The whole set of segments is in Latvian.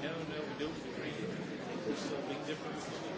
No, no, we don't agree. There's a big difference.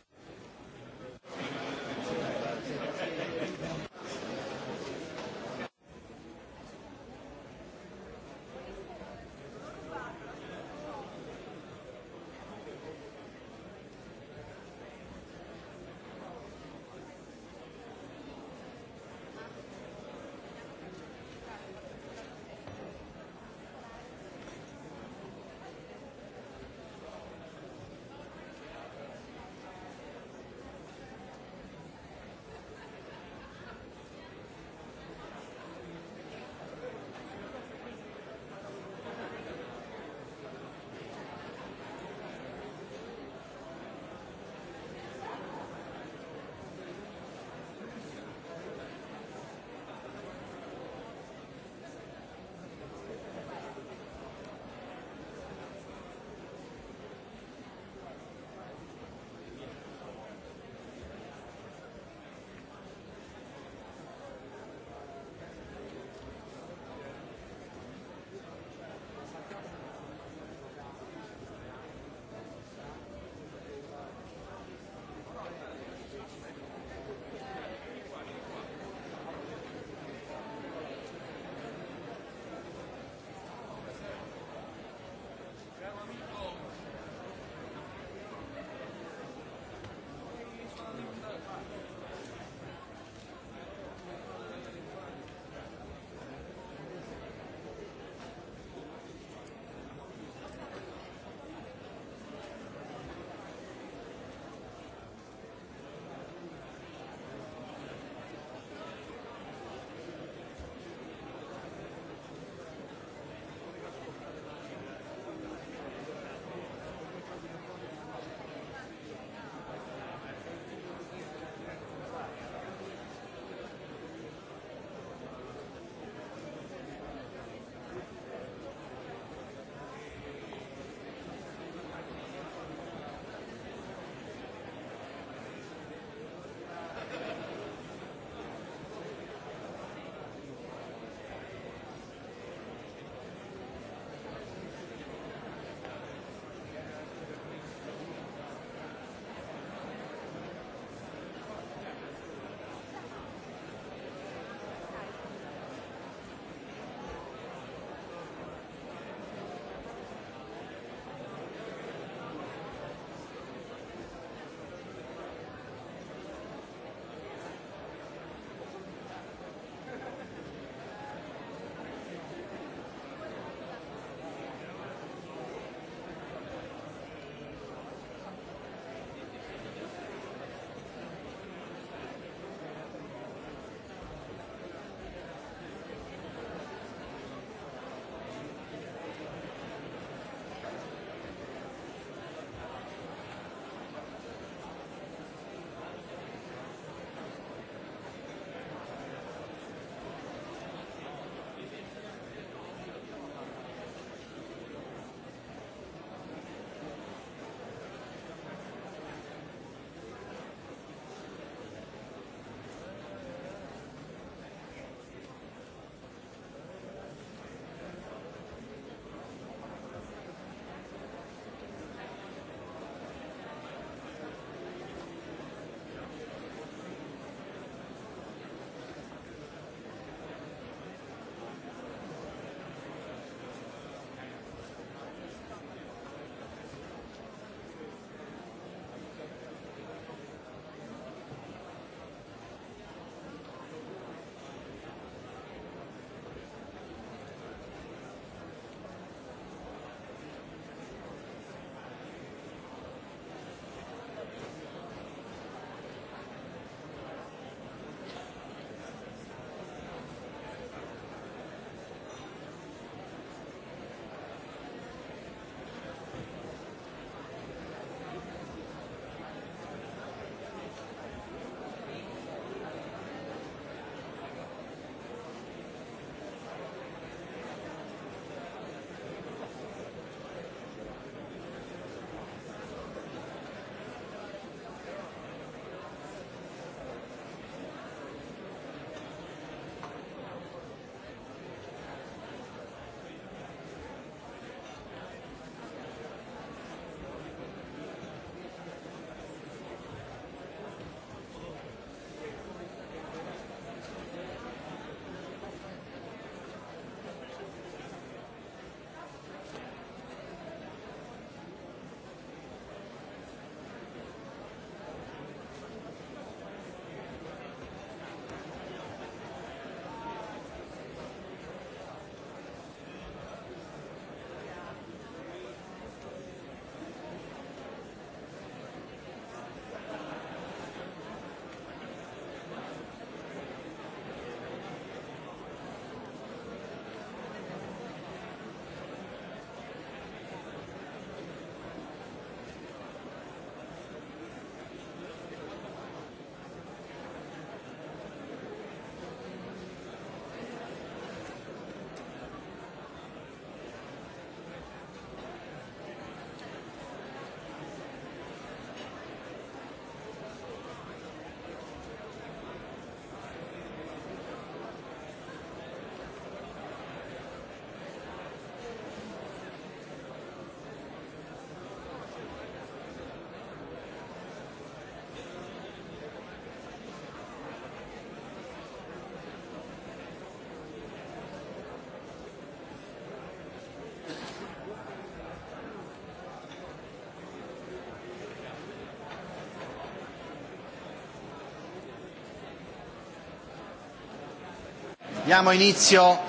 Diamo inizio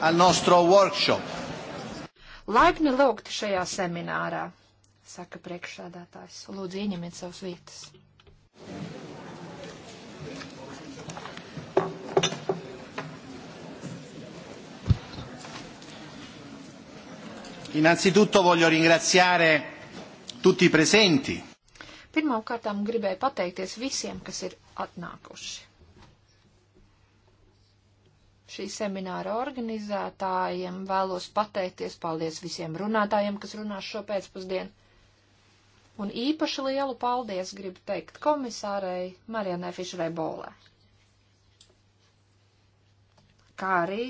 al nostro workshop. Laipni lūgti šajā seminārā, saka priekšsādātājs. Lūdzu, ieņemiet savas vietas. Innanzitutto voglio ringraziare tutti i presenti. Pirmkārt, gribēju pateikties visiem, kas ir atnākuši šī semināra organizētājiem. Vēlos pateikties, paldies visiem runātājiem, kas runās šo pēcpusdienu. Un īpaši lielu paldies gribu teikt komisārei Marianai Fišerai Bolē. Kā arī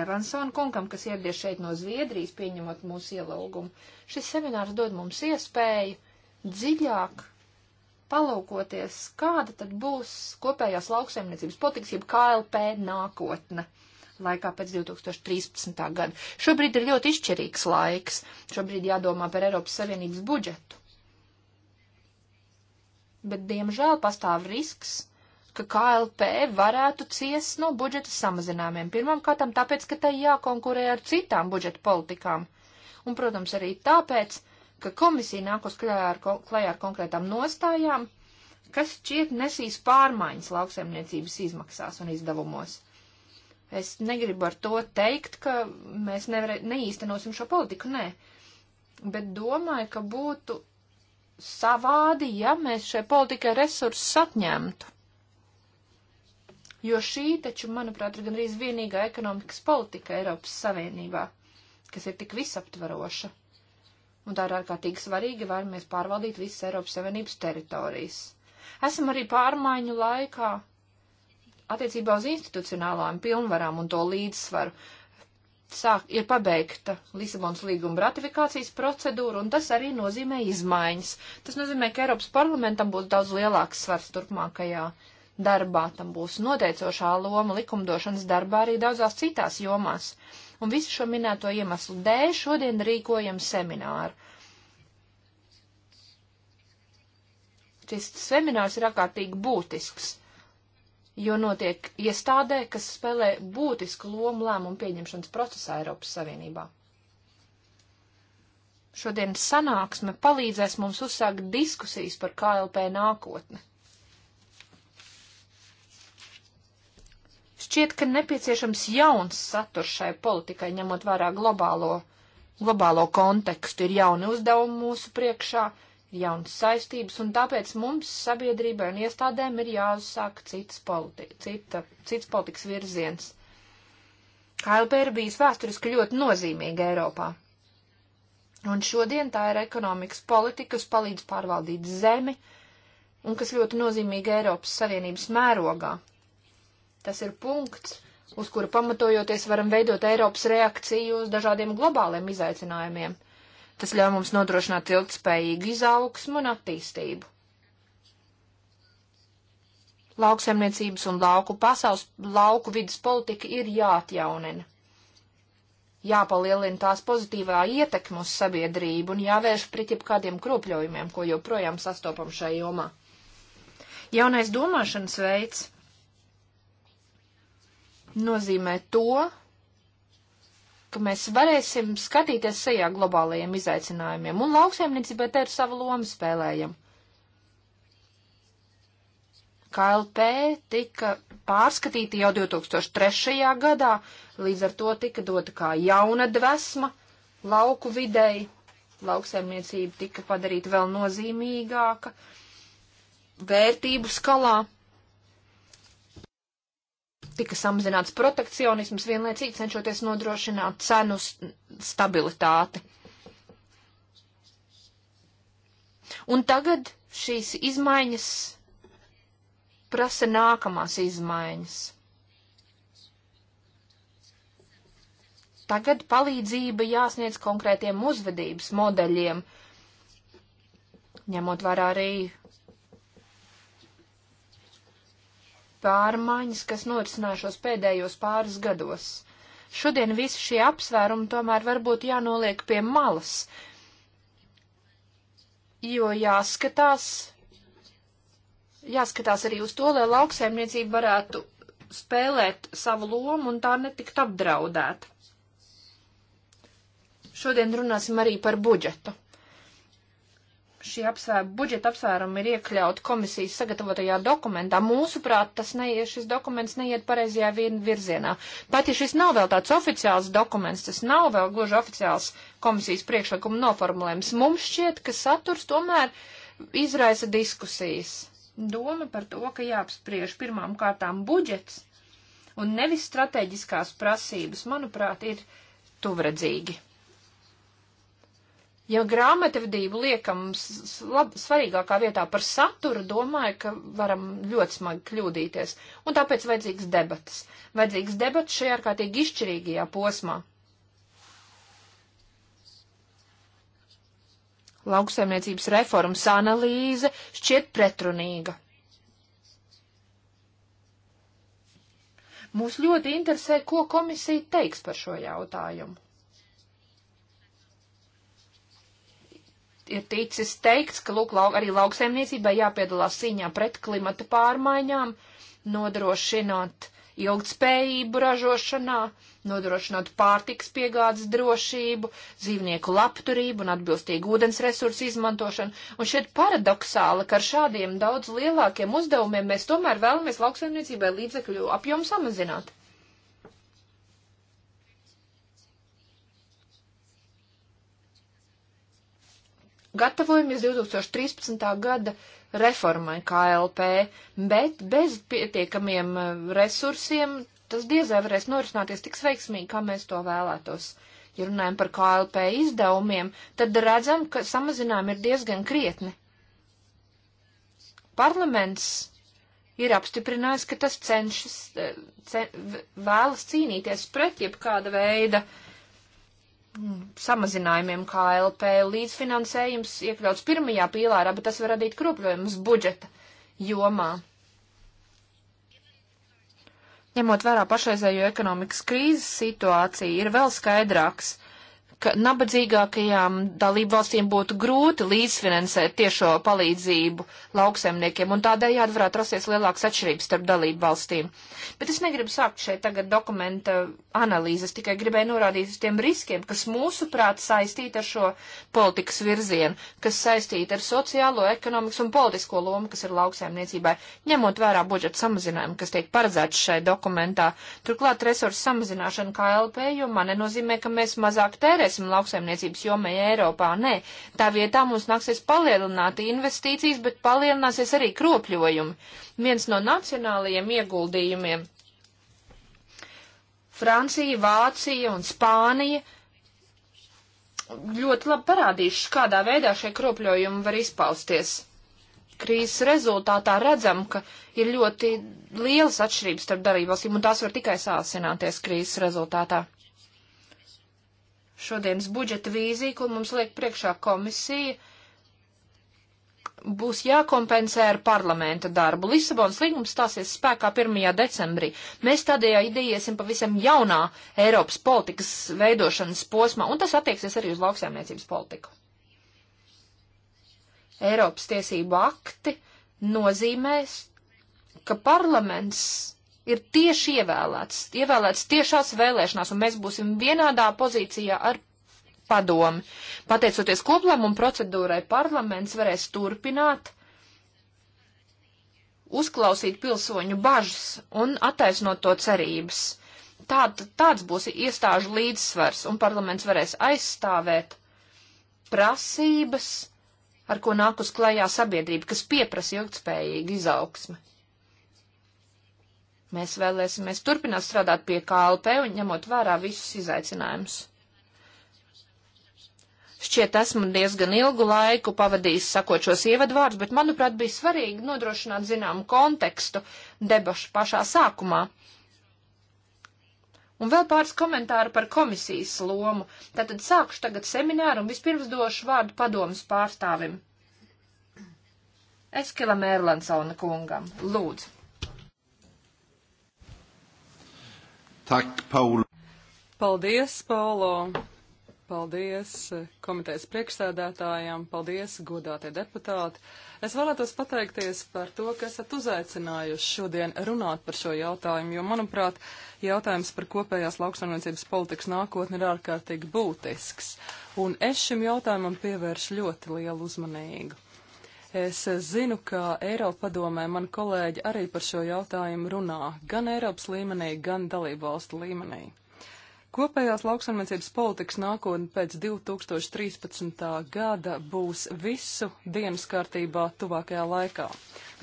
Evansona kungam, kas ieradies šeit no Zviedrijas, pieņemot mūsu ielūgumu. Šis seminārs dod mums iespēju dziļāk palūkoties, kāda tad būs kopējās lauksaimniecības politikas, jeb KLP nākotne laikā pēc 2013. gada. Šobrīd ir ļoti izšķirīgs laiks. Šobrīd jādomā par Eiropas Savienības budžetu. Bet, diemžēl, pastāv risks, ka KLP varētu ciest no budžeta samazinājumiem. Pirmkārt, tāpēc, ka tai jākonkurē ar citām budžeta politikām. Un, protams, arī tāpēc, ka ka komisija nākos klajā ar, klajā ar konkrētām nostājām, kas šķiet nesīs pārmaiņas lauksaimniecības izmaksās un izdevumos. Es negribu ar to teikt, ka mēs nevar, neīstenosim šo politiku, nē. Bet domāju, ka būtu savādi, ja mēs šai politikai resursus atņemtu. Jo šī taču, manuprāt, ir gandrīz vienīgā ekonomikas politika Eiropas Savienībā, kas ir tik visaptvaroša un tā ir ārkārtīgi svarīgi, vēlamies pārvaldīt visas Eiropas Savienības teritorijas. Esam arī pārmaiņu laikā attiecībā uz institucionālām pilnvarām un to līdzsvaru. Sāk, ir pabeigta Lisabons līguma ratifikācijas procedūra, un tas arī nozīmē izmaiņas. Tas nozīmē, ka Eiropas parlamentam būs daudz lielāks svars turpmākajā darbā, tam būs noteicošā loma likumdošanas darbā arī daudzās citās jomās. Un visu šo minēto iemeslu dēļ šodien rīkojam semināru. Šis seminārs ir ārkārtīgi būtisks, jo notiek iestādē, kas spēlē būtisku lomu lēmumu pieņemšanas procesā Eiropas Savienībā. Šodienas sanāksme palīdzēs mums uzsākt diskusijas par KLP nākotni. Šķiet, ka nepieciešams jauns saturs šai politikai, ņemot vērā globālo, globālo kontekstu, ir jauni uzdevumi mūsu priekšā, ir jaunas saistības, un tāpēc mums sabiedrībai un iestādēm ir jāuzsāk cits, politi cita, cits politikas virziens. KLP ir bijis vēsturiski ļoti nozīmīga Eiropā. Un šodien tā ir ekonomikas politika, kas palīdz pārvaldīt zemi un kas ļoti nozīmīga Eiropas Savienības mērogā. Tas ir punkts, uz kuru pamatojoties varam veidot Eiropas reakciju uz dažādiem globāliem izaicinājumiem. Tas ļauj mums nodrošināt ilgspējīgu izaugsmu un attīstību. Lauksaimniecības un lauku pasaules, lauku vidas politika ir jāatjaunina. Jāpalielina tās pozitīvā ietekme uz sabiedrību un jāvērš pret jebkādiem kropļojumiem, ko joprojām sastopam šai jomā. Jaunais domāšanas veids nozīmē to, ka mēs varēsim skatīties sejā globālajiem izaicinājumiem, un lauksaimniecībai te ir sava loma spēlējama. KLP tika pārskatīta jau 2003. gadā, līdz ar to tika dota kā jauna dvesma lauku videi, lauksaimniecība tika padarīta vēl nozīmīgāka vērtību skalā tika samazināts protekcionisms, vienlaicīgi cenšoties nodrošināt cenu stabilitāti. Un tagad šīs izmaiņas prasa nākamās izmaiņas. Tagad palīdzība jāsniedz konkrētiem uzvedības modeļiem, ņemot vērā arī pārmaiņas, kas norisinājušos pēdējos pāris gados. Šodien visi šie apsvērumi tomēr varbūt jānoliek pie malas, jo jāskatās, jāskatās arī uz to, lai lauksaimniecība varētu spēlēt savu lomu un tā netikt apdraudēta. Šodien runāsim arī par budžetu šī apsvēr, budžeta apsvēruma ir iekļaut komisijas sagatavotajā dokumentā. Mūsuprāt, tas neiet, šis dokuments neiet pareizajā virzienā. Pat ja šis nav vēl tāds oficiāls dokuments, tas nav vēl gluži oficiāls komisijas priekšlikuma noformulējums, mums šķiet, ka saturs tomēr izraisa diskusijas. Doma par to, ka jāapspriež pirmām kārtām budžets un nevis strateģiskās prasības, manuprāt, ir tuvredzīgi. Ja grāmatvedību liekam slab, svarīgākā vietā par saturu, domāju, ka varam ļoti smagi kļūdīties. Un tāpēc vajadzīgs debats. Vajadzīgs debats šajā ārkārtīgi izšķirīgajā posmā. Lauksaimniecības reformas analīze šķiet pretrunīga. Mūs ļoti interesē, ko komisija teiks par šo jautājumu. ir ticis teikts, ka lūk, lauk, arī lauksaimniecībai jāpiedalās cīņā pret klimata pārmaiņām, nodrošinot ilgtspējību ražošanā, nodrošinot pārtiks piegādes drošību, dzīvnieku labturību un atbilstīgu ūdens resursu izmantošanu. Un šeit paradoxāli, ka ar šādiem daudz lielākiem uzdevumiem mēs tomēr vēlamies lauksaimniecībai līdzekļu apjomu samazināt. gatavojamies 2013. gada reformai KLP, bet bez pietiekamiem eh, resursiem tas diezai varēs norisināties tik veiksmīgi, kā mēs to vēlētos. Ja runājam par KLP izdevumiem, tad redzam, ka samazinājumi ir diezgan krietni. Parlaments ir apstiprinājis, ka tas cenšas, eh, cen, vēlas cīnīties pret jebkāda veida uh, samazinājumiem KLP līdzfinansējums iekļauts pirmajā pīlārā, bet tas var radīt kropļojumus budžeta jomā. Ņemot vērā pašreizējo ekonomikas krīzes situāciju, ir vēl skaidrāks ka nabadzīgākajām dalībvalstīm būtu grūti līdzfinansēt tiešo palīdzību lauksaimniekiem, un tādējādi varētu rasties lielāks atšķirības starp dalībvalstīm. Bet es negribu sākt šeit tagad dokumenta analīzes, tikai gribēju norādīt uz tiem riskiem, kas mūsuprāt saistīti ar šo politikas virzienu, kas saistīti ar sociālo, ekonomikas un politisko lomu, kas ir lauksaimniecībai, ņemot vērā budžeta samazinājumu, kas tiek paredzēts šai dokumentā. Turklāt resursu samazināšana KLP jomā nenozīmē, ka mēs mazāk tērējam nevarēsim lauksaimniecības jomai Eiropā, nē. Tā vietā mums nāksies palielināt investīcijas, bet palielināsies arī kropļojumi. Viens no nacionālajiem ieguldījumiem - Francija, Vācija un Spānija ļoti labi parādījuši, kādā veidā šie kropļojumi var izpausties krīzes rezultātā redzam, ka ir ļoti lielas atšķirības starp darībvalstīm, un tās var tikai sāsināties krīzes rezultātā šodienas budžeta vīziju, ko mums liek priekšā komisija, būs jākompensē ar parlamenta darbu. Lisabonas līgums stāsies spēkā 1. decembrī. Mēs tādējādi iesim pavisam jaunā Eiropas politikas veidošanas posmā, un tas attieksies arī uz lauksēmniecības politiku. Eiropas tiesību akti nozīmēs, ka parlaments ir tieši ievēlēts, ievēlēts tiešās vēlēšanās, un mēs būsim vienādā pozīcijā ar padomi. Pateicoties koplēmumu procedūrai, parlaments varēs turpināt uzklausīt pilsoņu bažas un attaisnot to cerības. Tād, tāds būs iestāžu līdzsvars, un parlaments varēs aizstāvēt prasības, ar ko nāk uz klajā sabiedrība, kas pieprasa ilgtspējīgu izaugsmi. Mēs vēlēsimies turpināt strādāt pie KLP un ņemot vērā visus izaicinājumus. Šķiet, esmu diezgan ilgu laiku pavadījis sakot šos ievadvārdus, bet, manuprāt, bija svarīgi nodrošināt zināmu kontekstu debašu pašā sākumā. Un vēl pāris komentāru par komisijas lomu. Tātad sākšu tagad semināru un vispirms došu vārdu padomas pārstāvim. Eskilam Erlansona kungam. Lūdzu. Tak, Paulo. Paldies, Paulo. Paldies eh, komitejas priekšsēdētājiem, paldies godātie deputāti. Es vēlētos pateikties par to, ka esat uzaicinājuši šodien runāt par šo jautājumu, jo, manuprāt, jautājums par kopējās lauksaimniecības politikas nākotni ir ārkārtīgi būtisks. Un es šim jautājumam pievēršu ļoti lielu uzmanību. Es zinu, ka Eiropa padomē man kolēģi arī par šo jautājumu runā, gan Eiropas līmenī, gan dalību valstu līmenī. Kopējās lauksaimniecības politikas nākotne pēc 2013. gada būs visu dienas kārtībā tuvākajā laikā.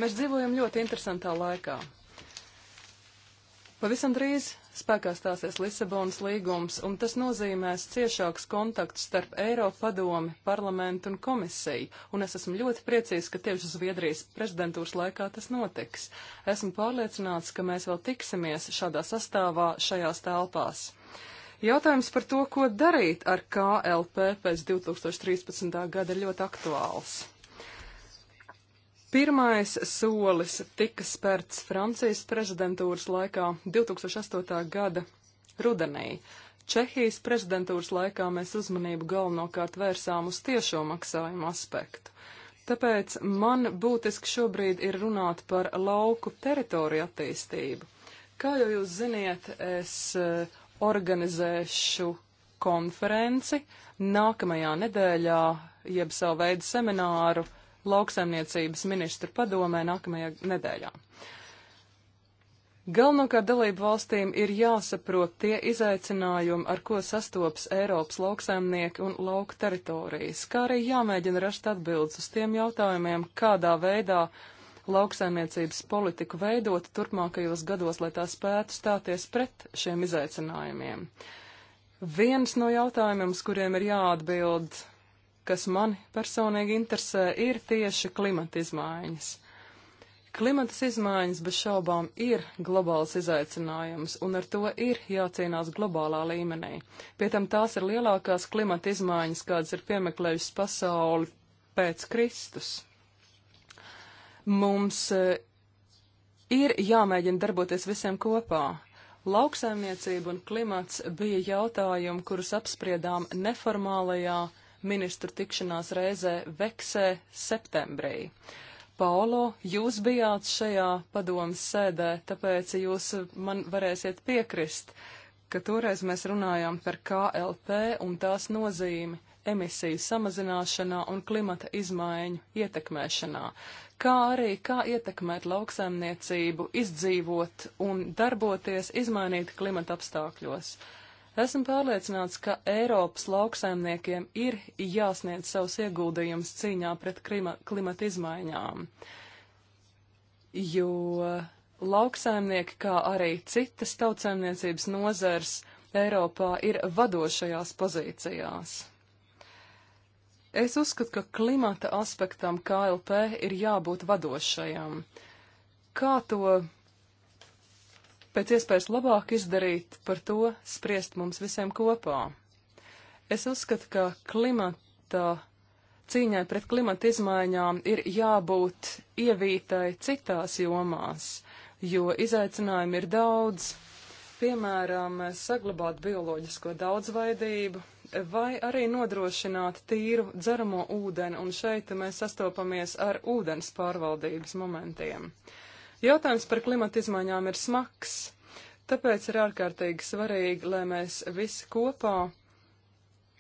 Mēs dzīvojam ļoti interesantā laikā. Pavisam drīz spēkā stāsies Lisabonas līgums, un tas nozīmēs ciešāks kontakts starp Eiropa padomi, parlamentu un komisiju, un es esmu ļoti priecīgs, ka tieši Zviedrijas prezidentūras laikā tas notiks. Esmu pārliecināts, ka mēs vēl tiksimies šādā sastāvā šajās telpās. Jautājums par to, ko darīt ar KLP pēc 2013. gada ir ļoti aktuāls. Pirmais solis tika spērts Francijas prezidentūras laikā 2008. gada rudenī. Čehijas prezidentūras laikā mēs uzmanību galvenokārt vērsām uz tiešo maksājumu aspektu. Tāpēc man būtiski šobrīd ir runāt par lauku teritoriju attīstību. Kā jau jūs ziniet, es eh, organizēšu konferenci nākamajā nedēļā, jeb savu veidu semināru lauksaimniecības ministru padomē nākamajā nedēļā. Galvenokārt dalību valstīm ir jāsaprot tie izaicinājumi, ar ko sastopas Eiropas lauksaimnieki un lauka teritorijas, kā arī jāmēģina rast atbildes uz tiem jautājumiem, kādā veidā lauksaimniecības politiku veidot turpmākajos gados, lai tā spētu stāties pret šiem izaicinājumiem. Viens no jautājumiem, uz kuriem ir jāatbild kas mani personīgi interesē, ir tieši klimata izmaiņas. Klimatas izmaiņas bez šaubām ir globāls izaicinājums, un ar to ir jācīnās globālā līmenī. Pie tam tās ir lielākās klimata izmaiņas, kādas ir piemeklējušas pasauli pēc Kristus. Mums e, ir jāmēģina darboties visiem kopā. Lauksaimniecība un klimats bija jautājumi, kurus apspriedām neformālajā ministru tikšanās reizē Veksē septembrī. Paulo, jūs bijāt šajā padomas sēdē, tāpēc jūs man varēsiet piekrist, ka toreiz mēs runājām par KLP un tās nozīmi emisiju samazināšanā un klimata izmaiņu ietekmēšanā, kā arī kā ietekmēt lauksaimniecību, izdzīvot un darboties, izmainīt klimata apstākļos. Esmu pārliecināts, ka Eiropas lauksaimniekiem ir jāsniedz savus ieguldījums cīņā pret klima, klimata izmaiņām, jo lauksaimnieki, kā arī citas tautsaimniecības nozars, Eiropā ir vadošajās pozīcijās. Es uzskatu, ka klimata aspektam KLP ir jābūt vadošajam. Kā to pēc iespējas labāk izdarīt, par to spriest mums visiem kopā. Es uzskatu, ka klimata, cīņai pret klimata izmaiņām ir jābūt ievītai citās jomās, jo izaicinājumi ir daudz, piemēram, saglabāt bioloģisko daudzveidību, vai arī nodrošināt tīru dzeramo ūdeni, un šeit mēs sastopamies ar ūdens pārvaldības momentiem. Uh, Jautājums par klimata izmaiņām ir smags, tāpēc ir ārkārtīgi svarīgi, lai mēs visi kopā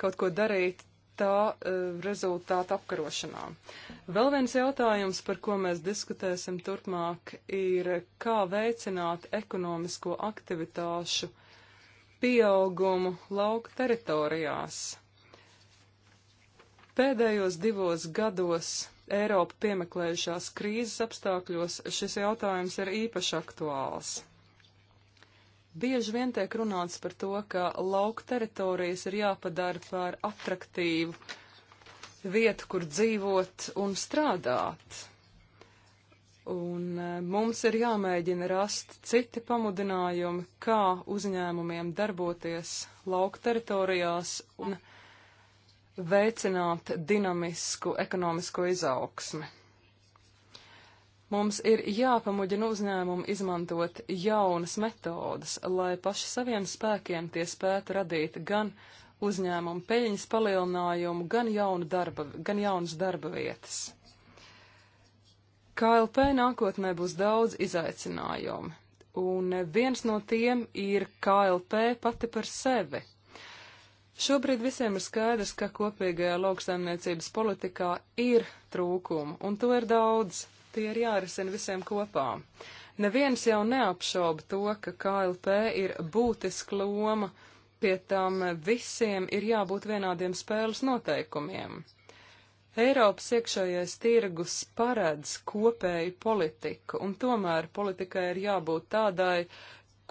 kaut ko darītu tā uh, eh, rezultāta apkarošanā. Vēl viens jautājums, par ko mēs diskutēsim turpmāk, ir kā veicināt ekonomisko aktivitāšu pieaugumu lauka teritorijās. Pēdējos divos gados Eiropu piemeklējušās krīzes apstākļos šis jautājums ir īpaši aktuāls. Bieži vien tiek runāts par to, ka lauka teritorijas ir jāpadara par atraktīvu vietu, kur dzīvot un strādāt. Un e, mums ir jāmēģina rast citi pamudinājumi, kā uzņēmumiem darboties lauka teritorijās un veicināt dinamisku ekonomisko izaugsmi. Mums ir jāpamuģina uzņēmumu izmantot jaunas metodas, lai paši saviem spēkiem tie spētu radīt gan uzņēmumu peļņas palielinājumu, gan, jaunu darba, gan jaunas darba vietas. KLP nākotnē būs daudz izaicinājumu, un viens no tiem ir KLP pati par sevi Šobrīd visiem ir skaidrs, ka kopīgajā lauksaimniecības politikā ir trūkumi, un to ir daudz. Tie ir jārisina visiem kopā. Neviens jau neapšauba to, ka KLP ir būtiska loma, pie tam visiem ir jābūt vienādiem spēles noteikumiem. Eiropas iekšējais tirgus paredz kopēju politiku, un tomēr politikai ir jābūt tādai,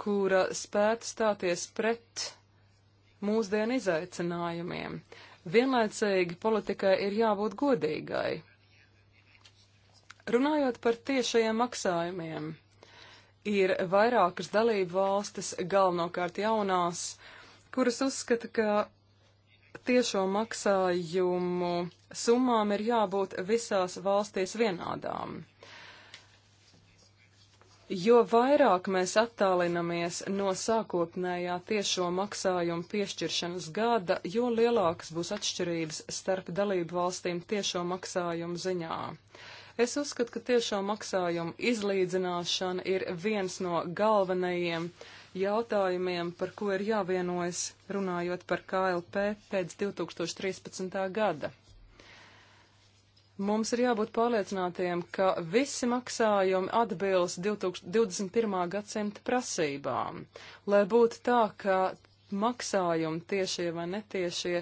kura spētu stāties pret mūsdienu izaicinājumiem. Vienlaicīgi politikai ir jābūt godīgai. Runājot par tiešajiem maksājumiem, ir vairākas dalību valstis, galvenokārt jaunās, kuras uzskata, ka tiešo maksājumu summām ir jābūt visās valstīs vienādām. Jo vairāk mēs attālinamies no sākotnējā tiešo maksājumu piešķiršanas gada, jo lielākas būs atšķirības starp dalību valstīm tiešo maksājumu ziņā. Es uzskatu, ka tiešo maksājumu izlīdzināšana ir viens no galvenajiem jautājumiem, par ko ir jāvienojas runājot par KLP pēc 2013. gada. Mums ir jābūt pārliecinātiem, ka visi maksājumi atbilst 2021. gadsimta prasībām, lai būtu tā, ka maksājumi tiešie vai netiešie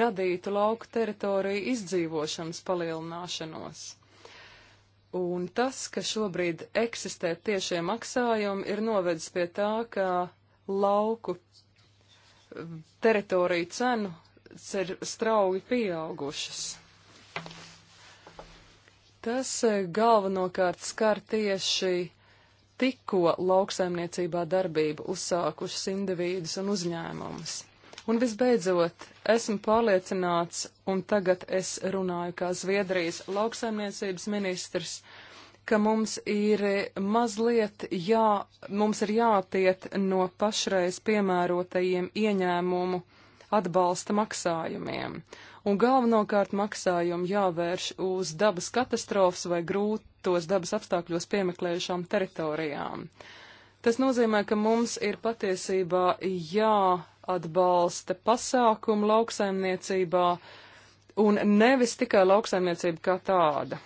radītu lauku teritoriju izdzīvošanas palielināšanos. Un tas, ka šobrīd eksistē tiešie maksājumi, ir novedis pie tā, ka lauku teritoriju cenu ir strauji pieaugušas. Tas eh, galvenokārt skar tieši tikko lauksaimniecībā darbību uzsākušas individus un uzņēmumus. Un visbeidzot, esmu pārliecināts, un tagad es runāju kā Zviedrijas lauksaimniecības ministrs, ka mums ir mazliet jā, mums ir jātiet no pašreiz piemērotajiem ieņēmumu atbalsta maksājumiem. Un galvenokārt maksājumi jāvērš uz dabas katastrofas vai grūtos dabas apstākļos piemeklējušām teritorijām. Tas nozīmē, ka mums ir patiesībā jāatbalsta pasākumu lauksaimniecībā un nevis tikai lauksaimniecība kā tāda.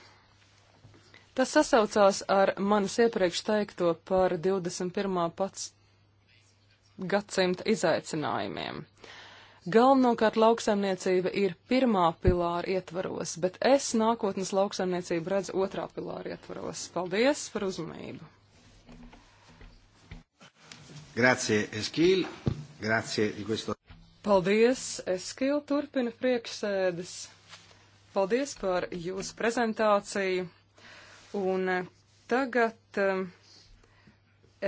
Tas sasaucās ar manis iepriekš teikto par 21. pats gadsimta izaicinājumiem. Galvenokārt lauksaimniecība ir pirmā pilāra ietvaros, bet es nākotnes lauksaimniecību redzu otrā pilāra ietvaros. Paldies par uzmanību! Grazie, Eskīl. Grazie di questo. Paldies, Eskīl, turpina priekšsēdes. Paldies par jūsu prezentāciju. Un tagad eh,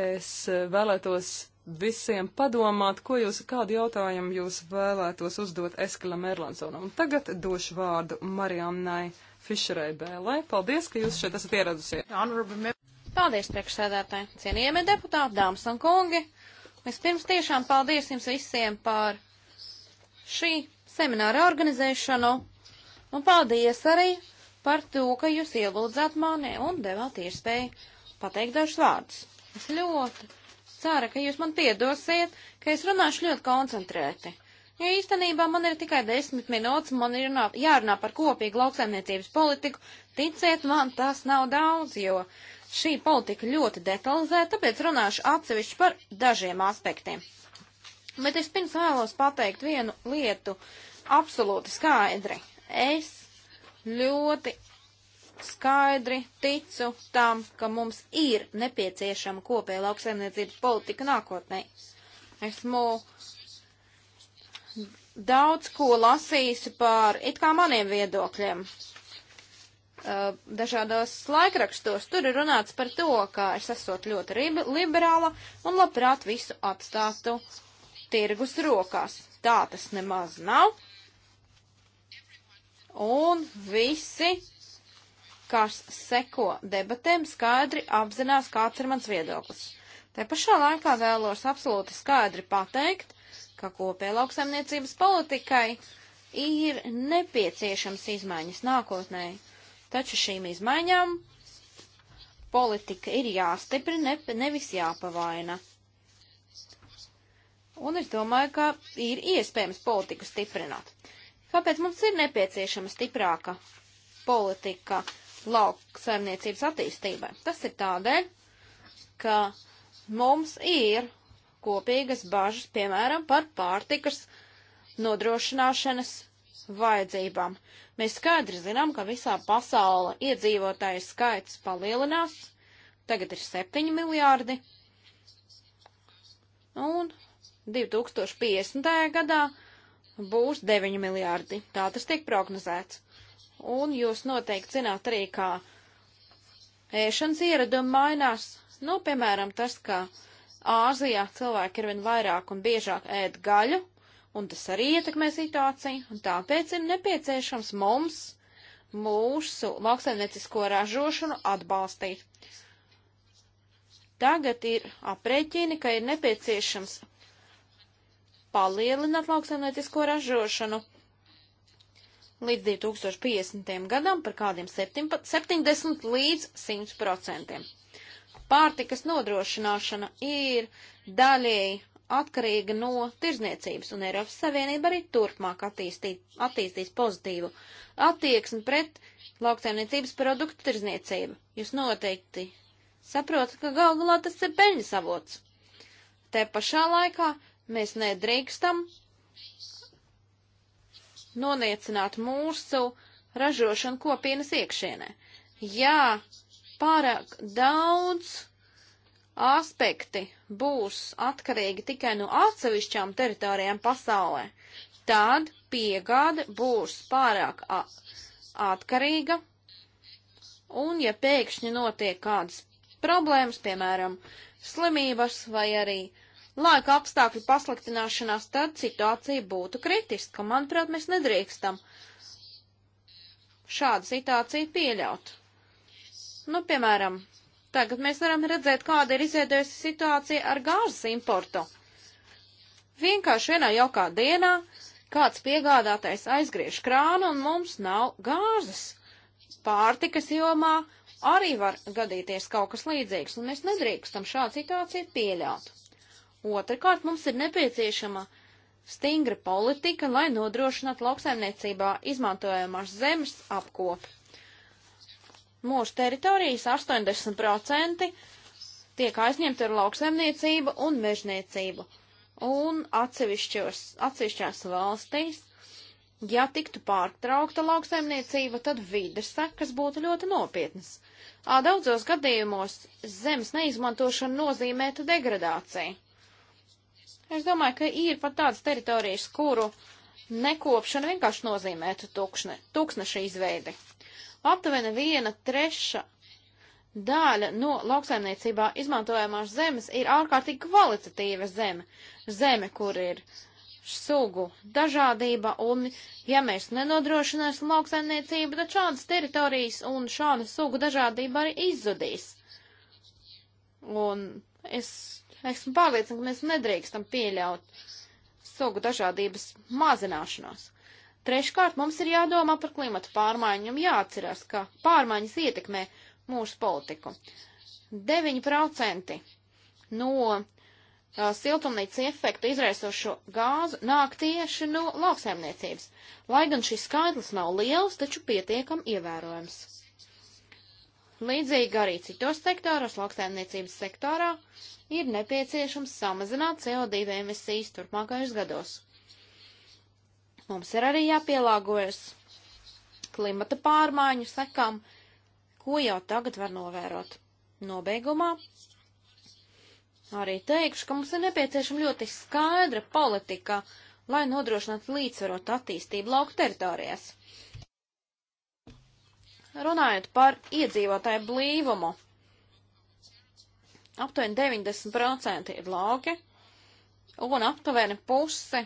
es vēlētos visiem padomāt, ko jūs, kādu jautājumu jūs vēlētos uzdot Eskalam Erlansonam. Un tagad došu vārdu Mariannai Fišerai Bēlē. Paldies, ka jūs šeit esat ieradusies. Paldies, priekšsēdētāji, cienījamie deputāti, dāmas un kungi. Vispirms tiešām paldies jums visiem par šī semināra organizēšanu. Un paldies arī par to, ka jūs ielūdzāt mani un devāt iespēju pateikt dažus vārdus. Es ļoti ceru, ka jūs man piedosiet, ka es runāšu ļoti koncentrēti. Jo īstenībā man ir tikai desmit minūtes, man ir runā, jārunā par kopīgu lauksaimniecības politiku. Ticiet man, tas nav daudz, jo šī politika ļoti detalizēta, tāpēc runāšu atsevišķi par dažiem aspektiem. Bet es pirms vēlos pateikt vienu lietu absolūti skaidri. Es ļoti skaidri ticu tam, ka mums ir nepieciešama kopēja lauksaimniecības politika nākotnē. Esmu daudz ko lasījusi par it kā maniem viedokļiem. Uh, dažādos laikrakstos tur ir runāts par to, ka es esot ļoti liberāla un labprāt visu atstātu tirgus rokās. Tā tas nemaz nav. Un visi kas seko debatēm, skaidri apzinās, kāds ir mans viedoklis. Te pašā laikā vēlos absolūti skaidri pateikt, ka kopē lauksaimniecības politikai ir nepieciešams izmaiņas nākotnē, taču šīm izmaiņām politika ir jāstiprina, ne, nevis jāpavaina. Un es domāju, ka ir iespējams politiku stiprināt. Kāpēc mums ir nepieciešama stiprāka politika? lauksaimniecības attīstībai. Tas ir tādēļ, ka mums ir kopīgas bažas, piemēram, par pārtikas nodrošināšanas vajadzībām. Mēs skaidri zinām, ka visā pasaula iedzīvotāju skaits palielinās, tagad ir 7 miljārdi, un 2050. gadā būs 9 miljārdi. Tā tas tiek prognozēts un jūs noteikti zināt arī, kā ēšanas ieradumi mainās. Nu, piemēram, tas, ka Āzijā cilvēki ir vien vairāk un biežāk ēd gaļu, un tas arī ietekmē situāciju, un tāpēc ir nepieciešams mums mūsu lauksaimniecisko ražošanu atbalstīt. Tagad ir aprēķini, ka ir nepieciešams palielināt lauksaimniecisko ražošanu līdz 2050. gadam par kādiem 70 līdz 100 procentiem. Pārtikas nodrošināšana ir daļēji atkarīga no tirzniecības, un Eiropas Savienība arī turpmāk attīstīt, attīstīs pozitīvu attieksmi pret lauksaimniecības produktu tirzniecību. Jūs noteikti saprotat, ka gal galā tas ir peļņas avots. Te pašā laikā mēs nedrīkstam noniecināt mūsu ražošanu kopienas iekšienē. Jā, pārāk daudz aspekti būs atkarīgi tikai no atsevišķām teritorijām pasaulē, tad piegāde būs pārāk atkarīga, un ja pēkšņi notiek kādas problēmas, piemēram, slimības vai arī uh, laika apstākļu pasliktināšanās, tad situācija būtu kritiska. Manuprāt, mēs nedrīkstam šādu situāciju pieļaut. Nu, piemēram, tagad mēs varam redzēt, kāda ir izveidojusi situācija ar gāzes importu. Vienkārši vienā jaukā dienā kāds piegādātais aizgriež krānu un mums nav gāzes. Pārtikas jomā arī var gadīties kaut kas līdzīgs, un mēs nedrīkstam šādu situāciju pieļaut. Otrakārt, mums ir nepieciešama stingra politika, lai nodrošinātu lauksaimniecībā izmantojamās zemes apkopi. Mūsu teritorijas 80% tiek aizņemta ar lauksaimniecību un mežniecību. Un atsevišķās valstīs, ja tiktu pārtraukta lauksaimniecība, tad vides sekas būtu ļoti nopietnas. Ā, daudzos gadījumos zemes neizmantošana nozīmētu degradāciju Es domāju, ka ir pat tādas teritorijas, kuru nekopšana vienkārši nozīmētu tūkšne, tūkstneša izveidi. Aptuveni viena treša daļa no lauksaimniecībā izmantojamās zemes ir ārkārtīgi kvalitatīva zeme. Zeme, kur ir sugu dažādība, un ja mēs nenodrošināsim lauksaimniecību, tad šādas teritorijas un šāda sugu dažādība arī izzudīs. Un es Esmu pārliecināta, ka mēs nedrīkstam pieļaut sugu dažādības mazināšanos. Treškārt, mums ir jādomā par klimatu pārmaiņu un jāatcerās, ka pārmaiņas ietekmē mūsu politiku. 9% no uh, siltumnīca efektu izraisošo gāzu nāk tieši no lauksaimniecības. Lai gan šis skaitlis nav liels, taču pietiekam ievērojams. Līdzīgi arī citos sektoros, lauksaimniecības sektorā, ir nepieciešams samazināt CO2 emisijas turpmākajos gados. Mums ir arī jāpielāgojas klimata pārmaiņu sekām, ko jau tagad var novērot. Nobeigumā arī teikšu, ka mums ir nepieciešama ļoti skaidra politika, lai nodrošinātu līdzsvarot attīstību lauku teritorijās. Runājot par iedzīvotāju blīvumu, aptuveni 90% ir lauki, un aptuveni pusi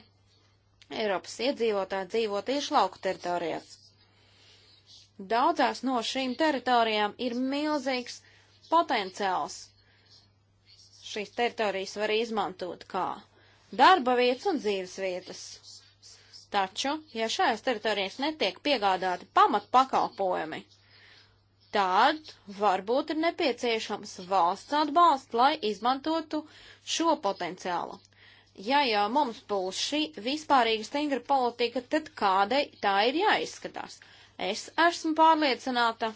Eiropas iedzīvotāji dzīvo tieši lauku teritorijās. Daudzās no šīm teritorijām ir milzīgs potenciāls. Šīs teritorijas var izmantot kā darba vietas un dzīves vietas. Taču, ja šajās teritorijās netiek piegādāti pamatpakalpojumi, tad varbūt ir nepieciešams valsts atbalsts, lai izmantotu šo potenciālu. Ja jau mums būs šī vispārīga stingra politika, tad kādai tā ir jāizskatās? Es esmu pārliecināta,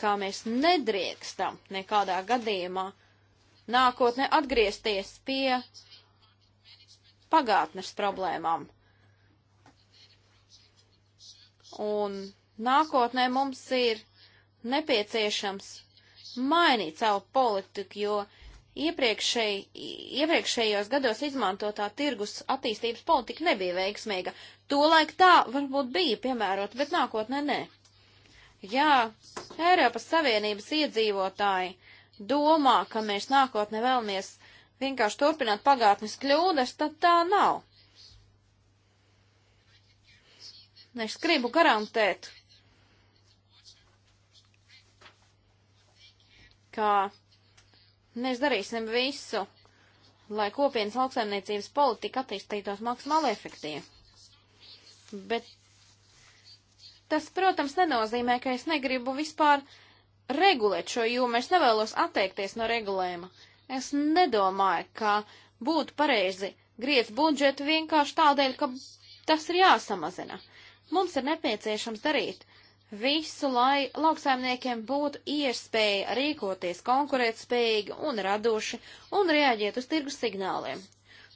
ka mēs nedrīkstam nekādā gadījumā nākotnē atgriezties pie pagātnes problēmām. Un nākotnē mums ir nepieciešams mainīt savu politiku, jo iepriekšēj, iepriekšējos gados izmantotā tirgus attīstības politika nebija veiksmīga. Tolaik tā varbūt bija piemērota, bet nākotnē nē. Jā, Eiropas Savienības iedzīvotāji domā, ka mēs nākotnē vēlamies vienkārši turpināt pagātnes kļūdas, tad tā nav. Es gribu garantēt, ka mēs darīsim visu, lai kopienas lauksaimniecības politika attīstītos maksimāli efektīvi. Bet tas, protams, nenozīmē, ka es negribu vispār regulēt šo jomu, es nevēlos atteikties no regulējuma. Es nedomāju, ka būtu pareizi griezt budžetu vienkārši tādēļ, ka tas ir jāsamazina. Mums ir nepieciešams darīt visu, lai lauksaimniekiem būtu iespēja rīkoties konkurētspējīgi un radoši un reaģēt uz tirgus signāliem.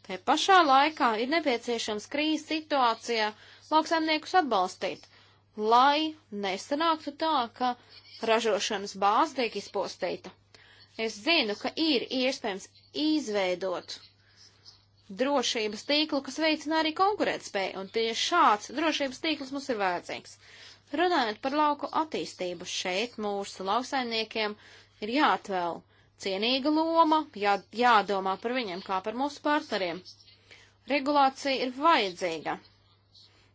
Te pašā laikā ir nepieciešams krīzes situācijā lauksaimniekus atbalstīt, lai nesanāktu tā, ka ražošanas bāze tiek izpostīta. Es zinu, ka ir iespējams izveidot drošības tīklu, kas veicina arī konkurētspēju, un tieši šāds drošības tīkls mums ir vajadzīgs. Runājot par lauku attīstību, šeit mūsu lauksaimniekiem ir jāatvēl cienīga loma, jā, jādomā par viņiem kā par mūsu partneriem. Regulācija ir vajadzīga,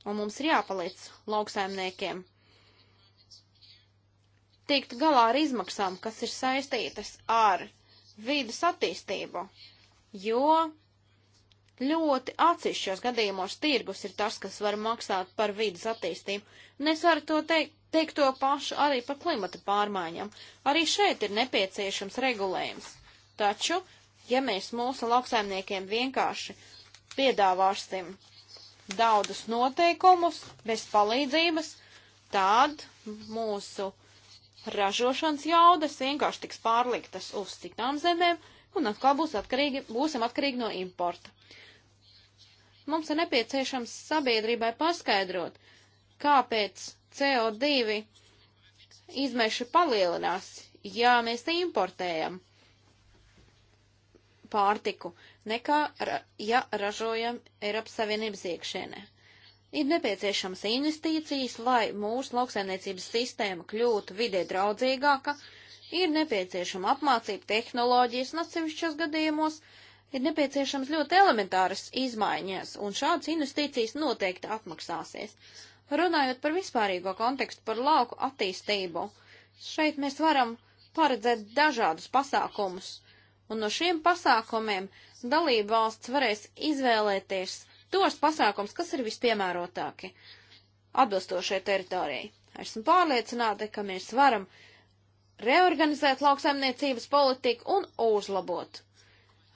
un mums ir jāpalīdz lauksaimniekiem tikt galā ar izmaksām, kas ir saistītas ar vīdas attīstību, jo Ļoti atsevišķos gadījumos tirgus ir tas, kas var maksāt par vidas attīstību, un es varu to teikt, teikt to pašu arī par klimata pārmaiņām. Arī šeit ir nepieciešams regulējums. Taču, ja mēs mūsu lauksaimniekiem vienkārši piedāvāsim daudzus noteikumus bez palīdzības, tad mūsu ražošanas jaudas vienkārši tiks pārliktas uz citām zemēm un atkal būs atkarīgi, būsim atkarīgi no importa. Mums ir nepieciešams sabiedrībai paskaidrot, kāpēc CO2 izmeši palielinās, ja mēs importējam pārtiku, nekā, ra ja ražojam Eiropas Savienības iekšienē. Ir nepieciešams investīcijas, lai mūsu lauksaimniecības sistēma kļūtu vidē draudzīgāka, ir nepieciešama apmācība tehnoloģijas un atsevišķos gadījumos ir nepieciešams ļoti elementāras izmaiņas, un šādas investīcijas noteikti atmaksāsies. Runājot par vispārīgo kontekstu par lauku attīstību, šeit mēs varam paredzēt dažādus pasākumus, un no šiem pasākumiem dalību valsts varēs izvēlēties tos pasākums, kas ir vispiemērotāki atbilstošai teritorijai. Esmu pārliecināta, ka mēs varam reorganizēt lauksaimniecības politiku un uzlabot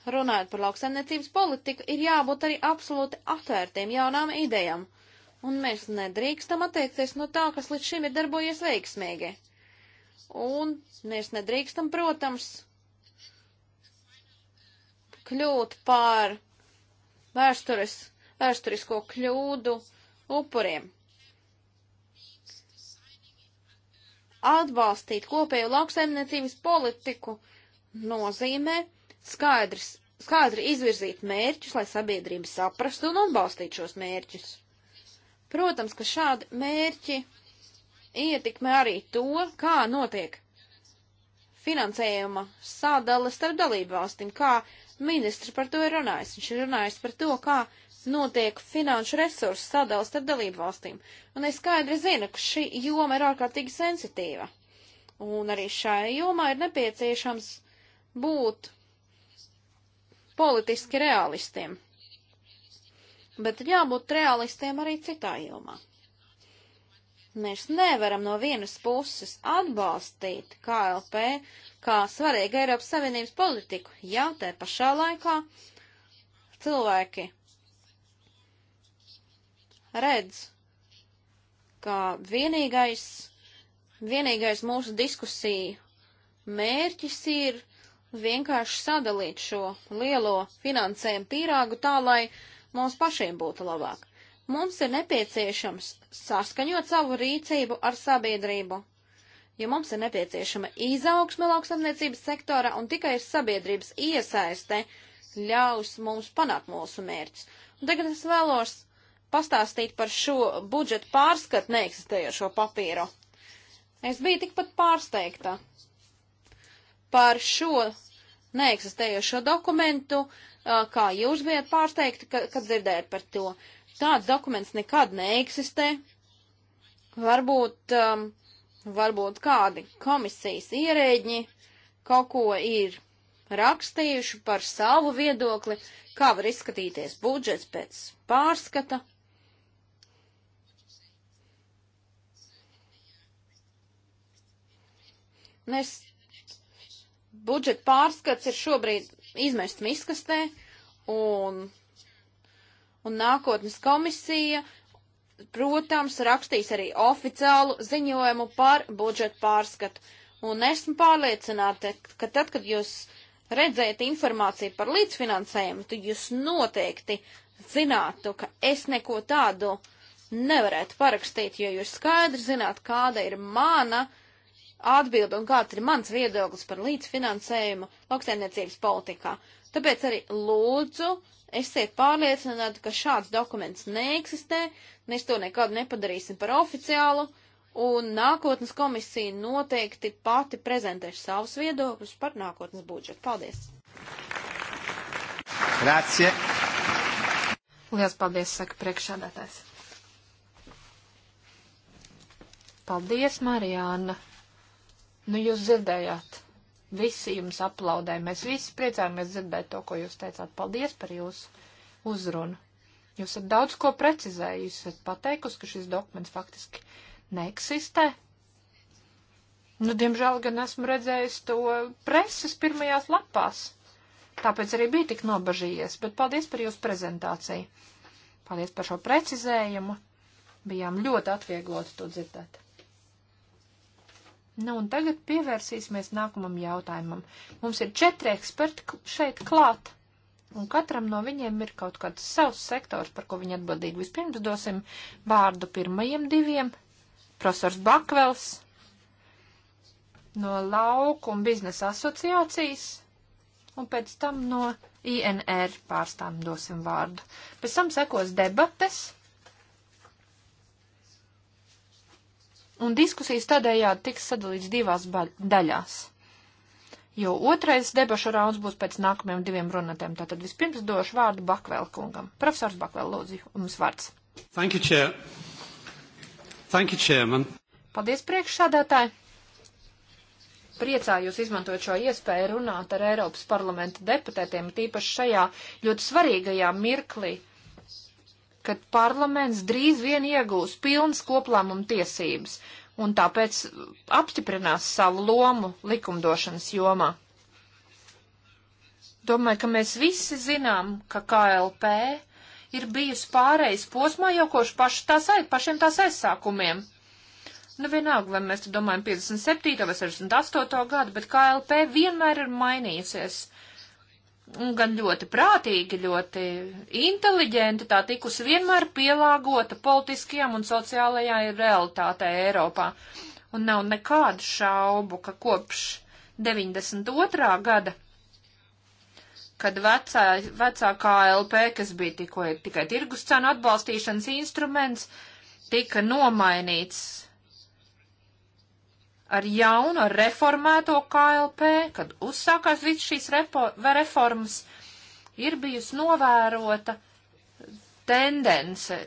runājot par lauksaimniecības politiku, ir jābūt arī absolūti atvērtiem jaunām idejām, un mēs nedrīkstam atteikties no tā, kas līdz šim ir darbojies veiksmīgi. Un mēs nedrīkstam, protams, kļūt par vēstures, vēsturisko kļūdu upuriem. Atbalstīt kopēju lauksaimniecības politiku nozīmē, skaidrs, skaidri izvirzīt mērķus, lai sabiedrība saprastu un atbalstītu šos mērķus. Protams, ka šādi mērķi ietekmē arī to, kā notiek finansējuma sadale starp dalību valstīm, kā ministrs par to ir runājis. Viņš ir runājis par to, kā notiek finanšu resursu sadale starp dalību valstīm. Un es skaidri zinu, ka šī joma ir ārkārtīgi sensitīva. Un arī šai jomā ir nepieciešams būt politiski realistiem, bet ir jābūt realistiem arī citā jomā. Mēs nevaram no vienas puses atbalstīt KLP kā svarīgu Eiropas Savienības politiku, ja te pašā laikā cilvēki redz, ka vienīgais, vienīgais mūsu diskusiju mērķis ir vienkārši sadalīt šo lielo finansējumu pīrāgu tā, lai mums pašiem būtu labāk. Mums ir nepieciešams saskaņot savu rīcību ar sabiedrību, jo mums ir nepieciešama izaugsme lauksamniecības sektorā un tikai sabiedrības iesaiste ļaus mums panākt mūsu mērķus. Un tagad es vēlos pastāstīt par šo budžetu pārskatu neeksistējošo papīru. Es biju tikpat pārsteigta, par šo neeksistējošo dokumentu, kā jūs bijat pārsteigti, kad dzirdējat par to. Tāds dokuments nekad neeksistē. Varbūt, um, varbūt kādi komisijas ierēģi kaut ko ir rakstījuši par savu viedokli, kā var izskatīties budžets pēc pārskata. Un es budžeta pārskats ir šobrīd izmests miskastē, un, un nākotnes komisija, protams, rakstīs arī oficiālu ziņojumu par budžeta pārskatu. Un esmu pārliecināta, ka tad, kad jūs redzēt informāciju par līdzfinansējumu, tad jūs noteikti zinātu, ka es neko tādu nevarētu parakstīt, jo jūs skaidri zināt, kāda ir mana uh, atbildi un kāds ir mans viedoklis par līdzfinansējumu lauksaimniecības politikā. Tāpēc arī lūdzu, esiet pārliecināti, ka šāds dokuments neeksistē, mēs to nekad nepadarīsim par oficiālu, un nākotnes komisija noteikti pati prezentēs savus viedokļus par nākotnes budžetu. Paldies! Grazie! Lielas paldies, saka priekšādātājs. Paldies, Marijāna! Nu, jūs dzirdējāt. Visi jums aplaudē. Mēs visi priecājamies dzirdēt to, ko jūs teicāt. Paldies par jūsu uzrunu. Jūs esat daudz ko precizējusi. Jūs esat pateikusi, ka šis dokuments faktiski neeksistē. Nu, diemžēl gan esmu redzējusi to preses pirmajās lapās. Tāpēc arī biju tik nobažījies, bet paldies par jūsu prezentāciju. Paldies par šo precizējumu. Bijām ļoti atviegloti to dzirdēt. Nu, un tagad pievērsīsimies nākamam jautājumam. Mums ir četri eksperti šeit klāt, un katram no viņiem ir kaut kāds savs sektors, par ko viņi atbildīgi. Vispirms dosim vārdu pirmajiem diviem. Profesors Bakvels no Lauku un biznesa asociācijas, un pēc tam no INR pārstāvjiem dosim vārdu. Pēc tam sekos debates un diskusijas tādējādi tiks sadalīts divās daļās. Jo otrais debašu rauns būs pēc nākamajiem diviem runātēm. Tātad vispirms došu vārdu Bakvēl kungam. Profesors Bakvēl, lūdzu, jums vārds. Thank you, chair. Thank you, chairman. Paldies, priekšsādātāji. Priecājos izmantot šo iespēju runāt ar Eiropas parlamenta deputētiem, tīpaši šajā ļoti svarīgajā mirklī kad parlaments drīz vien iegūs pilnas koplēmuma tiesības un tāpēc apstiprinās savu lomu likumdošanas jomā. Domāju, ka mēs visi zinām, ka KLP ir bijusi pārējais posmā jau koši paši tās, pašiem tās aizsākumiem. Nu, vienalga, vai mēs te domājam 57. vai 68. gadu, bet KLP vienmēr ir mainījusies gan ļoti prātīgi, ļoti inteliģenti tā tikusi vienmēr pielāgota politiskajām un sociālajai realitātei Eiropā. Un nav nekādu šaubu, ka kopš 92. gada, kad vecā, vecākā LP, kas bija tikko, tikai tirgus cenu atbalstīšanas instruments, tika nomainīts ar jaunu, ar reformēto KLP, kad uzsākās viss šīs repo, reformas, ir bijusi novērota tendence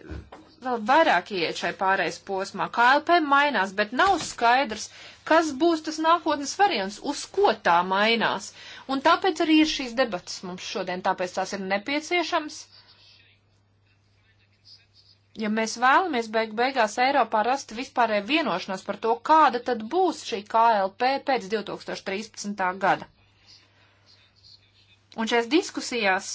vēl vairāk iet šai pārējais posmā. KLP mainās, bet nav skaidrs, kas būs tas nākotnes variants, uz ko tā mainās. Un tāpēc arī ir šīs debatas mums šodien, tāpēc tās ir nepieciešams ja mēs vēlamies beig beigās Eiropā rast vispārēju vienošanos par to, kāda tad būs šī KLP pēc 2013. gada. Un šajās diskusijās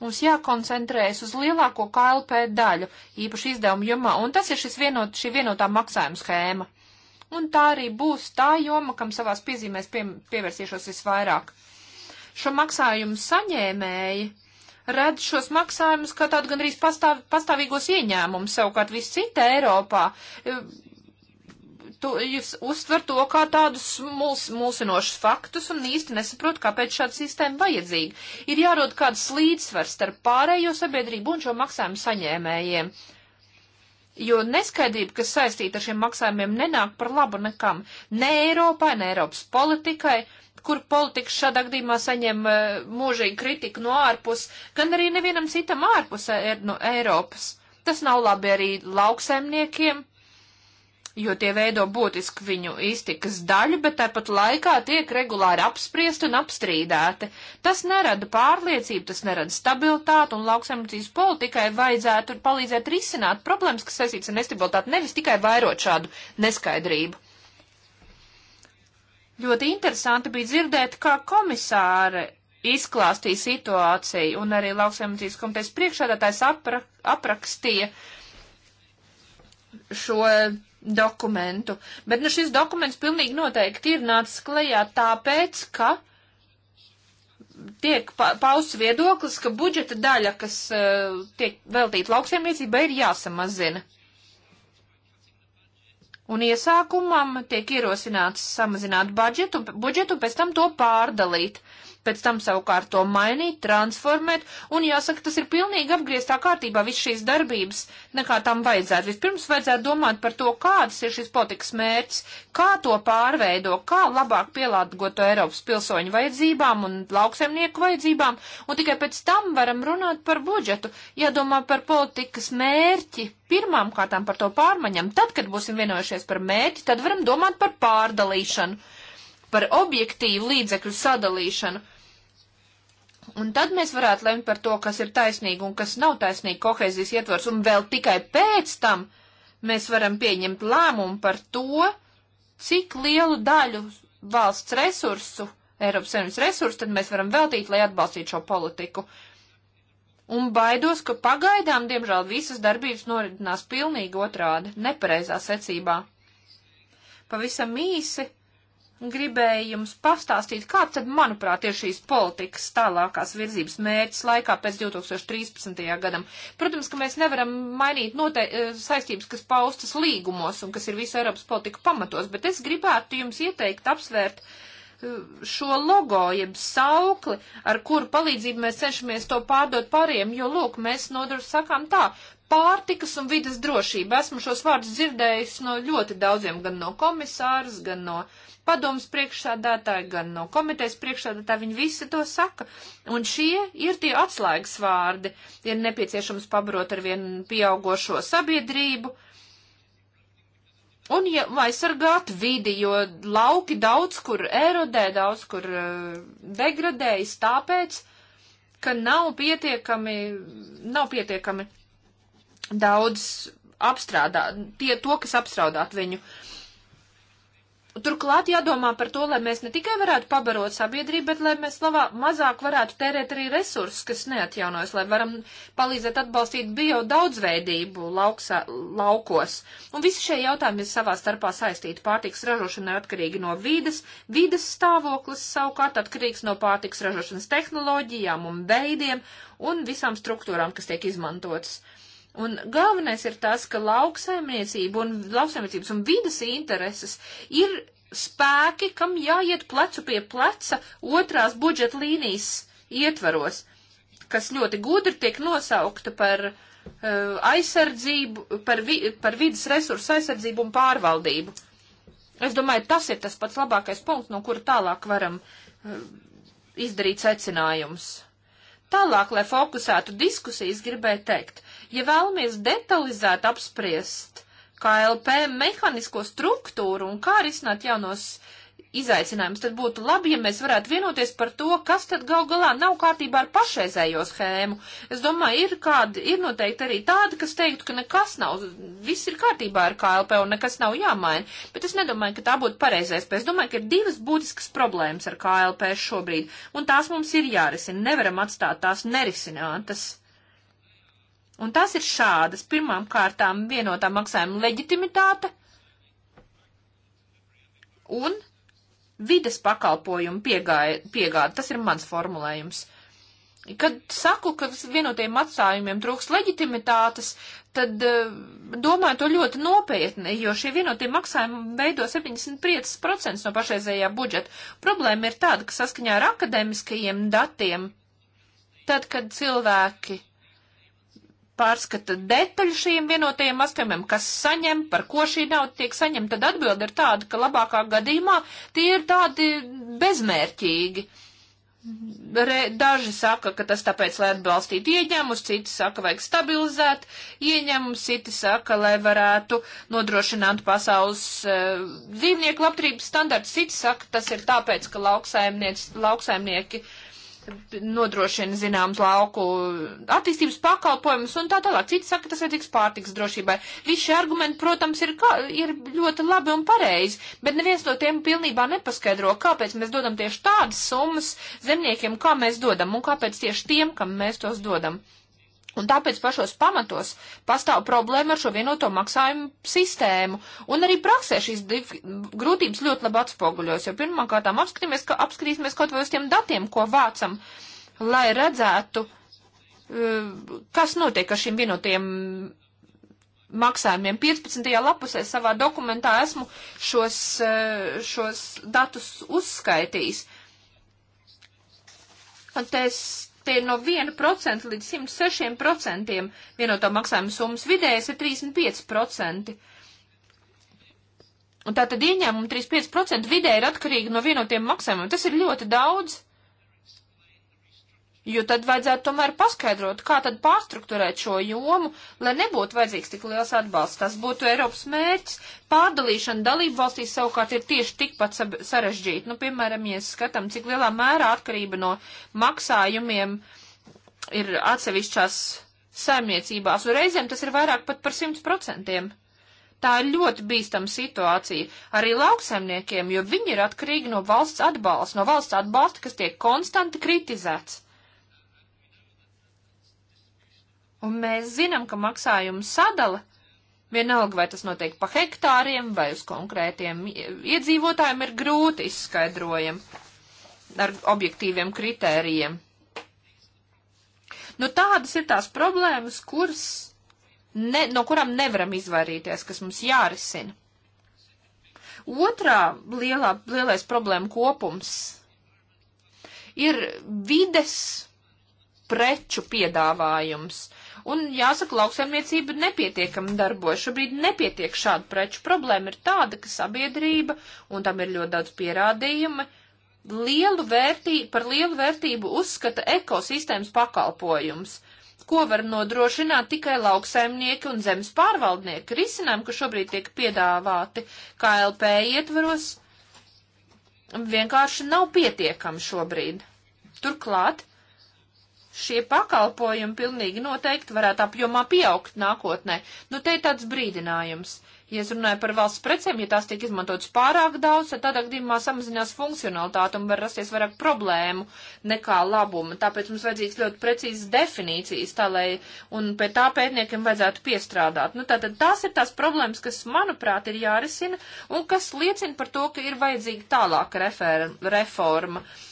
mums jākoncentrējas uz lielāko KLP daļu, īpaši izdevumu jomā, un tas ir šis vienot, šī vienotā maksājuma schēma. Un tā arī būs tā joma, kam savās piezīmēs pie, pievērsīšos visvairāk. Šo maksājumu saņēmēji redz šos maksājumus kā tādu gandrīz pastāv, pastāvīgos ieņēmumus, savukārt viss cita Eiropā. E, tu, jūs uztver to kā tādus muls, mulsinošus faktus un īsti nesaprot, kāpēc šāda sistēma vajadzīga. Ir jārod kāds līdzsvars starp pārējo sabiedrību un šo maksājumu saņēmējiem. Jo neskaidrība, kas saistīta ar šiem maksājumiem, nenāk par labu nekam. Ne Eiropai, ne Eiropas politikai. Uh, kur politika šādā gadījumā saņem eh, mūžīgi kritiku no ārpus, gan arī nevienam citam ārpus e, er, no Eiropas. Tas nav labi arī lauksaimniekiem, jo tie veido būtisku viņu iztikas daļu, bet tāpat laikā tiek regulāri apspriest un apstrīdēti. Tas nerada pārliecību, tas nerada stabilitāti, un lauksaimniecības politikai vajadzētu palīdzēt risināt problēmas, kas saistīts ar nestabilitāti, nevis tikai vairot šādu neskaidrību. Ļoti interesanti bija dzirdēt, kā komisāre izklāstīja situāciju, un arī lauksaimniecības komitejas priekšādātājs apra, aprakstīja šo dokumentu. Bet nu, šis dokuments pilnīgi noteikti ir nācis klajā tāpēc, ka tiek pa pausts viedoklis, ka budžeta daļa, kas uh, tiek veltīta lauksaimniecībai, ir jāsamazina. Un iesākumam tiek ierosināts samazināt budžetu, budžetu pēc tam to pārdalīt. Uh, pēc tam savukārt to mainīt, transformēt, un jāsaka, tas ir pilnīgi apgrieztā kārtībā viss šīs darbības, nekā tam vajadzētu. Vispirms vajadzētu domāt par to, kāds ir šis politikas mērķis, kā to pārveido, kā labāk pielāgot to Eiropas pilsoņu vajadzībām un lauksaimnieku vajadzībām, un tikai pēc tam varam runāt par budžetu, jādomā par politikas mērķi, pirmām kārtām par to pārmaiņam. Tad, kad būsim vienojušies par mērķi, tad varam domāt par pārdalīšanu par objektīvu līdzekļu sadalīšanu. Un tad mēs varētu lemt par to, kas ir taisnīgi un kas nav taisnīgi kohēzijas ietvars, un vēl tikai pēc tam mēs varam pieņemt lēmumu par to, cik lielu daļu valsts resursu, Eiropas Savienības resursu, tad mēs varam veltīt, lai atbalstītu šo politiku. Un baidos, ka pagaidām, diemžēl, visas darbības noridinās pilnīgi otrādi, nepareizā secībā. Pavisam īsi gribēju jums pastāstīt, kāds tad, manuprāt, ir šīs politikas tālākās virzības mērķis laikā pēc 2013. gadam. Protams, ka mēs nevaram mainīt note eh, saistības, kas paustas līgumos un kas ir visu Eiropas politika pamatos, bet es gribētu jums ieteikt apsvērt eh, šo logo, jeb saukli, ar kuru palīdzību mēs cenšamies to pārdot pāriem, jo, lūk, mēs nodru sakām tā, Pārtikas un vidas drošība. Esmu šos vārdus dzirdējis no ļoti daudziem, gan no komisāras, gan no padomas priekšsādātāja, gan no komitejas priekšsādātāja. Viņi visi to saka. Un šie ir tie atslēgas vārdi. Ir nepieciešams pabrot ar vienu pieaugošo sabiedrību. Un ja aizsargāt vidi, jo lauki daudz kur erodē, daudz kur uh, degradējas tāpēc, ka nav pietiekami, nav pietiekami daudz apstrādā, tie to, kas apstrādāt viņu. Turklāt jādomā par to, lai mēs ne tikai varētu pabarot sabiedrību, bet lai mēs labā, mazāk varētu tērēt arī resursus, kas neatjaunojas, lai varam palīdzēt atbalstīt bio daudzveidību lauksā, laukos. Un visi šie jautājumi ir savā starpā saistīti. Pārtiks ražošana ir atkarīga no vīdes, vīdes stāvoklis savukārt atkarīgs no pārtiks ražošanas tehnoloģijām un veidiem un visām struktūrām, kas tiek izmantotas. Un galvenais ir tas, ka lauksaimniecība un lauksaimniecības un vidas intereses ir spēki, kam jāiet plecu pie pleca otrās budžeta līnijas ietvaros, kas ļoti gudri tiek nosaukta par uh, aizsardzību, par, vi, par vidas resursu aizsardzību un pārvaldību. Es domāju, tas ir tas pats labākais punkts, no kura tālāk varam uh, izdarīt secinājumus. Tālāk, lai fokusētu diskusijas, gribēju teikt, Ja vēlamies detalizēt apspriest KLP mehānisko struktūru un kā risināt jaunos izaicinājumus, tad būtu labi, ja mēs varētu vienoties par to, kas tad gal galā nav kārtībā ar pašreizējo schēmu. Es domāju, ir kādi, ir noteikti arī tādi, kas teiktu, ka nekas nav, viss ir kārtībā ar KLP un nekas nav jāmaina, bet es nedomāju, ka tā būtu pareizais, bet es domāju, ka ir divas būtiskas problēmas ar KLP šobrīd, un tās mums ir jārisina, nevaram atstāt tās nerisinātas. Un tas ir šādas pirmām kārtām vienotā maksājuma leģitimitāte un vides pakalpojumu piegāde. Tas ir mans formulējums. Kad saku, ka vienotiem maksājumiem trūks leģitimitātes, tad eh, domāju to ļoti nopietni, jo šie vienotie maksājumi veido 75% no pašreizējā budžeta. Problēma ir tāda, ka saskaņā ar akadēmiskajiem datiem, tad, kad cilvēki pārskata detaļu šiem vienotajiem maskaviem, kas saņem, par ko šī nauda tiek saņemta, tad atbilde ir tāda, ka labākā gadījumā tie ir tādi bezmērķīgi. Re, daži saka, ka tas tāpēc, lai atbalstītu ieņēmumus, citi saka, vajag stabilizēt ieņēmumus, citi saka, lai varētu nodrošināt pasaules uh, dzīvnieku labturības standartus, citi saka, tas ir tāpēc, ka lauksaimnieki nodrošina zināms lauku attīstības pakalpojumus un tā tālāk. Citi saka, tas vajadzīgs pārtiks drošībai. Visi šie argumenti, protams, ir, kā, ir ļoti labi un pareizi, bet neviens no tiem pilnībā nepaskaidro, kāpēc mēs dodam tieši tādas summas zemniekiem, kā mēs dodam un kāpēc tieši tiem, kam mēs tos dodam. Un tāpēc pašos pamatos pastāv problēma ar šo vienoto maksājumu sistēmu. Un arī praksē šīs div, grūtības ļoti labi atspoguļos, jo pirmkārt apskatīsimies, ka apskatīsimies kaut vai uz tiem datiem, ko vācam, lai redzētu, eh, kas notiek ar šiem vienotiem maksājumiem. 15. lapusē savā dokumentā esmu šos, eh, šos datus uzskaitījis. Un te es tie ir no 1% līdz 106%, vienoto maksājuma summas vidējais ir 35%. Un tātad ieņēmumi 35% vidē ir atkarīgi no vienotiem maksājumiem. Tas ir ļoti daudz jo tad vajadzētu tomēr paskaidrot, kā tad pārstruktūrēt šo jomu, lai nebūtu vajadzīgs tik liels atbalsts. Tas būtu Eiropas mērķis. Pārdalīšana dalību valstīs savukārt ir tieši tikpat sarežģīta. Nu, piemēram, ja skatām, cik lielā mērā atkarība no maksājumiem ir atsevišķās saimniecībās, un reizēm tas ir vairāk pat par 100%. Tā ir ļoti bīstama situācija arī lauksaimniekiem, jo viņi ir atkarīgi no valsts atbalsta, no valsts atbalsta, kas tiek konstanti kritizēts. Un mēs zinām, ka maksājumu sadala Vienalga, vai tas notiek pa hektāriem vai uz konkrētiem iedzīvotājiem, ir grūti izskaidrojami ar objektīviem kritērijiem. Nu, tādas ir tās problēmas, kuras ne, no kurām nevaram izvairīties, kas mums jārisina. Otrā lielā, lielais problēma kopums ir vides preču piedāvājums Un jāsaka, lauksaimniecība nepietiekami darbojas. Šobrīd nepietiek šādu preču. Problēma ir tāda, ka sabiedrība, un tam ir ļoti daudz pierādījumi, lielu vērtību, par lielu vērtību uzskata ekosistēmas pakalpojums ko var nodrošināt tikai lauksaimnieki un zemes pārvaldnieki. Risinājumi, kas šobrīd tiek piedāvāti KLP ietvaros, vienkārši nav pietiekami šobrīd. Turklāt šie pakalpojumi pilnīgi noteikti varētu apjomā pieaugt nākotnē. Nu, te ir tāds brīdinājums. Ja es runāju par valsts precēm, ja tās tiek izmantotas pārāk daudz, tad tādā gadījumā samazinās funkcionalitāte un var rasties vairāk problēmu nekā labuma. Tāpēc mums vajadzīgs ļoti precīzas definīcijas, tā lai un pie tā pētniekiem vajadzētu piestrādāt. Nu, tātad tās ir tās problēmas, kas, manuprāt, ir jārisina un kas liecina par to, ka ir vajadzīga tālāka refer reforma. Uh,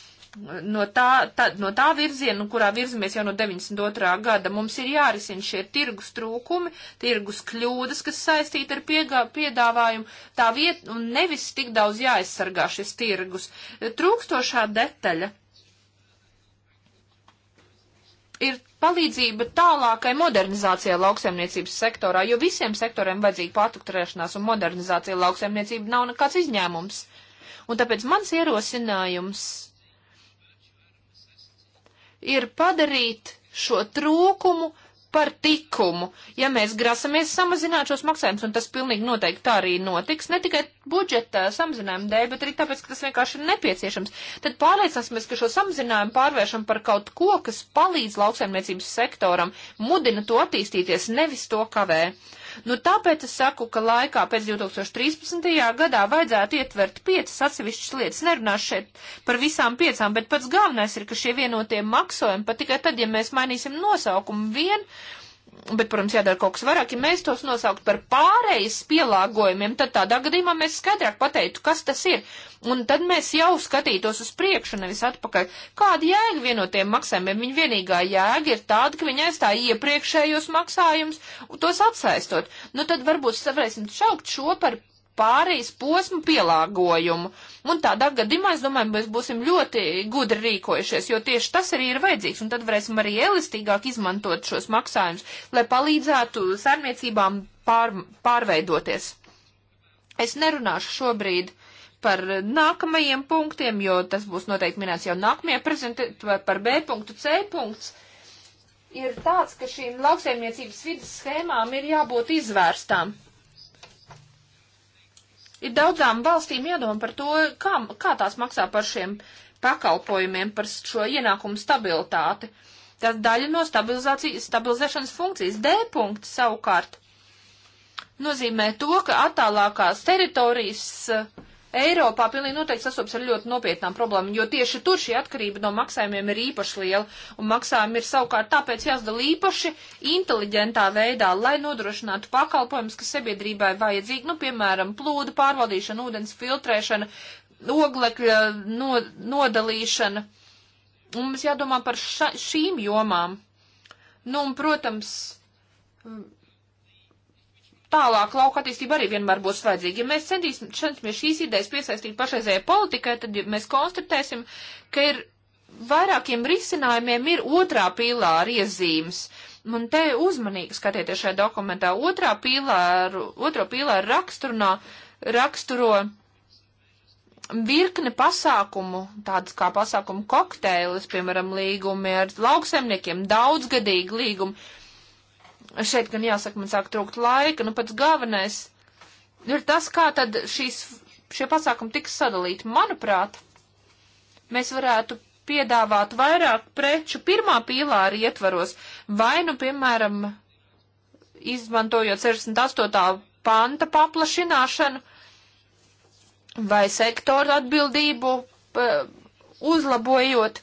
no tā, tā, no tā virziena, kurā virzamies jau no 92. gada, mums ir jārisina šie tirgus trūkumi, tirgus kļūdas, kas saistīti ar piegā, piedāvājumu, tā viet, un nevis tik daudz jāaizsargā šis tirgus. Trūkstošā detaļa ir palīdzība tālākai modernizācijai lauksaimniecības sektorā, jo visiem sektoriem vajadzīga pārtukturēšanās un modernizācija lauksaimniecība nav nekāds izņēmums. Un tāpēc mans ierosinājums ir padarīt šo trūkumu par tikumu, ja mēs grasamies samazināt šos maksājumus, un tas pilnīgi noteikti tā arī notiks, ne tikai budžeta samazinājuma dēļ, bet arī tāpēc, ka tas vienkārši ir nepieciešams, tad pārliecināsimies, ka šo samazinājumu pārvēršam par kaut ko, kas palīdz lauksaimniecības sektoram, mudina to attīstīties, nevis to kavē. Uh, Nu, tāpēc es saku, ka laikā pēc 2013. gadā vajadzētu ietvert piecas atsevišķas lietas. Nerunāšu šeit par visām piecām, bet pats galvenais ir, ka šie vienotie maksojumi pat tikai tad, ja mēs mainīsim nosaukumu vien, uh, bet, protams, jādara kaut kas vairāk, ja mēs tos nosaukt par pārējas pielāgojumiem, tad tādā gadījumā mēs skaidrāk pateiktu, kas tas ir. Un tad mēs jau skatītos uz priekšu, nevis atpakaļ. Kāda jēga vienotiem maksājumiem? Viņa vienīgā jēga ir tāda, ka viņa aizstāja iepriekšējos maksājumus, tos atsaistot. Nu, tad varbūt varēsim šaukt šo par pārijas posmu pielāgojumu. Un tādā gadījumā, es domāju, mēs būsim ļoti gudri rīkojušies, jo tieši tas arī ir vajadzīgs, un tad varēsim arī elastīgāk izmantot šos maksājumus, lai palīdzētu saimniecībām pār, pārveidoties. Es nerunāšu šobrīd par nākamajiem punktiem, jo tas būs noteikti minēts jau nākamajā prezentācijā par B punktu, C punktu ir tāds, ka šīm lauksaimniecības vidas schēmām ir jābūt izvērstām. Ir daudzām valstīm jādomā par to, kā, kā tās maksā par šiem pakalpojumiem, par šo ienākumu stabilitāti. Tā daļa no stabilizēšanas funkcijas. D punkts savukārt nozīmē to, ka attālākās teritorijas uh, Eiropā pilnīgi noteikti sastopas ar ļoti nopietnām problēmām, jo tieši tur šī atkarība no maksājumiem ir īpaši liela, un maksājumi ir savukārt tāpēc jāsadala īpaši inteliģentā veidā, lai nodrošinātu pakalpojumus, kas sabiedrībai vajadzīgi, nu, piemēram, plūdu pārvaldīšana, ūdens filtrēšana, oglekļa no, nodalīšana. Un mums jādomā par ša, šīm jomām. Nu, un, protams, tālāk lauka attīstība arī vienmēr būs vajadzīga. Ja mēs centīsimies šīs idejas piesaistīt pašreizējai politikai, tad mēs konstatēsim, ka ir vairākiem risinājumiem ir otrā pīlāra iezīmes. Man te uzmanīgi skatieties šajā dokumentā. Otrā pīlāra, otro pīlāra raksturnā, raksturo virkne pasākumu, tādas kā pasākumu kokteilis, piemēram, līgumi ar lauksemniekiem, daudzgadīgi līgumi Šeit gan jāsaka, man sāk trūkt laika, nu pats galvenais ir tas, kā tad šīs, šie pasākumi tiks sadalīti. Manuprāt, mēs varētu piedāvāt vairāk preču pirmā pīlāra ietvaros, vai nu, piemēram, izmantojot 68. panta paplašināšanu, vai sektoru atbildību uzlabojot,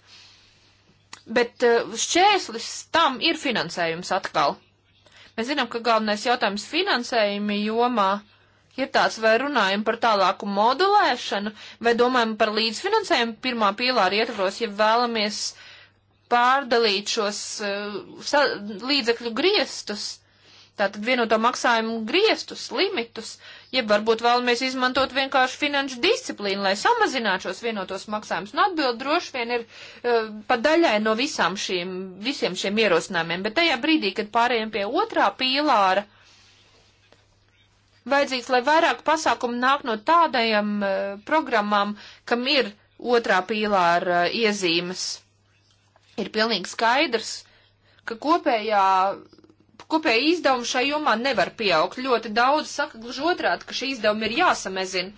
bet eh, šķēslis tam ir finansējums atkal. Mēs zinām, ka galvenais jautājums finansējumi jomā ir tāds, vai runājam par tālāku modulēšanu, vai domājam par līdzfinansējumu pirmā pīlāra ietvaros, ja vēlamies pārdalīt šos uh, līdzekļu griestus, tātad vienoto maksājumu griestus, limitus, jeb varbūt vēlamies izmantot vienkārši finanšu disciplīnu, lai samazinātu šos vienotos maksājumus. Un nu, atbild droši vien ir uh, pa daļai no visām šīm, visiem šiem ierosinājumiem, bet tajā brīdī, kad pārējiem pie otrā pīlāra, vajadzīgs, lai vairāk pasākumu nāk no tādajām uh, programmām, kam ir otrā pīlāra uh, iezīmes. Ir pilnīgi skaidrs, ka kopējā kopēji izdevumi šai jomā nevar pieaugt. Ļoti daudz saka, gluži otrādi, ka šī izdevuma ir jāsamazina.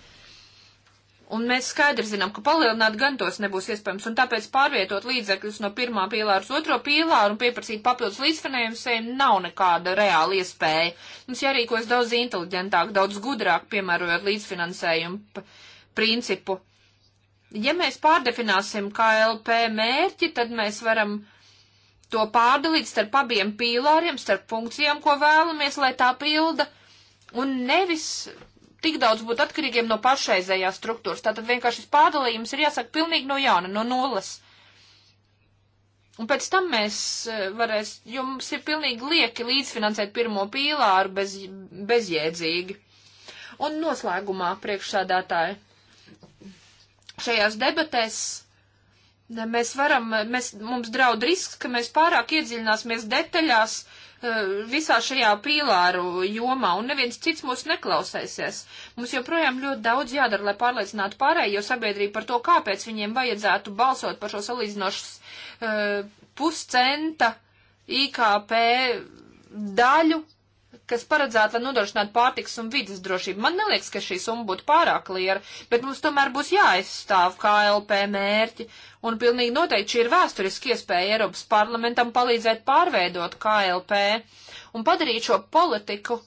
Un mēs skaidri zinām, ka palielināt gan tos nebūs iespējams, un tāpēc pārvietot līdzekļus no pirmā pīlāra uz otro pīlāru un pieprasīt papildus līdzfinansējumu nav nekāda reāla iespēja. Mums jārīkojas daudz inteliģentāk, daudz gudrāk, piemērojot līdzfinansējumu principu. Ja mēs pārdefinēsim KLP mērķi, tad mēs varam uh, to pārdalīt starp abiem pīlāriem, starp funkcijām, ko vēlamies, lai tā pilda, un nevis tik daudz būt atkarīgiem no pašreizējās struktūras. Tātad vienkārši šis pārdalījums ir jāsaka pilnīgi no jauna, no nulles. Un pēc tam mēs eh, varēs, jo mums ir pilnīgi lieki līdzfinansēt pirmo pīlāru bez, bezjēdzīgi. Un noslēgumā priekšsādātāji. Šajās debatēs Ne, mēs varam, mēs, mums draud risks, ka mēs pārāk iedziļināsimies detaļās eh, visā šajā pīlāru jomā, un neviens cits mūs neklausēsies. Mums joprojām ļoti daudz jādara, lai pārliecinātu pārējo sabiedrību par to, kāpēc viņiem vajadzētu balsot par šo salīdzinošas uh, puscenta IKP daļu kas paredzēta, lai nodrošinātu pārtiks un vidas drošību. Man neliekas, ka šī summa būtu pārāk liela, bet mums tomēr būs jāaizstāv KLP mērķi, un pilnīgi noteikti šī ir vēsturiski iespēja Eiropas parlamentam palīdzēt pārveidot KLP un padarīt šo politiku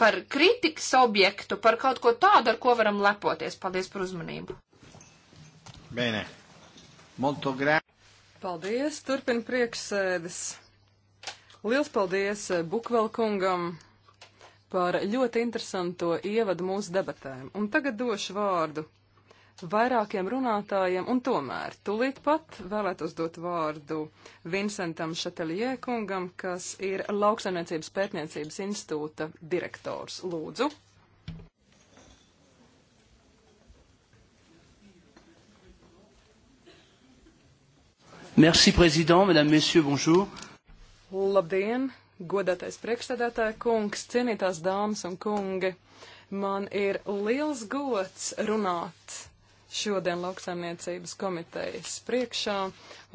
par kritikas objektu, par kaut ko tādu, ar ko varam lepoties. Paldies par uzmanību. Bene. Molto gra. Paldies, turpin prieksēdes. Liels paldies eh, Bukvelkungam par ļoti interesanto ievadu mūsu debatēm. Un tagad došu vārdu vairākiem runātājiem, un tomēr tulīt pat vēlētos dot vārdu Vincentam Šatelijē kungam, kas ir Lauksaimniecības pētniecības institūta direktors. Lūdzu! Merci, président, mesdames, messieurs, bonjour. Labdien, Godātais priekšsēdētāja kungs, cienītās dāmas un kungi, man ir liels gods runāt šodien lauksaimniecības komitejas priekšā,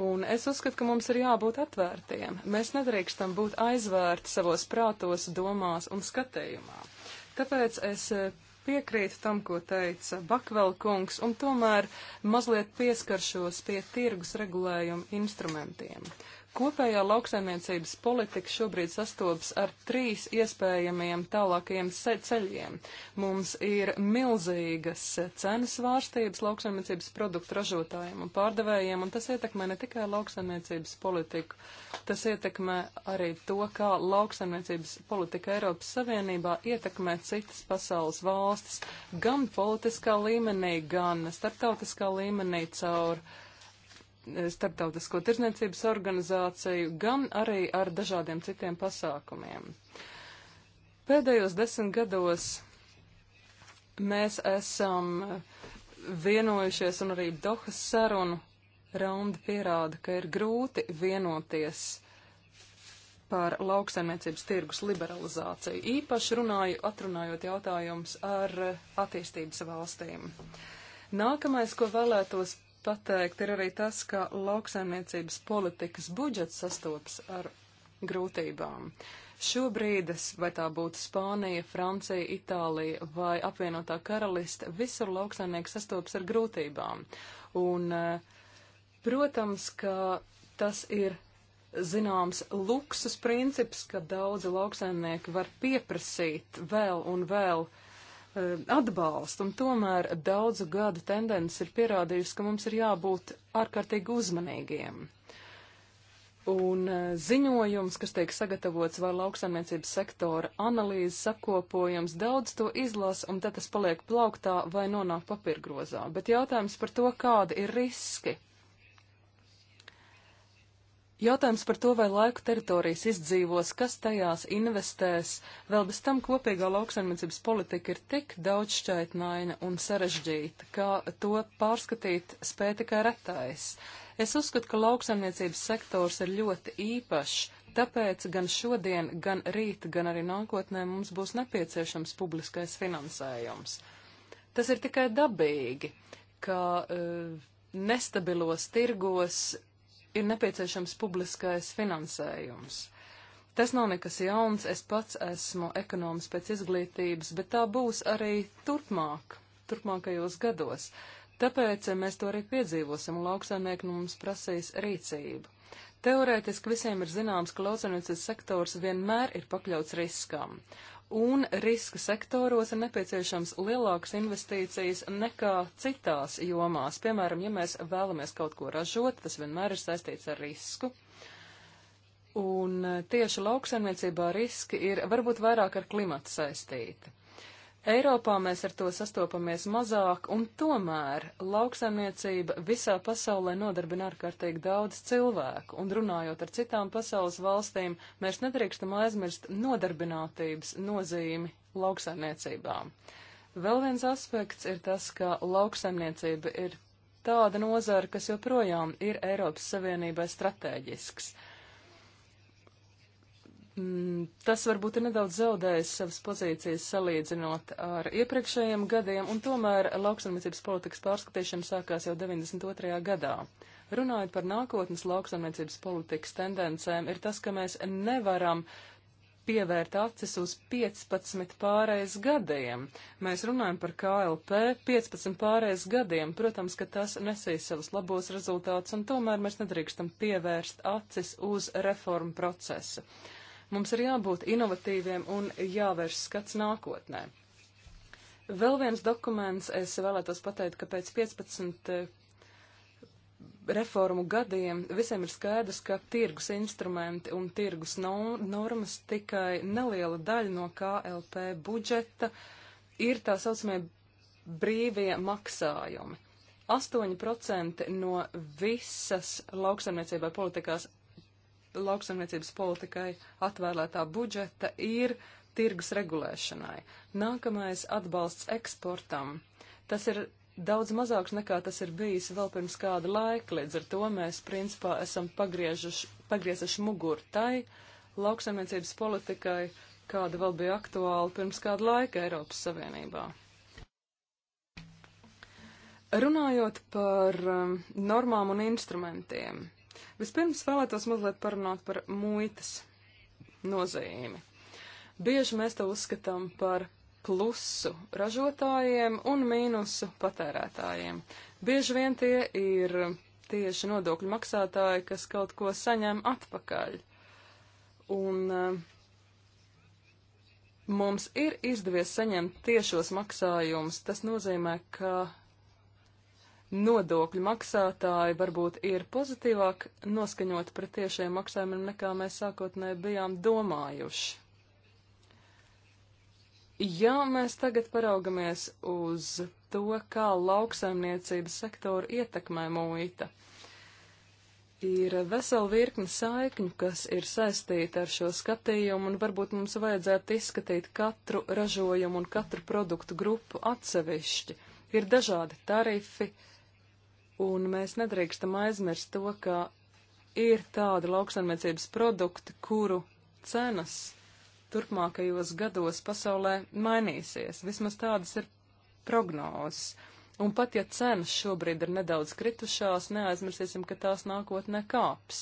un es uzskatu, ka mums ir jābūt atvērtiem. Mēs nedrīkstam būt aizvērti savos prātos, domās un skatījumā. Tāpēc es e, piekrītu tam, ko teica Bakvelkungs, un tomēr mazliet pieskaršos pie tirgus regulējuma instrumentiem. Uh, Kopējā lauksaimniecības politika šobrīd sastopas ar trīs iespējamiem tālākajiem ceļiem. Mums ir milzīgas cenas svārstības lauksaimniecības produktu ražotājiem un pārdevējiem, un tas ietekmē ne tikai lauksaimniecības politiku, tas ietekmē arī to, kā lauksaimniecības politika Eiropas Savienībā ietekmē citas pasaules valstis, gan politiskā līmenī, gan starptautiskā līmenī caur starptautisko tirzniecības organizāciju, gan arī ar dažādiem citiem pasākumiem. Pēdējos desmit gados mēs esam vienojušies un arī Dohas sarunu raunda pierāda, ka ir grūti vienoties par lauksaimniecības tirgus liberalizāciju, īpaši runāju, atrunājot jautājums ar attīstības valstīm. Nākamais, ko vēlētos pateikt, ir arī tas, ka lauksaimniecības politikas budžets sastopas ar grūtībām. Šobrīd, vai tā būtu Spānija, Francija, Itālija vai apvienotā karaliste, visur lauksaimnieki sastopas ar grūtībām. Un, eh, protams, ka tas ir zināms luksus princips, ka daudzi lauksaimnieki var pieprasīt vēl un vēl uh, Eh, atbalstu, un tomēr daudzu gadu tendence ir pierādījusi, ka mums ir jābūt ārkārtīgi uzmanīgiem. Un eh, ziņojums, kas tiek sagatavots vai lauksaimniecības sektora analīzes sakopojums, daudz to izlasa, un tad tas paliek plauktā vai nonāk papirgrozā. Bet jautājums par to, kādi ir riski Jautājums par to, vai laiku teritorijas izdzīvos, kas tajās investēs, vēl bez tam kopīgā lauksaimniecības politika ir tik daudz šķaitnaina un sarežģīta, ka to pārskatīt spēja tikai retais. Es uzskatu, ka lauksaimniecības sektors ir ļoti īpašs, tāpēc gan šodien, gan rīt, gan arī nākotnē mums būs nepieciešams publiskais finansējums. Tas ir tikai dabīgi, ka. Uh, nestabilos tirgos ir nepieciešams publiskais finansējums. Tas nav nekas jauns, es pats esmu ekonomis pēc izglītības, bet tā būs arī turpmāk, turpmākajos gados. Tāpēc mēs to arī piedzīvosim, un lauksaimnieki nu mums prasīs rīcību. Teorētiski visiem ir zināms, ka lauksaimniecības sektors vienmēr ir pakļauts riskam un riska sektoros ir nepieciešams lielākas investīcijas nekā citās jomās. Piemēram, ja mēs vēlamies kaut ko ražot, tas vienmēr ir saistīts ar risku. Un eh, tieši lauksaimniecībā riski ir varbūt vairāk ar klimatu saistīti. Eiropā mēs ar to sastopamies mazāk, un tomēr lauksaimniecība visā pasaulē nodarbina ārkārtīgi daudz cilvēku, un runājot ar citām pasaules valstīm, mēs nedrīkstam aizmirst nodarbinātības nozīmi lauksaimniecībām. Vēl viens aspekts ir tas, ka lauksaimniecība ir tāda nozara, kas joprojām ir Eiropas Savienībai strateģisks. Mm, tas varbūt ir nedaudz zaudējis savas pozīcijas salīdzinot ar iepriekšējiem gadiem, un tomēr lauksaimniecības politikas pārskatīšana sākās jau 92. gadā. Runājot par nākotnes lauksaimniecības politikas tendencēm, ir tas, ka mēs nevaram pievērt acis uz 15 pārējais gadiem. Mēs runājam par KLP 15 pārējais gadiem. Protams, ka tas nesīs savus labos rezultātus, un tomēr mēs nedrīkstam pievērst acis uz reformu procesu. Mums ir jābūt inovatīviem un jāvērš skats nākotnē. Vēl viens dokuments, es vēlētos pateikt, ka pēc 15 eh, reformu gadiem visiem ir skaidrs, ka tirgus instrumenti un tirgus no, normas tikai neliela daļa no KLP budžeta ir tā saucamie brīvie maksājumi. 8% no visas lauksaimniecībai politikās lauksaimniecības politikai atvēlētā budžeta ir tirgus regulēšanai. Nākamais atbalsts eksportam. Tas ir daudz mazāks nekā tas ir bijis vēl pirms kāda laika, līdz ar to mēs principā esam pagriezuši muguru tai lauksaimniecības politikai, kāda vēl bija aktuāla pirms kāda laika Eiropas Savienībā. Runājot par um, normām un instrumentiem, Vispirms vēlētos mazliet parunāt par muitas nozīmi. Bieži mēs to uzskatām par plusu ražotājiem un mīnusu patērētājiem. Bieži vien tie ir tieši nodokļu maksātāji, kas kaut ko saņem atpakaļ. Un eh, mums ir izdevies saņemt tiešos maksājumus. Tas nozīmē, ka nodokļu maksātāji varbūt ir pozitīvāk noskaņot pret tiešiem maksājumiem, nekā mēs sākotnēji bijām domājuši. Ja mēs tagad paraugamies uz to, kā lauksaimniecības sektoru ietekmē muita, ir vesela virkni saikņu, kas ir saistīta ar šo skatījumu, un varbūt mums vajadzētu izskatīt katru ražojumu un katru produktu grupu atsevišķi. Ir dažādi tarifi, uh, Un mēs nedrīkstam aizmirst to, ka ir tādi lauksaimniecības produkti, kuru cenas turpmākajos gados pasaulē mainīsies. Vismaz tādas ir prognozes. Un pat ja cenas šobrīd ir nedaudz kritušās, neaizmirsīsim, ka tās nākotnē kāps.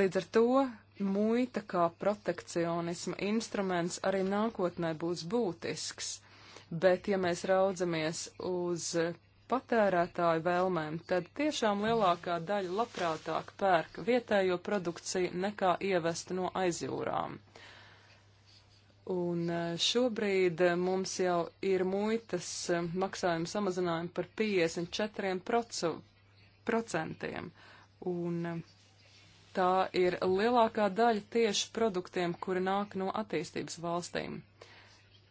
Līdz ar to muita kā protekcionisma instruments arī nākotnē būs būtisks. Bet, ja mēs raudzamies uz patērētāju vēlmēm, tad tiešām lielākā daļa labprātāk pērk vietējo produkciju nekā ievest no aizjūrām. Un eh, šobrīd eh, mums jau ir muitas eh, maksājuma samazinājumi par 54%. Un tā ir lielākā daļa tieši produktiem, kuri nāk no attīstības valstīm. Uh,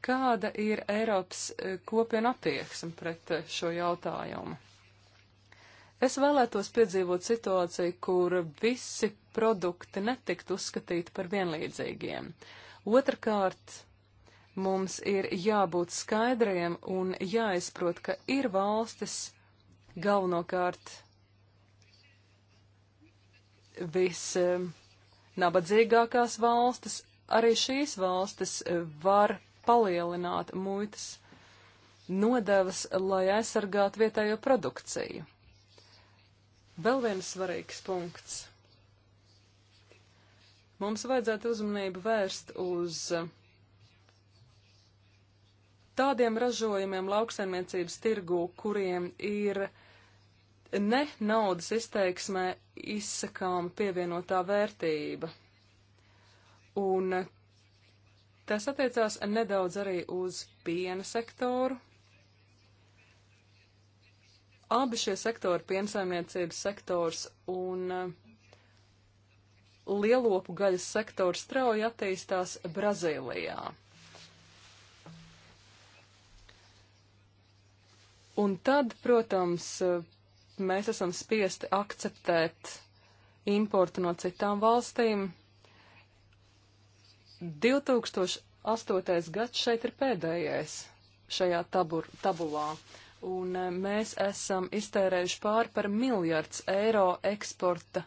Kāda ir Eiropas e, kopiena attieksme pret e, šo jautājumu? Es vēlētos piedzīvot situāciju, kur visi produkti netiktu uzskatīti par vienlīdzīgiem. Otrakārt, mums ir jābūt skaidriem un jāizprot, ka ir valstis galvenokārt visnabadzīgākās e, valstis, arī šīs valstis var palielināt muitas nodevas, lai aizsargātu vietējo produkciju. Vēl viens svarīgs punkts. Mums vajadzētu uzmanību vērst uz tādiem ražojumiem lauksaimniecības tirgū, kuriem ir ne naudas izteiksmē izsakām pievienotā vērtība un Tas attiecās nedaudz arī uz piena sektoru. Abi šie sektori, piensaimniecības sektors un uh, lielopu gaļas sektors, strauji attīstās Brazīlijā. Un tad, protams, uh, mēs esam spiesti akceptēt importu no citām valstīm, 2008. gads šeit ir pēdējais šajā tabur, tabulā, un e, mēs esam iztērējuši pāri par miljards eiro eksporta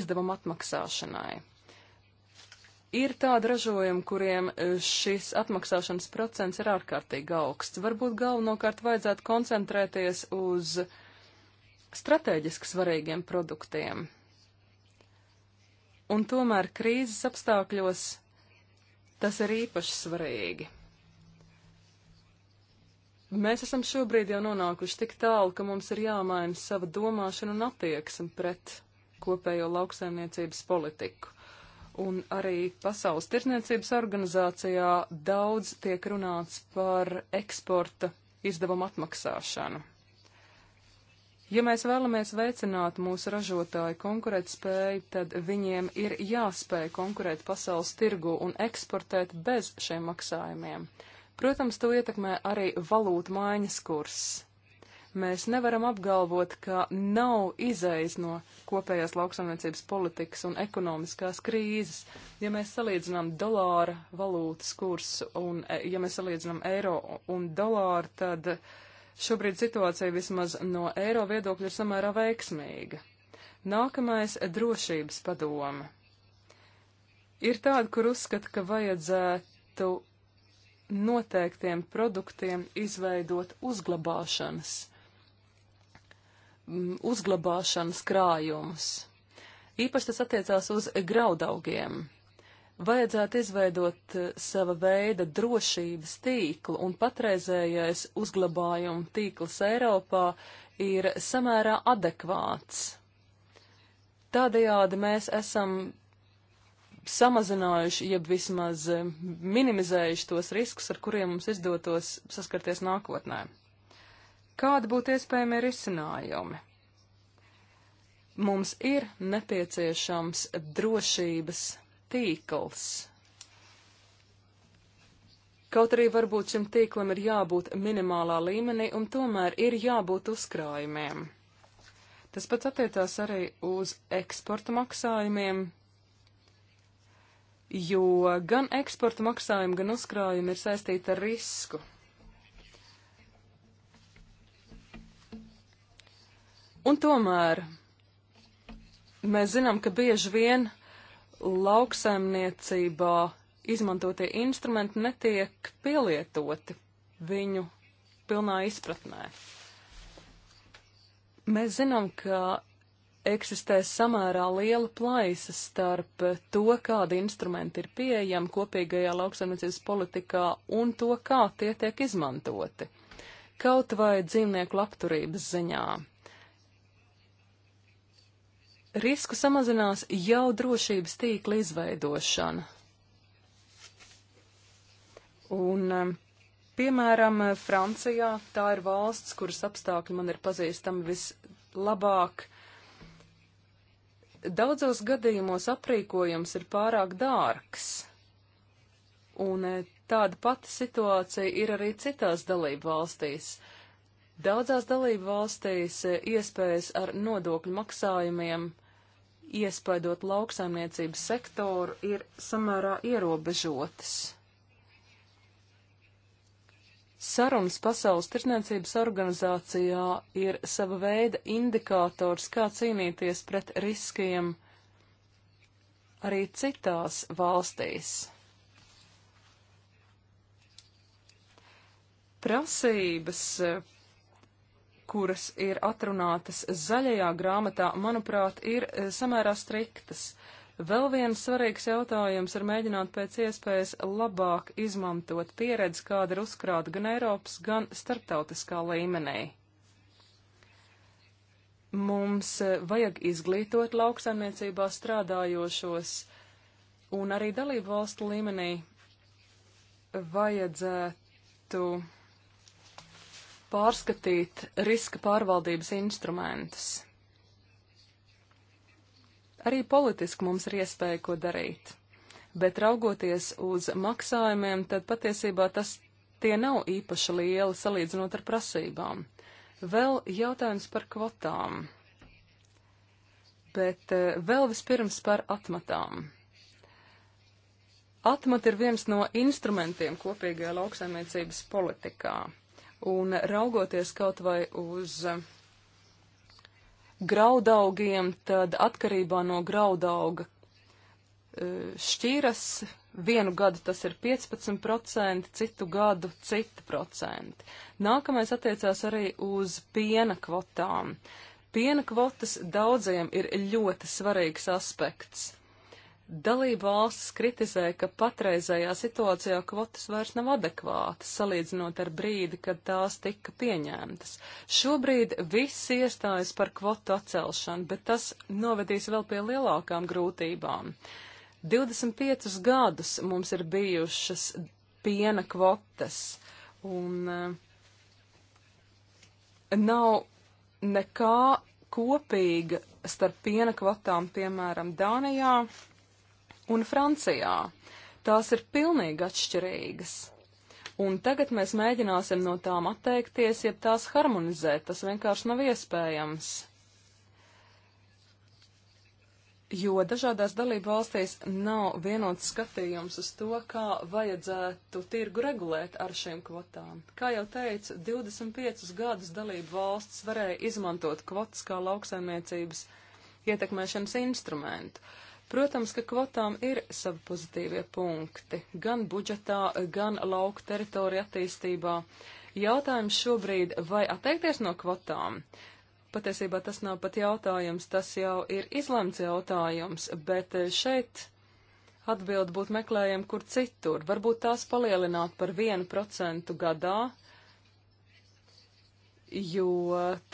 izdevumu atmaksāšanai. Ir tādi ražojumi, kuriem e, šis atmaksāšanas procents ir ārkārtīgi augsts. Varbūt galvenokārt vajadzētu koncentrēties uz strateģiski svarīgiem produktiem un tomēr krīzes apstākļos tas ir īpaši svarīgi. Mēs esam šobrīd jau nonākuši tik tālu, ka mums ir jāmaina sava domāšana un attieksme pret kopējo lauksaimniecības politiku. Un arī Pasaules tirsniecības organizācijā daudz tiek runāts par eksporta izdevumu atmaksāšanu. Ja mēs vēlamies veicināt mūsu ražotāju konkurētspēju, tad viņiem ir jāspēj konkurēt pasaules tirgu un eksportēt bez šiem maksājumiem. Protams, to ietekmē arī valūtu maiņas kurs. Mēs nevaram apgalvot, ka nav izējas no kopējās lauksaimniecības politikas un ekonomiskās krīzes. Ja mēs salīdzinām dolāra valūtas kursu un, e, ja mēs salīdzinām eiro un dolāru, tad uh, Šobrīd situācija vismaz no eiro viedokļa ir samērā veiksmīga. Nākamais - drošības padome. Ir tāda, kur uzskata, ka vajadzētu noteiktiem produktiem izveidot uzglabāšanas, uzglabāšanas krājumus. Īpaši tas attiecās uz graudaugiem. Vajadzētu izveidot eh, sava veida drošības tīklu, un patreizējais uzglabājuma tīkls Eiropā ir samērā adekvāts. Tādējādi mēs esam samazinājuši, jeb vismaz eh, minimizējuši tos riskus, ar kuriem mums izdotos saskarties nākotnē. Kādi būtu iespējami risinājumi? Mums ir nepieciešams drošības tīkls. Kaut arī varbūt šim tīklam ir jābūt minimālā līmenī, un tomēr ir jābūt uzkrājumiem. Tas pats attiecās arī uz eksporta maksājumiem, jo gan eksporta maksājumi, gan uzkrājumi ir saistīti ar risku. Un tomēr mēs zinām, ka bieži vien uh, lauksaimniecībā izmantotie instrumenti netiek pielietoti viņu pilnā izpratnē. Mēs zinām, ka eksistē samērā liela plaisa starp to, kādi instrumenti ir pieejami kopīgajā lauksaimniecības politikā un to, kā tie tiek izmantoti. Kaut vai dzīvnieku labturības ziņā. Risku samazinās jau drošības tīkla izveidošana. Un, um, piemēram, Francijā tā ir valsts, kuras apstākļi man ir pazīstami vislabāk. Daudzos gadījumos aprīkojums ir pārāk dārgs. Un eh, tāda pati situācija ir arī citās dalību valstīs. Daudzās dalību valstīs eh, iespējas ar nodokļu maksājumiem uh, iespaidot lauksaimniecības sektoru, ir samērā ierobežotas. Sarunas Pasaules tirsniecības organizācijā ir sava veida indikators, kā cīnīties pret riskiem arī citās valstīs. Prasības kuras ir atrunātas zaļajā grāmatā, manuprāt, ir e, samērā striktas. Vēl viens svarīgs jautājums ir mēģināt pēc iespējas labāk izmantot pieredzi, kāda ir uzkrāta gan Eiropas, gan starptautiskā līmenī. Mums e, vajag izglītot lauksaimniecībā strādājošos un arī dalību valstu līmenī vajadzētu pārskatīt riska pārvaldības instrumentus. Arī politiski mums ir iespēja ko darīt, bet raugoties uz maksājumiem, tad patiesībā tas tie nav īpaši lieli salīdzinot ar prasībām. Vēl jautājums par kvotām, bet eh, vēl vispirms par atmatām. Atmat ir viens no instrumentiem kopīgajā lauksaimniecības politikā. Un raugoties kaut vai uz graudaugiem, tad atkarībā no graudauga e, šķiras, vienu gadu tas ir 15%, citu gadu citi procenti. Nākamais attiecās arī uz piena kvotām. Piena kvotas daudziem ir ļoti svarīgs aspekts. Dalība valsts kritizē, ka patreizējā situācijā kvotas vairs nav adekvātas, salīdzinot ar brīdi, kad tās tika pieņemtas. Šobrīd viss iestājas par kvotu atcelšanu, bet tas novedīs vēl pie lielākām grūtībām. 25 gadus mums ir bijušas piena kvotas, un eh, nav nekā kopīga starp piena kvotām, piemēram, Dānijā un Francijā. Tās ir pilnīgi atšķirīgas. Un tagad mēs mēģināsim no tām atteikties, ja tās harmonizēt. Tas vienkārši nav iespējams. Jo dažādās dalību valstīs nav vienots skatījums uz to, kā vajadzētu tirgu regulēt ar šīm kvotām. Kā jau teicu, 25 gadus dalību valsts varēja izmantot kvotas kā lauksaimniecības ietekmēšanas instrumentu. Uh, Protams, ka kvotām ir savi pozitīvie punkti gan budžetā, gan lauku teritorija attīstībā. Jautājums šobrīd, vai atteikties no kvotām? Patiesībā tas nav pat jautājums, tas jau ir izlemts jautājums, bet šeit atbildi būtu meklējami kur citur. Varbūt tās palielināt par 1% gadā, jo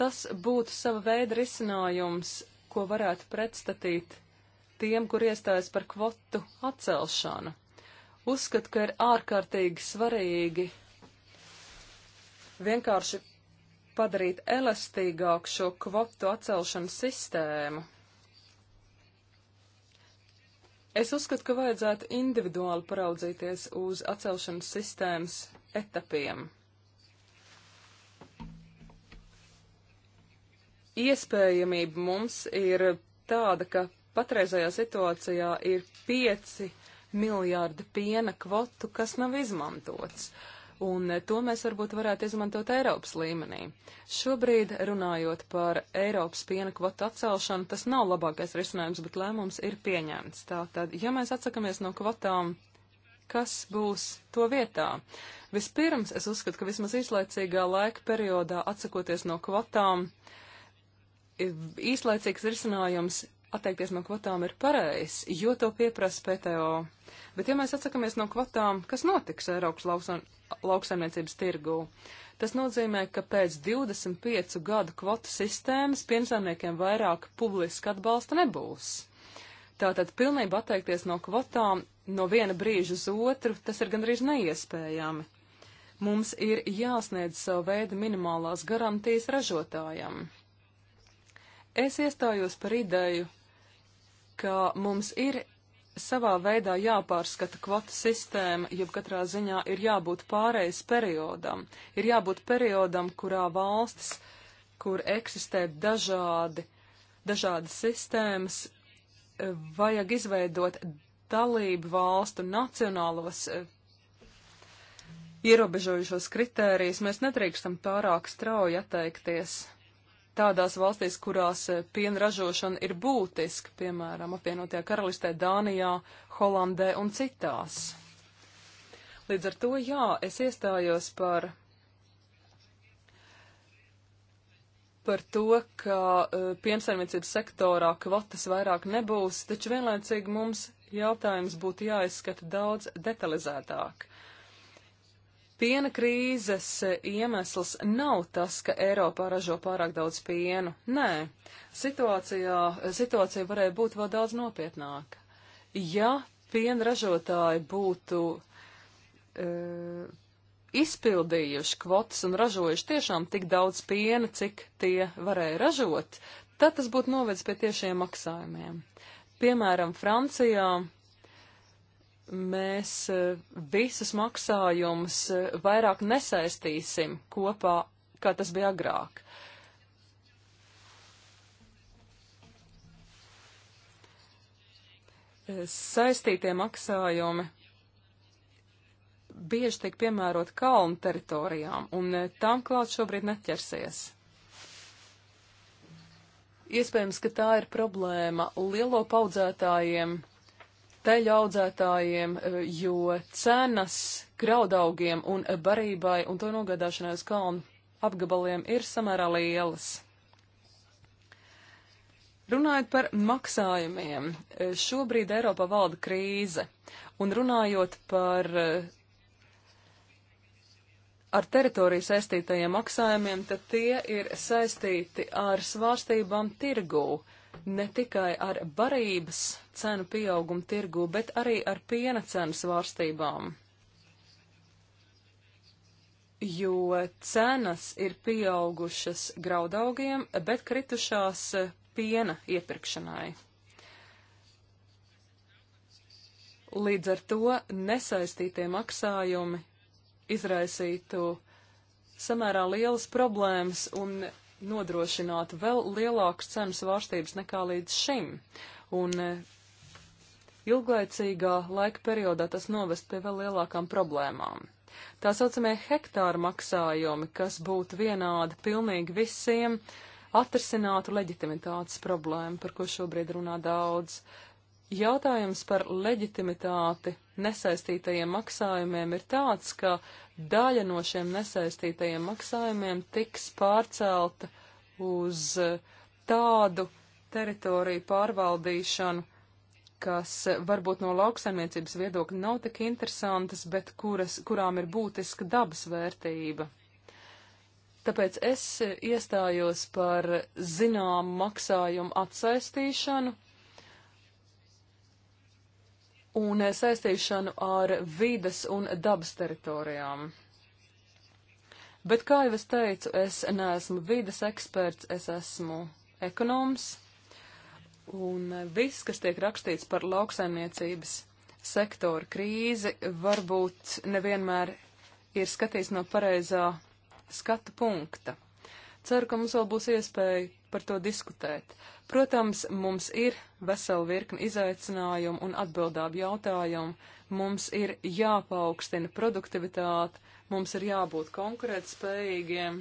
tas būtu sava veida risinājums, ko varētu pretstatīt tiem, kur iestājas par kvotu atcelšanu. Uzskatu, ka ir ārkārtīgi svarīgi vienkārši padarīt elastīgāku šo kvotu atcelšanas sistēmu. Es uzskatu, ka vajadzētu individuāli paraudzīties uz atcelšanas sistēmas etapiem. Iespējamība mums ir tāda, ka patreizajā situācijā ir 5 miljārdi piena kvotu, kas nav izmantots. Un eh, to mēs varbūt varētu izmantot Eiropas līmenī. Šobrīd runājot par Eiropas piena kvotu atcelšanu, tas nav labākais risinājums, bet lēmums ir pieņemts. Tātad, ja mēs atsakamies no kvotām, kas būs to vietā? Vispirms es uzskatu, ka vismaz īslaicīgā laika periodā atsakoties no kvotām, īslaicīgs risinājums atteikties no kvotām ir pareizs, jo to pieprasa PTO. Bet, ja mēs atsakamies no kvotām, kas notiks Eiropas lauksan, lauksaimniecības tirgū? Tas nozīmē, ka pēc 25 gadu kvotu sistēmas piensaimniekiem vairāk publiska atbalsta nebūs. Tātad pilnībā atteikties no kvotām no viena brīža uz otru, tas ir gandrīz neiespējami. Mums ir jāsniedz savu veidu minimālās garantijas ražotājam. Es iestājos par ideju ka mums ir savā veidā jāpārskata kvotu sistēma, jeb katrā ziņā ir jābūt pārejas periodam. Ir jābūt periodam, kurā valstis, kur eksistē dažādi, dažādas sistēmas, e, vajag izveidot dalību valstu nacionālos e, ierobežojušos kritērijus. Mēs nedrīkstam pārāk strauji atteikties tādās valstīs, kurās eh, piena ražošana ir būtiska, piemēram, apvienotajā karalistē, Dānijā, Holandē un citās. Līdz ar to, jā, es iestājos par par to, ka uh, piensaimniecības sektorā kvotas vairāk nebūs, taču vienlaicīgi mums jautājums būtu jāizskata daudz detalizētāk. Piena krīzes iemesls nav tas, ka Eiropā ražo pārāk daudz pienu. Nē, situācijā, situācija varēja būt vēl daudz nopietnāka. Ja piena ražotāji būtu e, izpildījuši kvotas un ražojuši tiešām tik daudz piena, cik tie varēja ražot, tad tas būtu novedis pie tiešiem maksājumiem. Piemēram, Francijā mēs e, visus maksājumus e, vairāk nesaistīsim kopā, kā tas bija agrāk. E, saistītie maksājumi bieži tiek piemērot kalnu teritorijām, un tam klāt šobrīd neķersies. Iespējams, ka tā ir problēma lielo paudzētājiem peļu audzētājiem, eh, jo cenas graudaugiem un barībai un to nogādāšanai uz kalnu apgabaliem ir samērā lielas. Runājot par maksājumiem, eh, šobrīd Eiropā valda krīze, un runājot par eh, ar teritoriju saistītajiem maksājumiem, tad tie ir saistīti ar svārstībām tirgū ne tikai ar barības cenu pieaugumu tirgu, bet arī ar piena cenu svārstībām. Jo cenas ir pieaugušas graudaugiem, bet kritušās piena iepirkšanai. Līdz ar to nesaistītie maksājumi izraisītu samērā lielas problēmas un nodrošināt vēl lielākas cenu svārstības nekā līdz šim. Un e, ilglaicīgā laika periodā tas novest pie vēl lielākām problēmām. Tā saucamie hektāra maksājumi, kas būtu vienādi pilnīgi visiem, atrisinātu leģitimitātes problēmu, par ko šobrīd runā daudz. Uh, Jautājums par leģitimitāti nesaistītajiem maksājumiem ir tāds, ka daļa no šiem nesaistītajiem maksājumiem tiks pārcelta uz eh, tādu teritoriju pārvaldīšanu, kas varbūt no lauksaimniecības viedokļa nav tik interesantas, bet kuras, kurām ir būtiska dabas vērtība. Tāpēc es iestājos par zināmu maksājumu atsaistīšanu un saistīšanu ar vides un dabas teritorijām. Bet, kā jau es teicu, es neesmu vides eksperts, es esmu ekonoms, un viss, kas tiek rakstīts par lauksaimniecības sektoru krīzi, varbūt nevienmēr ir skatījis no pareizā skatu punkta. Ceru, ka mums vēl būs iespēja par to diskutēt. Protams, mums ir vesela virkni izaicinājumu un atbildābu jautājumu, mums ir jāpaukstina produktivitāte, mums ir jābūt konkurētspējīgiem.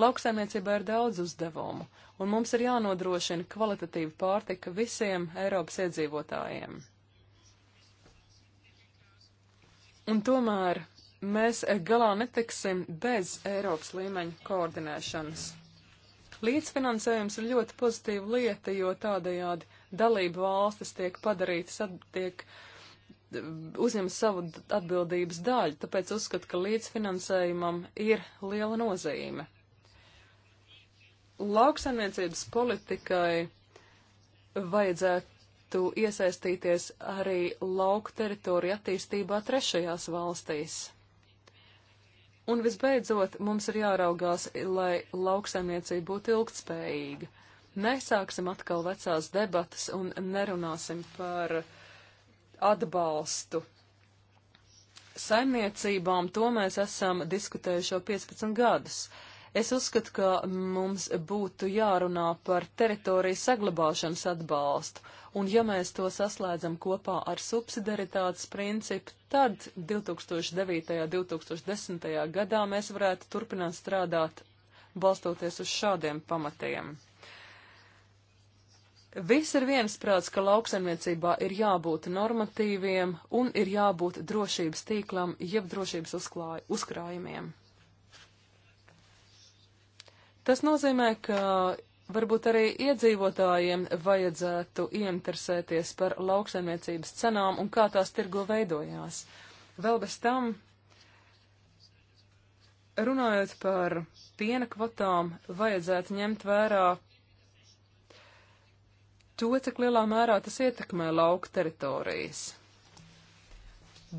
Lauksaimniecībā ir daudz uzdevumu, un mums ir jānodrošina kvalitatīva pārtika visiem Eiropas iedzīvotājiem. Un tomēr mēs galā netiksim bez Eiropas līmeņa koordinēšanas. Līdzfinansējums ir ļoti pozitīva lieta, jo tādējādi dalību valstis tiek padarītas, tiek uzņem savu atbildības daļu, tāpēc uzskatu, ka līdzfinansējumam ir liela nozīme. Lauksaimniecības politikai vajadzētu varētu iesaistīties arī lauku teritoriju attīstībā trešajās valstīs. Un visbeidzot, mums ir jāraugās, lai lauksaimniecība būtu ilgtspējīga. Nesāksim atkal vecās debatas un nerunāsim par atbalstu saimniecībām. To mēs esam diskutējuši jau 15 gadus. Uh, Es uzskatu, ka mums būtu jārunā par teritoriju saglabāšanas atbalstu, un ja mēs to saslēdzam kopā ar subsidaritātes principu, tad 2009. un 2010. gadā mēs varētu turpināt strādāt balstoties uz šādiem pamatiem. Viss ir viensprāts, ka lauksaimniecībā ir jābūt normatīviem un ir jābūt drošības tīklam, jeb drošības uzklāj, uzkrājumiem. Tas nozīmē, ka varbūt arī iedzīvotājiem vajadzētu ieinteresēties par lauksaimniecības cenām un kā tās tirgo veidojās. Vēl bez tam, runājot par piena kvotām, vajadzētu ņemt vērā to, cik lielā mērā tas ietekmē lauka teritorijas.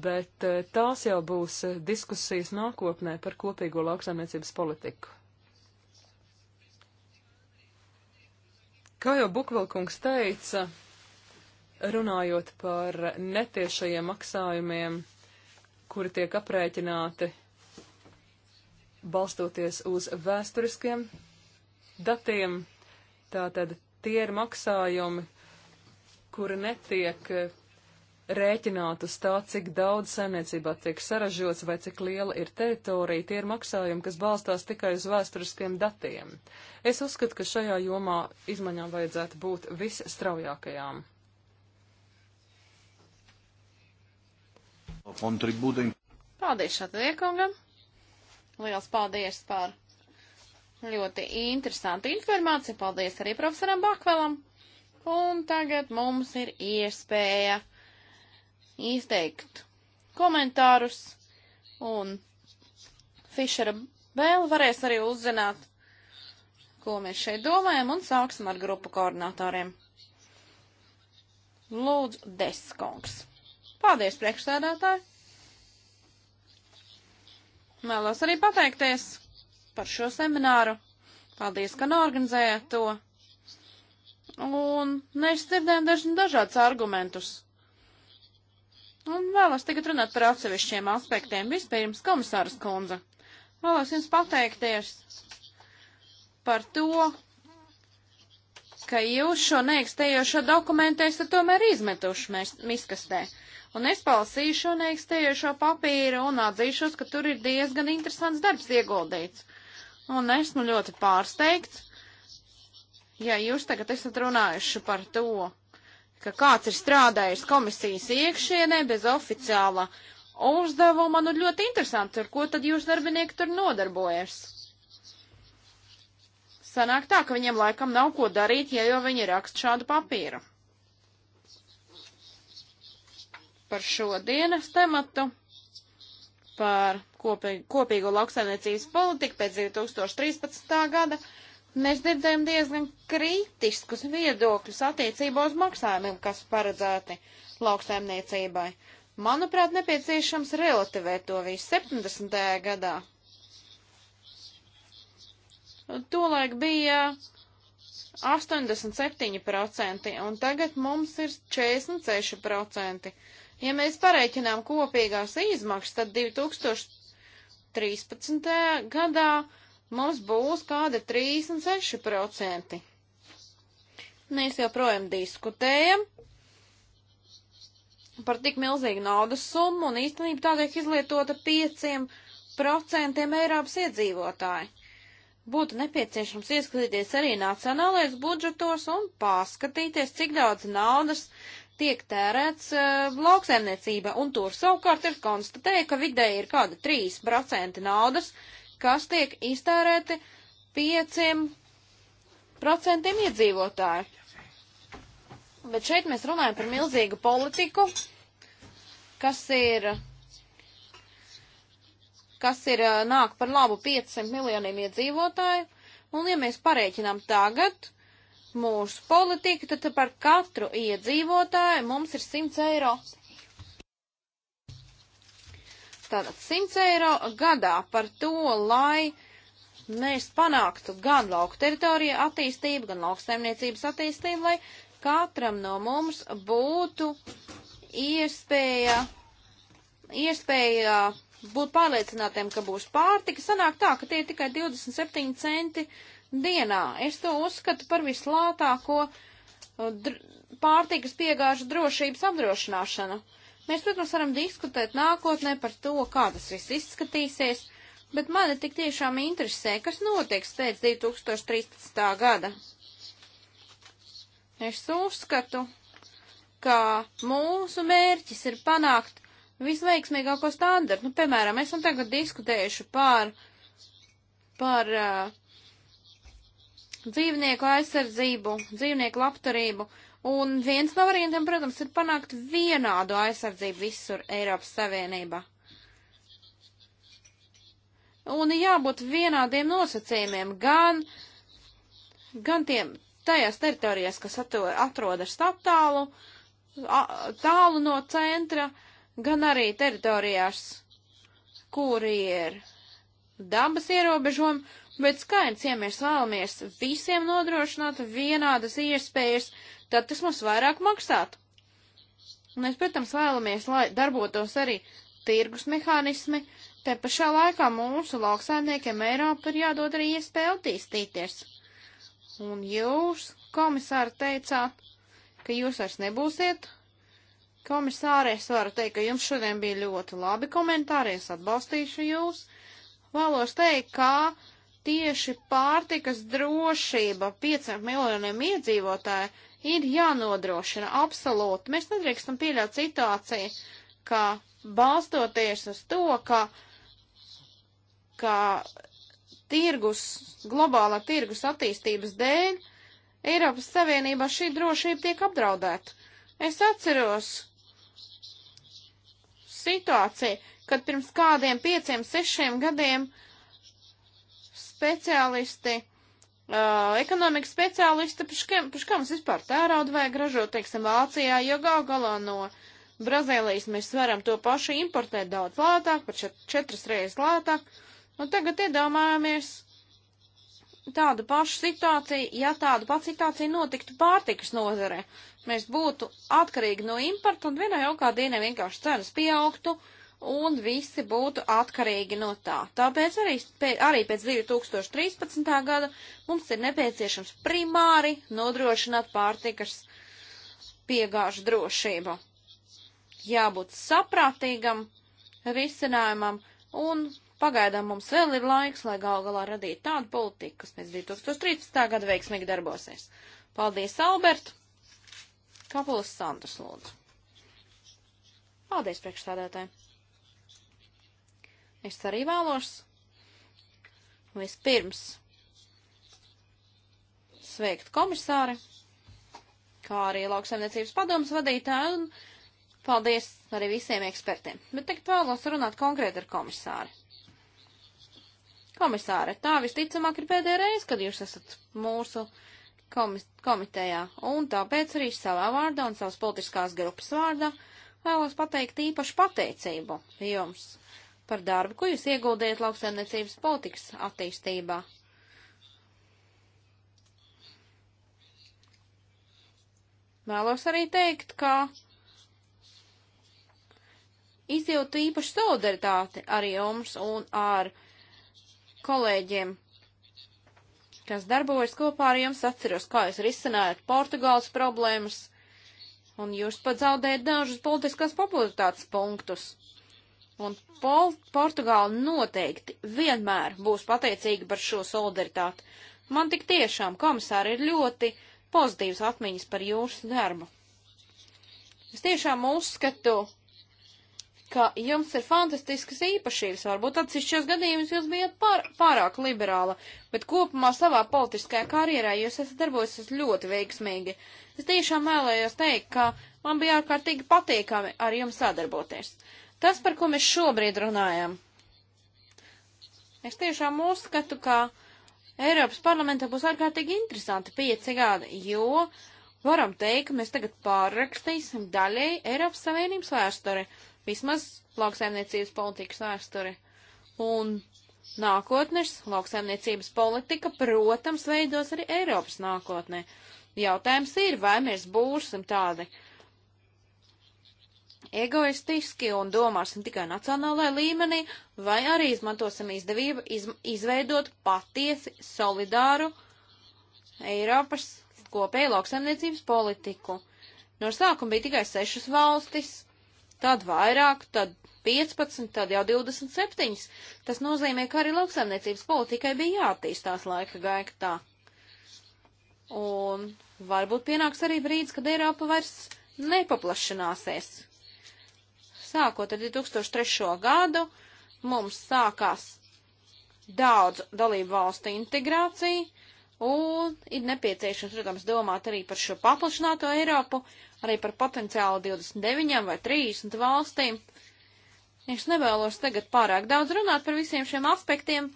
Bet eh, tās jau būs diskusijas nākotnē par kopīgo lauksaimniecības politiku. Kā jau Bukvilkungs teica, runājot par netiešajiem maksājumiem, kuri tiek aprēķināti balstoties uz vēsturiskiem datiem, tātad tie ir maksājumi, kuri netiek rēķināt uz tā, cik daudz saimniecībā tiek saražots vai cik liela ir teritorija, tie ir maksājumi, kas balstās tikai uz vēsturiskiem datiem. Es uzskatu, ka šajā jomā izmaiņām vajadzētu būt visstraujākajām. Paldies Šatviekungam! Liels paldies par ļoti interesantu informāciju. Paldies arī profesoram Bakvelam! Un tagad mums ir iespēja izteikt komentārus, un Fišera vēl varēs arī uzzināt, ko mēs šeit domājam, un sāksim ar grupu koordinātāriem. Lūdzu, Deskongs. Paldies, priekšsēdētāji! Vēlos arī pateikties par šo semināru. Paldies, ka norganizējāt to. Un mēs dzirdējām dažādus argumentus. Un nu, vēlos tagad runāt par atsevišķiem aspektiem. Vispirms, komisāras kundze, vēlos jums pateikties par to, ka jūs šo neekstējošo dokumentu esat tomēr izmetuši mēs, miskastē. Un es palasīju šo neekstējošo papīru un atzīšos, ka tur ir diezgan interesants darbs ieguldīts. Un esmu ļoti pārsteigts, ja jūs tagad esat runājuši par to, ka kāds ir strādājis komisijas iekšienē bez oficiāla uzdevuma. Nu, ļoti interesants, ar ko tad jūs darbinieki tur nodarbojas. Sanāk tā, ka viņiem laikam nav ko darīt, ja jau viņi rakst šādu papīru. Par šo dienas tematu, par kopīgu, kopīgu lauksaimniecības politiku pēc 2013. gada Mēs dzirdējam diezgan kritiskus viedokļus attiecībā uz maksājumiem, kas paredzēti lauksaimniecībai. Manuprāt, nepieciešams relativēt to visu 70. gadā. Tolaik bija 87%, un tagad mums ir 46%. Ja mēs pareiķinām kopīgās izmaksas, tad 2013. gadā mums būs kādi 36%. Mēs joprojām diskutējam par tik milzīgu naudas summu, un īstenībā tā tiek izlietota 5% Eiropas iedzīvotāji. Būtu nepieciešams ieskatīties arī nacionālais budžetos un paskatīties, cik daudz naudas tiek tērēts uh, lauksaimniecība, un tur savukārt ir konstatēja, ka vidēji ir kāda 3% naudas, uh, kas tiek iztērēti 5% iedzīvotāju. Bet šeit mēs runājam par milzīgu politiku, kas ir, kas ir nāk par labu 500 miljoniem iedzīvotāju. Un ja mēs pareiķinām tagad mūsu politiku, tad par katru iedzīvotāju mums ir 100 eiro Tātad 100 eiro gadā par to, lai mēs panāktu gan lauku teritoriju attīstību, gan lauksaimniecības attīstību, lai katram no mums būtu iespēja, iespēja būt pārliecinātiem, ka būs pārtika. Sanāk tā, ka tie ir tikai 27 centi dienā. Es to uzskatu par vislātāko pārtikas piegāžu drošības apdrošināšanu. Uh, Mēs, protams, varam diskutēt nākotnē par to, kā tas viss izskatīsies, bet mani tik tiešām interesē, kas notiks pēc 2013. gada. Es uzskatu, ka mūsu mērķis ir panākt visveiksmīgāko standartu. Nu, piemēram, esam tagad diskutējuši par, par uh, dzīvnieku aizsardzību, dzīvnieku labturību. Uh, Un viens no variantiem, protams, ir panākt vienādu aizsardzību visur Eiropas Savienībā. Un jābūt vienādiem nosacījumiem gan, gan tiem tajās teritorijās, kas atrodas attālu, tālu no centra, gan arī teritorijās, kur ir dabas ierobežojumi, Bet skaidrs, ja mēs vēlamies visiem nodrošināt vienādas iespējas, tad tas mums vairāk maksātu. Mēs, protams, vēlamies, lai darbotos arī tirgus mehānismi, te pašā laikā mūsu lauksaimniekiem Eiropa ir jādod arī iespēja attīstīties. Un jūs, komisāri, teicāt, ka jūs vairs nebūsiet. Komisāri, es varu teikt, ka jums šodien bija ļoti labi komentāri, es atbalstīšu jūs. Vēlos teikt, ka tieši pārtikas drošība pieciem miljoniem iedzīvotāju ir jānodrošina absolūti. Mēs nedrīkstam pieļaut situāciju, ka balstoties uz to, ka, ka tirgus, globālā tirgus attīstības dēļ, Eiropas Savienībā šī drošība tiek apdraudēta. Es atceros situāciju, kad pirms kādiem pieciem, sešiem gadiem uh, speciālisti, uh, ekonomikas speciālisti, par kā mums vispār tērauda vajag ražot, teiksim, Vācijā, jo gal galā no Brazīlijas mēs varam to pašu importēt daudz lētāk, pat čet četras reizes lētāk. Un tagad iedomājamies tādu pašu situāciju, ja tāda pati situācija notiktu pārtikas nozarē. Mēs būtu atkarīgi no importa un vienai jau kādīnai vienkārši cenas pieaugtu. Uh, un visi būtu atkarīgi no tā. Tāpēc arī, arī pēc 2013. gada mums ir nepieciešams primāri nodrošināt pārtikas piegāžu drošību. Jābūt saprātīgam risinājumam, un pagaidām mums vēl ir laiks, lai gal galā radītu tādu politiku, kas pēc 2013. gada veiksmīgi darbosies. Paldies, Albert! Kapulis Santus, lūdzu. Paldies, priekšstādātāji! Es arī vēlos vispirms sveikt komisāri, kā arī lauksaimniecības padomas vadītāju un paldies arī visiem ekspertiem. Bet tagad vēlos runāt konkrēti ar komisāri. Komisāre, tā visticamāk ir pēdējā reize, kad jūs esat mūsu komis komitejā, un tāpēc arī savā vārdā un savas politiskās grupas vārdā vēlos pateikt īpašu pateicību jums par darbu, ko jūs ieguldījat lauksaimniecības politikas attīstībā. Vēlos arī teikt, ka izjūtu īpašu solidaritāti ar jums un ar kolēģiem, kas darbojas kopā ar jums. Atceros, kā jūs risinājāt Portugāles problēmas, un jūs pat zaudējat dažus politiskās popularitātes punktus. Un Pol Portugāla noteikti vienmēr būs pateicīga par šo solidaritāti. Man tik tiešām, komisāri, ir ļoti pozitīvas atmiņas par jūsu darbu. Es tiešām uzskatu, ka jums ir fantastiskas īpašības. Varbūt atsevišķos gadījumos jūs bijat pār, pārāk liberāla, bet kopumā savā politiskajā karjerā jūs esat darbojusies ļoti veiksmīgi. Es tiešām vēlējos teikt, ka man bija ārkārtīgi patīkami ar jums sadarboties. Tas, par ko mēs šobrīd runājam, es tiešām uzskatu, ka Eiropas parlamenta būs ārkārtīgi interesanti pieci gadi, jo varam teikt, ka mēs tagad pārrakstīsim daļēji Eiropas Savienības vēsturi, vismaz lauksaimniecības politikas vēsturi. Un nākotnes lauksaimniecības politika, protams, veidos arī Eiropas nākotnē. Jautājums ir, vai mēs būsim tādi egoistiski un domāsim tikai nacionālajā līmenī, vai arī izmantosim izdevību iz, izveidot patiesi solidāru Eiropas kopēju lauksaimniecības politiku. No sākuma bija tikai sešas valstis, tad vairāk, tad 15, tad jau 27. Tas nozīmē, ka arī lauksaimniecības politikai bija jātīstās laika gaitā. Un varbūt pienāks arī brīdis, kad Eiropa vairs nepaplašināsies. Sākot ar 2003. gadu mums sākās daudz dalību valstu integrācija, un ir nepieciešams, protams, domāt arī par šo paplašināto Eiropu, arī par potenciālu 29 vai 30 valstīm. Es nevēlos tagad pārāk daudz runāt par visiem šiem aspektiem,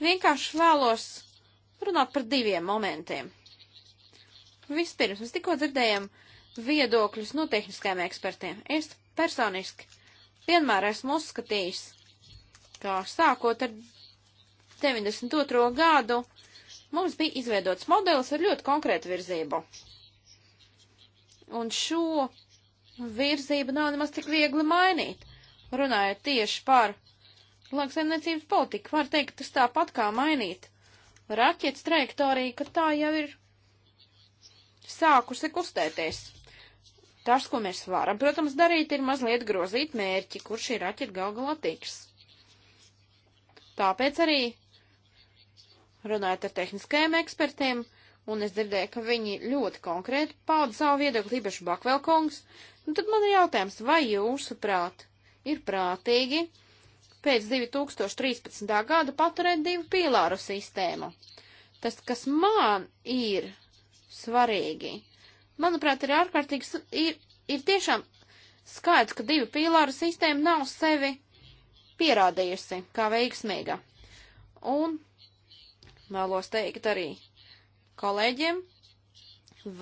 vienkārši vēlos runāt par diviem momentiem. Vispirms, mēs tikko dzirdējam viedokļus no tehniskajiem ekspertiem. Es Personiski vienmēr esmu uzskatījis, ka sākot ar 92. gadu mums bija izveidots modelis ar ļoti konkrētu virzību. Un šo virzību nav nemaz tik viegli mainīt. Runājot tieši par lauksaimniecības politiku, var teikt, tas tāpat kā mainīt raķetes trajektoriju, ka tā jau ir sākusi kustēties. Tas, ko mēs varam, protams, darīt, ir mazliet grozīt mērķi, kur šī raķeita gal galā tiks. Tāpēc arī runājot ar tehniskajiem ekspertiem, un es dzirdēju, ka viņi ļoti konkrēti pauda savu viedokli, īpaši Bakvelkungs, nu tad man ir jautājums, vai jūsuprāt ir prātīgi pēc 2013. gada paturēt divu pīlāru sistēmu? Tas, kas man ir svarīgi, manuprāt, ir ārkārtīgi, ir, ir tiešām skaidrs, ka divu pīlāru sistēma nav sevi pierādījusi kā veiksmīga. Un vēlos teikt arī kolēģiem,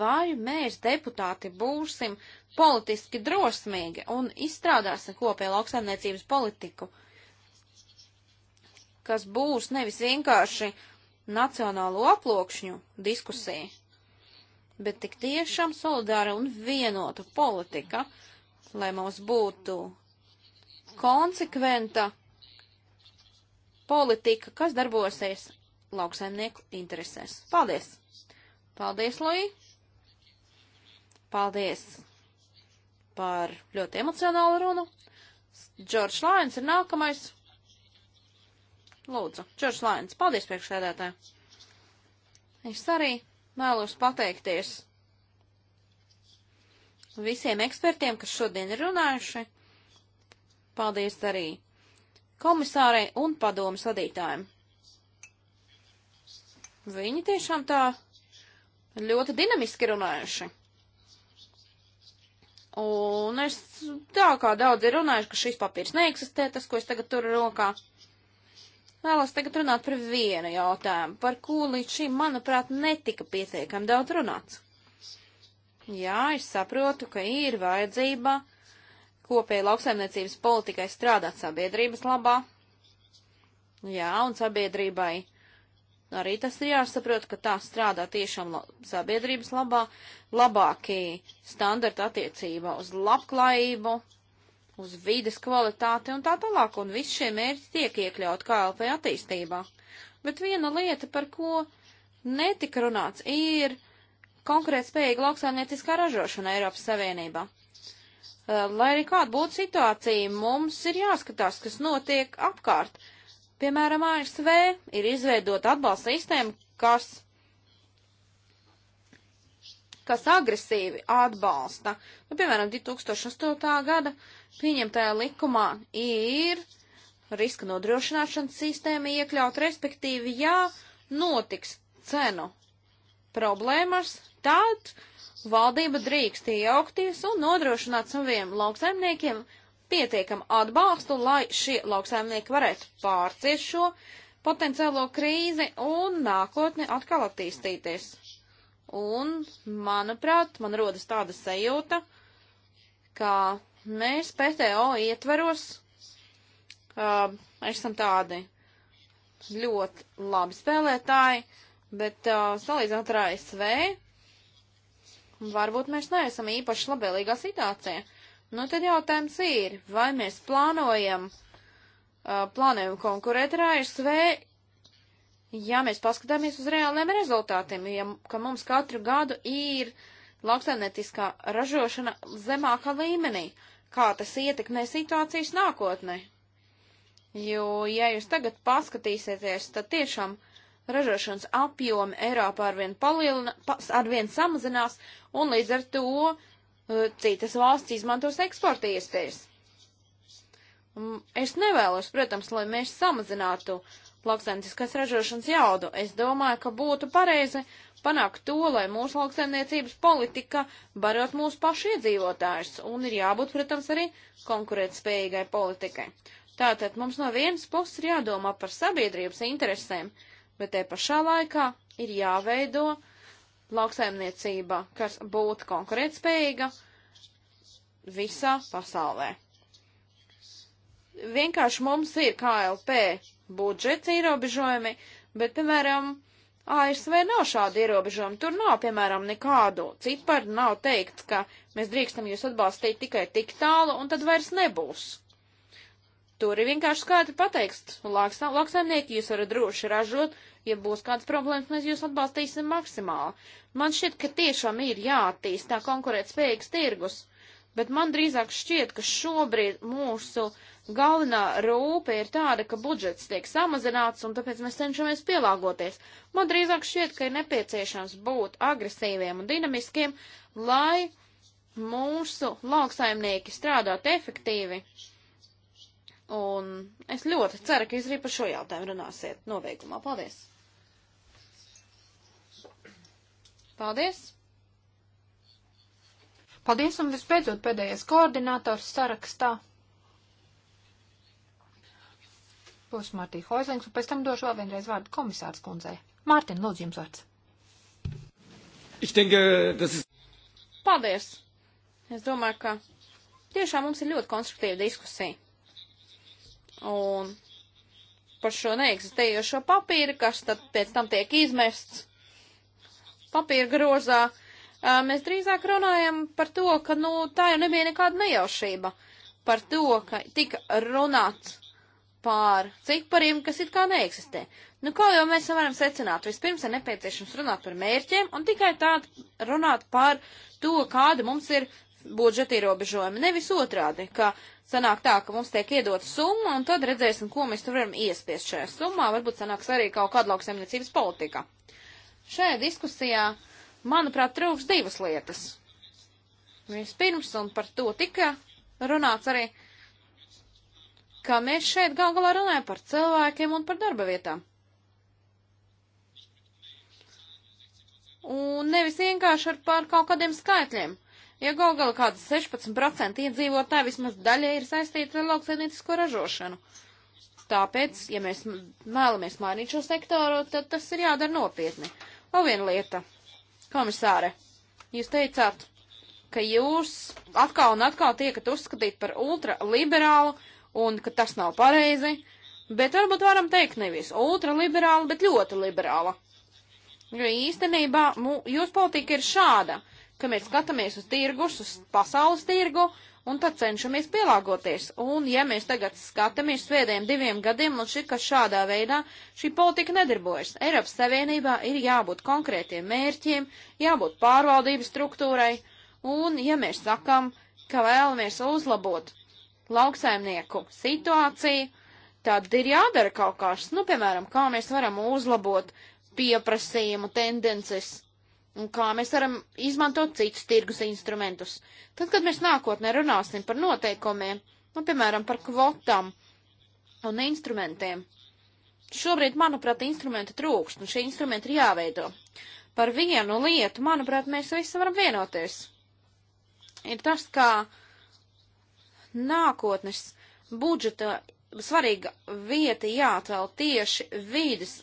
vai mēs deputāti būsim politiski drosmīgi un izstrādāsim kopēju lauksaimniecības politiku, kas būs nevis vienkārši nacionālo aplokšņu diskusija, bet tik tiešām solidāra un vienota politika, lai mums būtu konsekventa politika, kas darbosies lauksaimnieku interesēs. Paldies! Paldies, Lūija! Paldies par ļoti emocionālu runu. Džordžs Lains ir nākamais. Lūdzu, Džordžs Lains, paldies priekšsēdētāji. Es arī Vēlos pateikties visiem ekspertiem, kas šodien ir runājuši. Paldies arī komisārai un padomas vadītājiem. Viņi tiešām tā ļoti dinamiski runājuši. Un es tā kā daudz ir runājuši, ka šis papīrs neeksistē, tas, ko es tagad turu rokā. Vēlos tagad runāt par vienu jautājumu, par ko līdz šim, manuprāt, netika pietiekami daudz runāts. Jā, es saprotu, ka ir vajadzība kopēja lauksaimniecības politikai strādāt sabiedrības labā. Jā, un sabiedrībai arī tas ir jāsaprot, ka tā strādā tiešām la sabiedrības labā, labākie standarta attiecībā uz labklājību, uz vides kvalitāti un tā tālāk, un visi šie mērķi tiek iekļaut KLP attīstībā. Bet viena lieta, par ko netika runāts, ir konkrēt spējīga lauksaimnieciskā ražošana Eiropas Savienībā. Eh, lai arī kāda būtu situācija, mums ir jāskatās, kas notiek apkārt. Piemēram, ASV ir izveidota atbalsta sistēma, kas kas agresīvi atbalsta. Nu, piemēram, 2008. gada uh, pieņemtajā likumā ir riska nodrošināšanas sistēma iekļaut, respektīvi, ja notiks cenu problēmas, tad valdība drīkst iejaukties un nodrošināt saviem lauksaimniekiem pietiekam atbalstu, lai šie lauksaimnieki varētu pārciest šo potenciālo krīzi un nākotni atkal attīstīties. Un, manuprāt, man rodas tāda sajūta, ka Mēs PTO ietveros uh, esam tādi ļoti labi spēlētāji, bet uh, salīdzinot ar ASV, varbūt mēs neesam īpaši labēlīgā situācijā. Nu, tad jautājums ir, vai mēs plānojam, uh, plānojam konkurēt ar ASV, ja mēs paskatāmies uz reāliem rezultātiem, ja, ka mums katru gadu ir lauksaimnieciskā ražošana zemākā līmenī. Uh, kā tas ietekmē situācijas nākotnē. Jo, ja jūs tagad paskatīsieties, tad tiešām ražošanas apjomi Eiropā arvien, palielina, arvien samazinās, un līdz ar to uh, citas valsts izmantos eksporta iespējas. Mm, es nevēlos, protams, lai mēs samazinātu uh, lauksaimnieciskās ražošanas jaudu. Es domāju, ka būtu pareizi panākt to, lai mūsu lauksaimniecības politika barot mūsu pašu iedzīvotājus, un ir jābūt, protams, arī konkurētspējīgai politikai. Tātad mums no vienas puses ir jādomā par sabiedrības interesēm, bet te pašā laikā ir jāveido lauksaimniecība, kas būtu konkurētspējīga visā pasaulē vienkārši mums ir KLP budžets ierobežojumi, bet, piemēram, ASV nav šādi ierobežojumi. Tur nav, piemēram, nekādu ciparu, nav teikts, ka mēs drīkstam jūs atbalstīt tikai tik tālu, un tad vairs nebūs. Tur ir vienkārši skaidri pateikts, lauksaimnieki jūs varat droši ražot, ja būs kādas problēmas, mēs jūs atbalstīsim maksimāli. Man šķiet, ka tiešām ir jāattīstā konkurētspējīgs tirgus, bet man drīzāk šķiet, ka šobrīd mūsu uh, galvenā rūpe ir tāda, ka budžets tiek samazināts un tāpēc mēs cenšamies pielāgoties. Man drīzāk šķiet, ka ir nepieciešams būt agresīviem un dinamiskiem, lai mūsu lauksaimnieki strādātu efektīvi. Un es ļoti ceru, ka jūs arī par šo jautājumu runāsiet nobeigumā. Paldies! Paldies! Paldies un vispēcot pēdējais koordinators sarakstā. Būs Martī Hoizlings, un pēc tam došu vēl vienreiz vārdu komisārs kundzei. Mārtiņ, lūdzu, jums vārds. Denke, is... Paldies! Es domāju, ka tiešām mums ir ļoti konstruktīva diskusija. Un par šo neeksistējošo papīru, kas tad pēc tam tiek izmests papīra grozā, mēs drīzāk runājam par to, ka, nu, tā jau nebija nekāda nejaušība. Par to, ka tika runāts pār cipariem, kas it kā neeksistē. Nu, kā jau mēs varam secināt? Vispirms ir nepieciešams runāt par mērķiem un tikai tād runāt par to, kāda mums ir budžeta ierobežojumi. Nevis otrādi, ka sanāk tā, ka mums tiek iedot summa un tad redzēsim, ko mēs tur varam iespiest šajā summā. Varbūt sanāks arī kaut kāda lauksaimniecības politika. Šajā diskusijā, manuprāt, trūks divas lietas. Vispirms, un par to tika runāts arī ka mēs šeit gal galā runājam par cilvēkiem un par darba vietām. Un nevis vienkārši ar par kaut kādiem skaitļiem. Ja gal galā kāds 16% iedzīvotāji vismaz daļai ir saistīti ar lauksainiecisko ražošanu. Tāpēc, ja mēs vēlamies mainīt šo sektoru, tad tas ir jādara nopietni. Vēl viena lieta, komisāre, jūs teicāt, ka jūs atkal un atkal tiekat uzskatīt par ultraliberālu, un ka tas nav pareizi, bet varbūt varam teikt nevis ultraliberāla, bet ļoti liberāla. Jo īstenībā mū, nu, jūsu politika ir šāda, ka mēs skatāmies uz tirgus, uz pasaules tirgu, un tad cenšamies pielāgoties. Un, ja mēs tagad skatāmies svētdien diviem gadiem, un šī, ka šādā veidā šī politika nedarbojas, Eiropas Savienībā ir jābūt konkrētiem mērķiem, jābūt pārvaldības struktūrai, un, ja mēs sakam, ka vēlamies uzlabot lauksaimnieku situāciju, tad ir jādara kaut kas, nu, piemēram, kā mēs varam uzlabot pieprasījumu tendences un kā mēs varam izmantot citus tirgus instrumentus. Tad, kad mēs nākotnē runāsim par noteikumiem, nu, piemēram, par kvotām un instrumentiem, šobrīd, manuprāt, instrumenta trūkst, un šie instrumenti ir jāveido. Par vienu lietu, manuprāt, mēs visi varam vienoties. Ir tas, kā nākotnes budžeta svarīga vieta jāatvēl tieši vīdes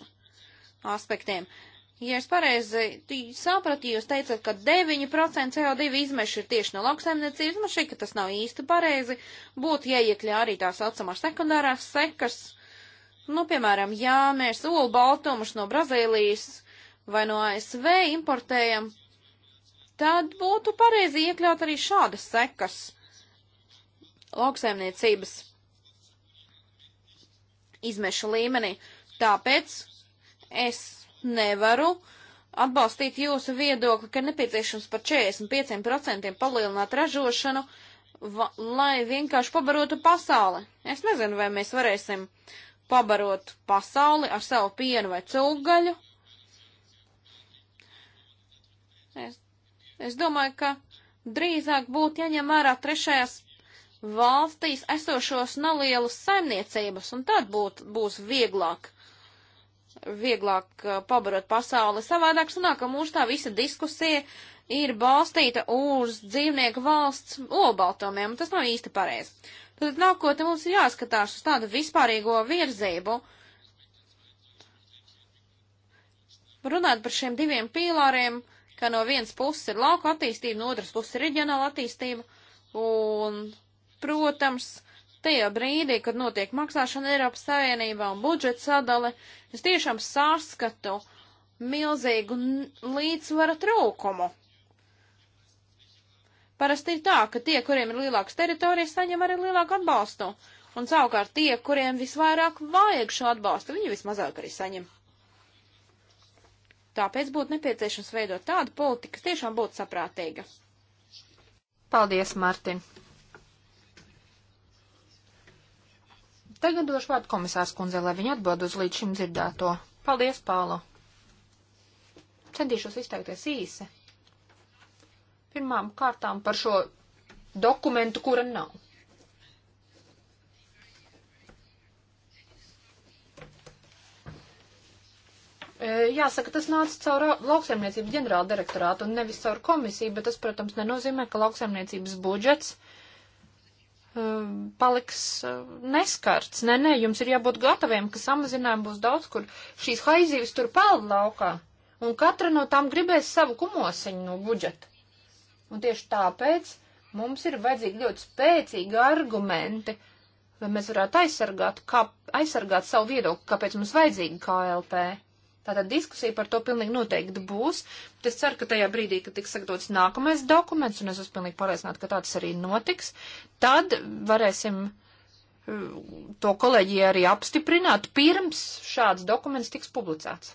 aspektiem. Ja es pareizi sapratu, jūs teicat, ka 9% CO2 izmeši ir tieši no lauksaimniecības, man šķiet, ka tas nav īsti pareizi. Būtu jāiekļā arī tā saucamā sekundārās sekas. Nu, piemēram, ja mēs olu baltumus no Brazīlijas vai no ASV importējam, tad būtu pareizi iekļaut arī šādas sekas lauksaimniecības izmešu līmenī. Tāpēc es nevaru atbalstīt jūsu viedokli, ka nepieciešams par 45% palielināt ražošanu, va, lai vienkārši pabarotu pasauli. Es nezinu, vai mēs varēsim pabarot pasauli ar savu pienu vai cūgaļu. Es, es domāju, ka drīzāk būtu jāņem ja vērā trešajās valstīs esošos nelielus saimniecības, un tad būt, būs vieglāk, vieglāk uh, pabarot pasauli. Savādāk sanāk, ka mūsu tā visa diskusija ir balstīta uz dzīvnieku valsts olbaltumiem, un tas nav īsti pareizi. Tad nākotnē mums ir jāskatās uz tādu vispārīgo virzību. Runāt par šiem diviem pīlāriem, ka no vienas puses ir lauka attīstība, no otras puses ir reģionāla attīstība, un Protams, tajā brīdī, kad notiek maksāšana Eiropas Savienībā un budžeta sadale, es tiešām saskatu milzīgu līdzsvara trūkumu. Parasti ir tā, ka tie, kuriem ir lielākas teritorijas, saņem arī lielāku atbalstu, un savukārt tie, kuriem visvairāk vajag šo atbalstu, viņi vismazāk arī saņem. Tāpēc būtu nepieciešams veidot tādu politiku, kas tiešām būtu saprātīga. Paldies, Martin! Tagad došu vārdu komisārs kundzei, lai viņa atbild uz līdz šim dzirdēto. Paldies, Pālo! Centīšos izteikties īsi. Pirmām kārtām par šo dokumentu, kura nav. E, jāsaka, tas nāca caur lauksaimniecības ģenerāla direktorātu un nevis caur komisiju, bet tas, protams, nenozīmē, ka lauksaimniecības budžets Um, paliks um, neskarts. Nē, nē, jums ir jābūt gataviem, ka samazinājumi būs daudz, kur šīs haizīves tur peld laukā. Un katra no tām gribēs savu kumoseņu no budžeta. Un tieši tāpēc mums ir vajadzīgi ļoti spēcīgi argumenti, lai mēs varētu aizsargāt, kā, aizsargāt savu viedokli, kāpēc mums vajadzīga KLP. Kā Tātad diskusija par to pilnīgi noteikti būs. Es ceru, ka tajā brīdī, kad tiks sagatavots nākamais dokuments, un es esmu pilnīgi pārliecināta, ka tāds arī notiks, tad varēsim uh, to kolēģiju arī apstiprināt, pirms šāds dokuments tiks publicēts.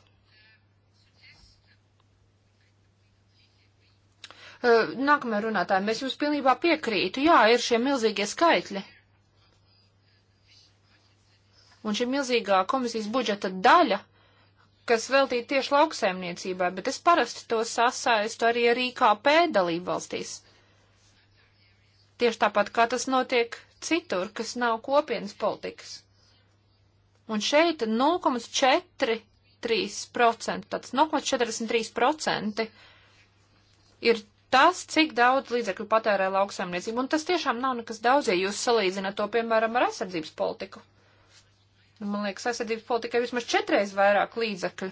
Uh, Nākamajā runātājā mēs jums pilnībā piekrītu. Jā, ir šie milzīgie skaitļi. Un šī milzīgā komisijas budžeta daļa kas veltīti tieši lauksaimniecībai, bet es parasti to sasaistu arī ar IKP dalību valstīs. Tieši tāpat kā tas notiek citur, kas nav kopienas politikas. Un šeit 0,43%, tāds 0,43% ir tas, cik daudz līdzekļu patērē lauksaimniecība. Un tas tiešām nav nekas daudz, ja jūs salīdzināt to, piemēram, ar aizsardzības politiku. Man liekas, aizsardzības politikai vismaz četreiz vairāk līdzekļu.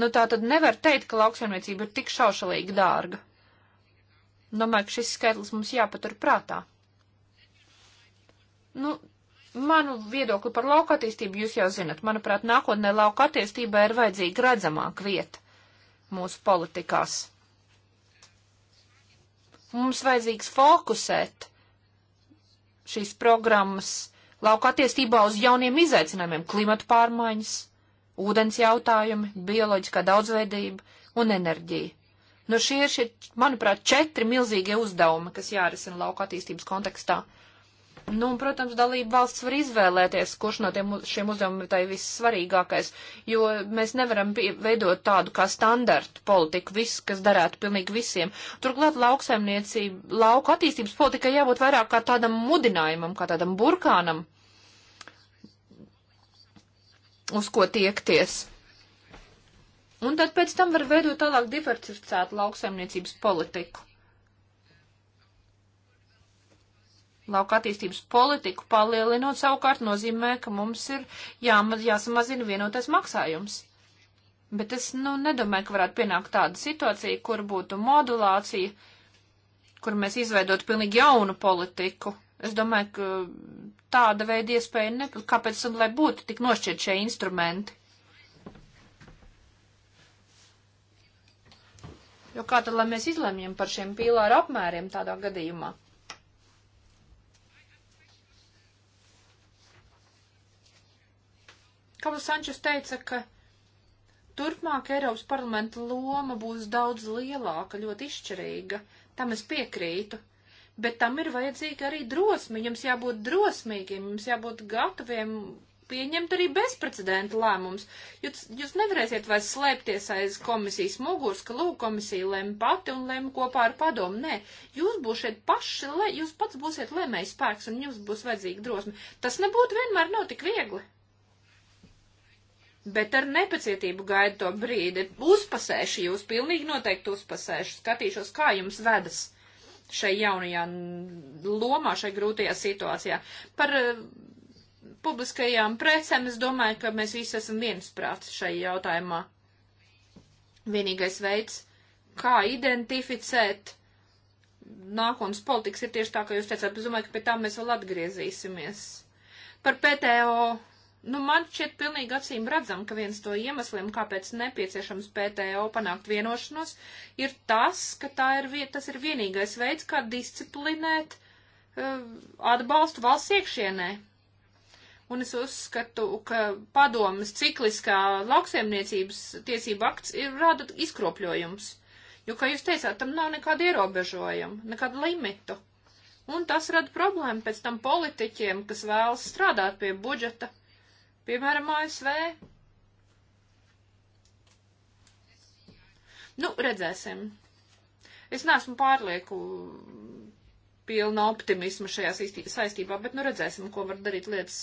Nu tā tad nevar teikt, ka lauksaimniecība ir tik šaušalīgi dārga. Domāju, ka šis skaitlis mums jāpatur prātā. Nu, manu viedokli par lauka attīstību jūs jau zinat. Manuprāt, nākotnē lauka attīstībai ir vajadzīga redzamāka vieta mūsu politikās. Mums vajadzīgs fokusēt šīs programmas lauka attiestībā uz jauniem izaicinājumiem - klimatu pārmaiņas, ūdens jautājumi, bioloģiskā daudzveidība un enerģija. Nu, šie ir, šie, manuprāt, četri milzīgie uzdevumi, kas jārisina lauka attīstības kontekstā. Nu, un, protams, dalība valsts var izvēlēties, kurš no tiem, šiem uzdevumiem ir tai vissvarīgākais, jo mēs nevaram veidot tādu kā standartu politiku, visu, kas darētu pilnīgi visiem. Turklāt lauksaimniecība, lauku attīstības politika jābūt vairāk kā tādam mudinājumam, kā tādam burkānam, uz ko tiekties. Un tad pēc tam var veidot tālāk diversificētu lauksaimniecības politiku. Lauka attīstības politiku palielinot savukārt nozīmē, ka mums ir jāmaz, jāsamazina vienotais maksājums. Bet es nu, nedomāju, ka varētu pienākt tāda situācija, kur būtu modulācija, kur mēs izveidotu pilnīgi jaunu politiku. Es domāju, ka tāda veida iespēja, ne, kāpēc un lai būtu tik nošķiet šie instrumenti. Jo kā tad, lai mēs izlemjam par šiem pīlāru apmēriem tādā gadījumā? Pablo Sančus teica, ka turpmāk Eiropas parlamenta loma būs daudz lielāka, ļoti izšķirīga. Tam es piekrītu. Bet tam ir vajadzīga arī drosme. Jums jābūt drosmīgiem, jums jābūt gataviem pieņemt arī bezprecedenta lēmums. Jūs, jūs nevarēsiet vairs slēpties aiz komisijas muguras, ka lūk, komisija lem pati un lem kopā ar padomu. Nē, jūs būsiet paši, le, jūs pats būsiet lēmējs spēks un jums būs vajadzīga drosme. Tas nebūtu vienmēr nav tik viegli bet ar nepacietību gaidu to brīdi. Uzpasēšu jūs, pilnīgi noteikti uzpasēšu, skatīšos, kā jums vedas šai jaunajā lomā, šai grūtajā situācijā. Par uh, publiskajām precēm es domāju, ka mēs visi esam viensprāts šai jautājumā. Vienīgais veids, kā identificēt nākotnes politikas, ir tieši tā, kā jūs teicāt, bet es domāju, ka pie tā mēs vēl atgriezīsimies. Par PTO Nu, man šķiet pilnīgi acīm redzam, ka viens no iemesliem, kāpēc nepieciešams PTO panākt vienošanos, ir tas, ka tā ir, tas ir vienīgais veids, kā disciplinēt uh, atbalstu valsts iekšienē. Un es uzskatu, ka padomas cikliskā lauksaimniecības tiesība akts ir rāda izkropļojums. Jo, kā jūs teicāt, tam nav nekāda ierobežojuma, nekāda limitu. Un tas rada problēmu pēc tam politiķiem, kas vēlas strādāt pie budžeta Piemēram, ASV. Nu, redzēsim. Es neesmu pārlieku pilna optimisma šajā saistībā, bet nu redzēsim, ko var darīt lietas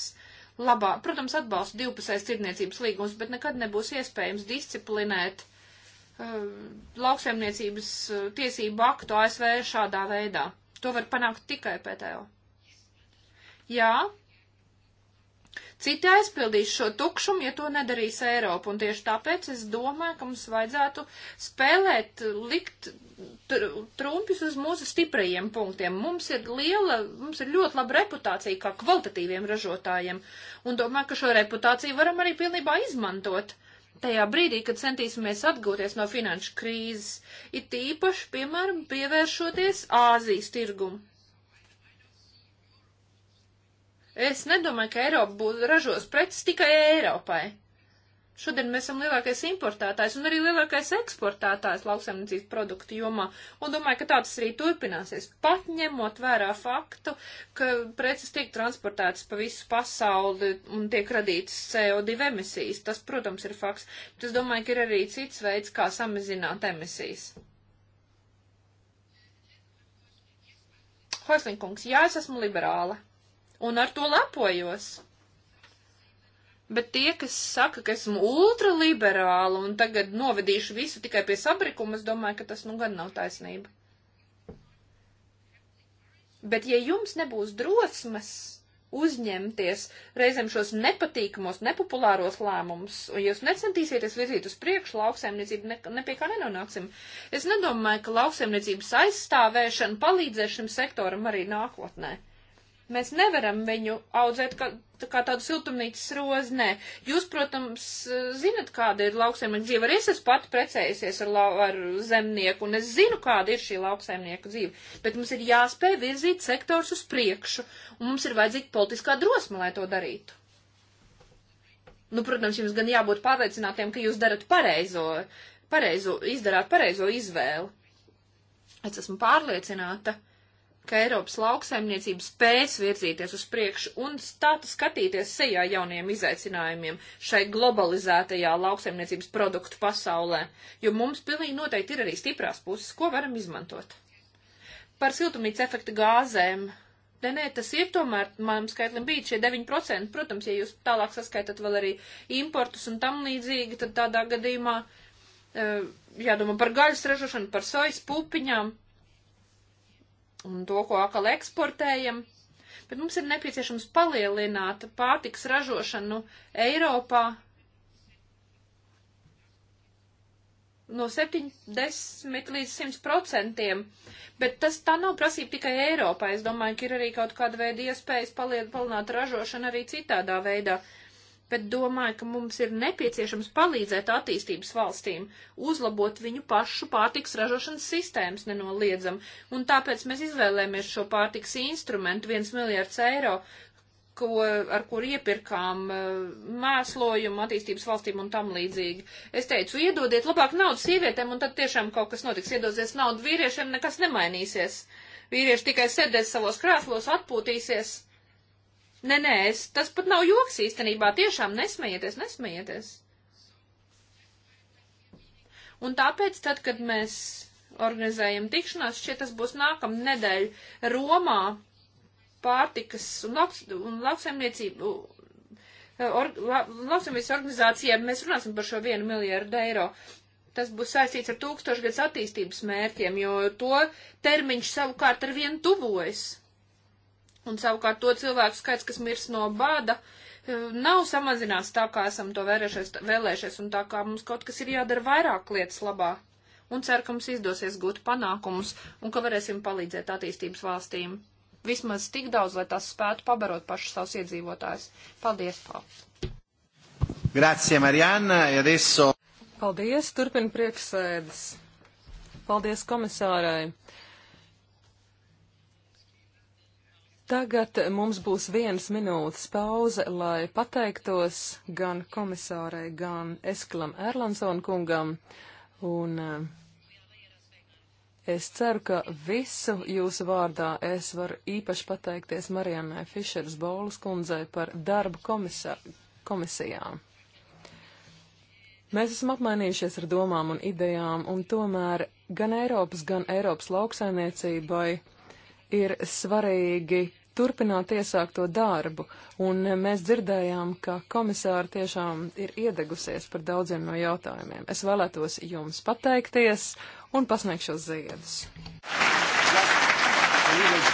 labā. Protams, atbalstu divpusējas tirdzniecības līgums, bet nekad nebūs iespējams disciplinēt uh, lauksaimniecības uh, tiesību aktu ASV šādā veidā. To var panākt tikai PTO. Jā, Citi aizpildīs šo tukšumu, ja to nedarīs Eiropa. Un tieši tāpēc es domāju, ka mums vajadzētu spēlēt, likt tr trumpjus uz mūsu stiprajiem punktiem. Mums ir liela, mums ir ļoti laba reputācija kā kvalitatīviem ražotājiem. Un domāju, ka šo reputāciju varam arī pilnībā izmantot tajā brīdī, kad centīsimies atgūties no finanšu krīzes, it īpaši, piemēram, pievēršoties Āzijas tirgumu. Es nedomāju, ka Eiropa būs ražos preces tikai Eiropai. Šodien mēs esam lielākais importētājs un arī lielākais eksportētājs lauksaimniecības produktu jomā, un domāju, ka tā tas arī turpināsies, pat ņemot vērā faktu, ka preces tiek transportētas pa visu pasauli un tiek radītas CO2 emisijas. Tas, protams, ir fakts, bet es domāju, ka ir arī cits veids, kā samazināt emisijas. Hoislinkungs, jā, es esmu liberāla un ar to lepojos. Bet tie, kas saka, ka esmu ultraliberāla un tagad novedīšu visu tikai pie sabrikuma, es domāju, ka tas nu gan nav taisnība. Bet ja jums nebūs drosmes uzņemties reizēm šos nepatīkamos, nepopulāros lēmumus, un ja jūs necentīsieties virzīt uz priekšu lauksaimniecību, ne, ne pie kā nenonāksim. Es nedomāju, ka lauksaimniecības aizstāvēšana palīdzēs šim sektoram arī nākotnē. Mēs nevaram viņu audzēt kā, kā tādu siltumnīcas rozi, nē. Jūs, protams, zinat, kāda ir lauksaimnieka dzīve. Arī es esmu pati precējusies ar, lau, ar zemnieku, un es zinu, kāda ir šī lauksaimnieka dzīve. Bet mums ir jāspēj virzīt sektors uz priekšu, un mums ir vajadzīga politiskā drosme, lai to darītu. Nu, protams, jums gan jābūt pārliecinātiem, ka jūs darat pareizo, pareizo izdarāt pareizo izvēli. Es esmu pārliecināta. Uh, ka Eiropas lauksaimniecība spēs virzīties uz priekšu un stātu skatīties sejā jauniem izaicinājumiem šai globalizētajā lauksaimniecības produktu pasaulē, jo mums pilnīgi noteikti ir arī stiprās puses, ko varam izmantot. Par siltumnīca efekta gāzēm. Nē, nē, tas ir tomēr, manam skaitlim bija šie 9%, protams, ja jūs tālāk saskaitat vēl arī importus un tam līdzīgi, tad tādā gadījumā eh, jādomā par gaļas ražošanu, par sojas pupiņām un to, ko akal eksportējam, bet mums ir nepieciešams palielināt pārtiks ražošanu Eiropā no 70 līdz 100 procentiem, bet tas tā nav prasība tikai Eiropā. Es domāju, ka ir arī kaut kāda veida iespējas palielināt ražošanu arī citādā veidā. Uh, bet domāju, ka mums ir nepieciešams palīdzēt attīstības valstīm, uzlabot viņu pašu pārtiks ražošanas sistēmas nenoliedzam, un tāpēc mēs izvēlēmies šo pārtiks instrumentu 1 miljārds eiro, ko, ar kur iepirkām eh, mēslojumu attīstības valstīm un tam līdzīgi. Es teicu, iedodiet labāk naudu sievietēm, un tad tiešām kaut kas notiks, iedosies naudu vīriešiem, nekas nemainīsies. Vīrieši tikai sēdēs savos krēslos, atpūtīsies Nē, nē, es, tas pat nav joks īstenībā. Tiešām nesmējieties, nesmējieties. Un tāpēc tad, kad mēs organizējam tikšanās, šķiet tas būs nākam nedēļ Romā pārtikas un, lauks, un lauksaimniecību or, la, lauksaimniecības organizācijām. Mēs runāsim par šo vienu miljardu eiro. Tas būs saistīts ar tūkstošgads attīstības mērķiem, jo to termiņš savukārt ar vienu tuvojas. Un savukārt to cilvēku skaits, kas mirs no bada, e, nav samazinās tā, kā esam to vēlēšies, vēlēšies un tā kā mums kaut kas ir jādara vairāk lietas labā. Un ceru, ka mums izdosies gūt panākumus un ka varēsim palīdzēt attīstības valstīm. Vismaz tik daudz, lai tās spētu pabarot pašu savus iedzīvotājus. Paldies, Pāv! Grazie, Marianna, e adesso... Paldies, turpin priekšsēdes. Paldies komisārai. Tagad mums būs vienas minūtes pauze, lai pateiktos gan komisārai, gan Esklam Erlandsona kungam. Un eh, es ceru, ka visu jūsu vārdā es varu īpaši pateikties Marijanai Fišeras Bolas kundzei par darbu komisā, komisijā. Mēs esam apmainījušies ar domām un idejām, un tomēr gan Eiropas, gan Eiropas lauksaimniecībai ir svarīgi turpināt iesākto darbu, un mēs dzirdējām, ka komisāra tiešām ir iedegusies par daudziem no jautājumiem. Es vēlētos jums pateikties un pasniegšu ziedus. Yes.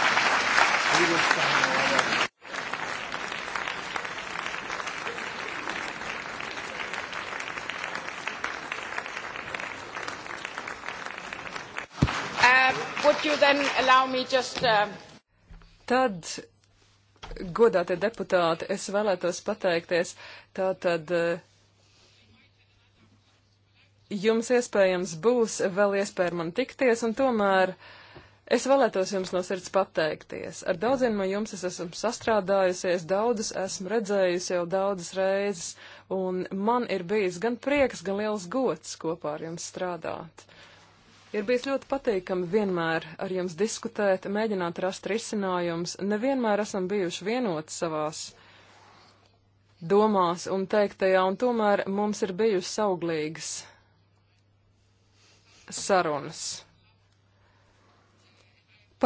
would you then allow me just... Uh... Tad, godātie deputāti, es vēlētos pateikties, tātad eh, jums iespējams būs vēl iespēja ar mani tikties, un tomēr es vēlētos jums no sirds pateikties. Ar daudziem no jums es esmu sastrādājusies, daudzus esmu redzējusi jau daudzas reizes, un man ir bijis gan prieks, gan liels gods kopā ar jums strādāt. Ir bijis ļoti patīkami vienmēr ar jums diskutēt, mēģināt rast risinājums. Nevienmēr esam bijuši vienoti savās domās un teiktajā, un tomēr mums ir bijusi auglīgas sarunas.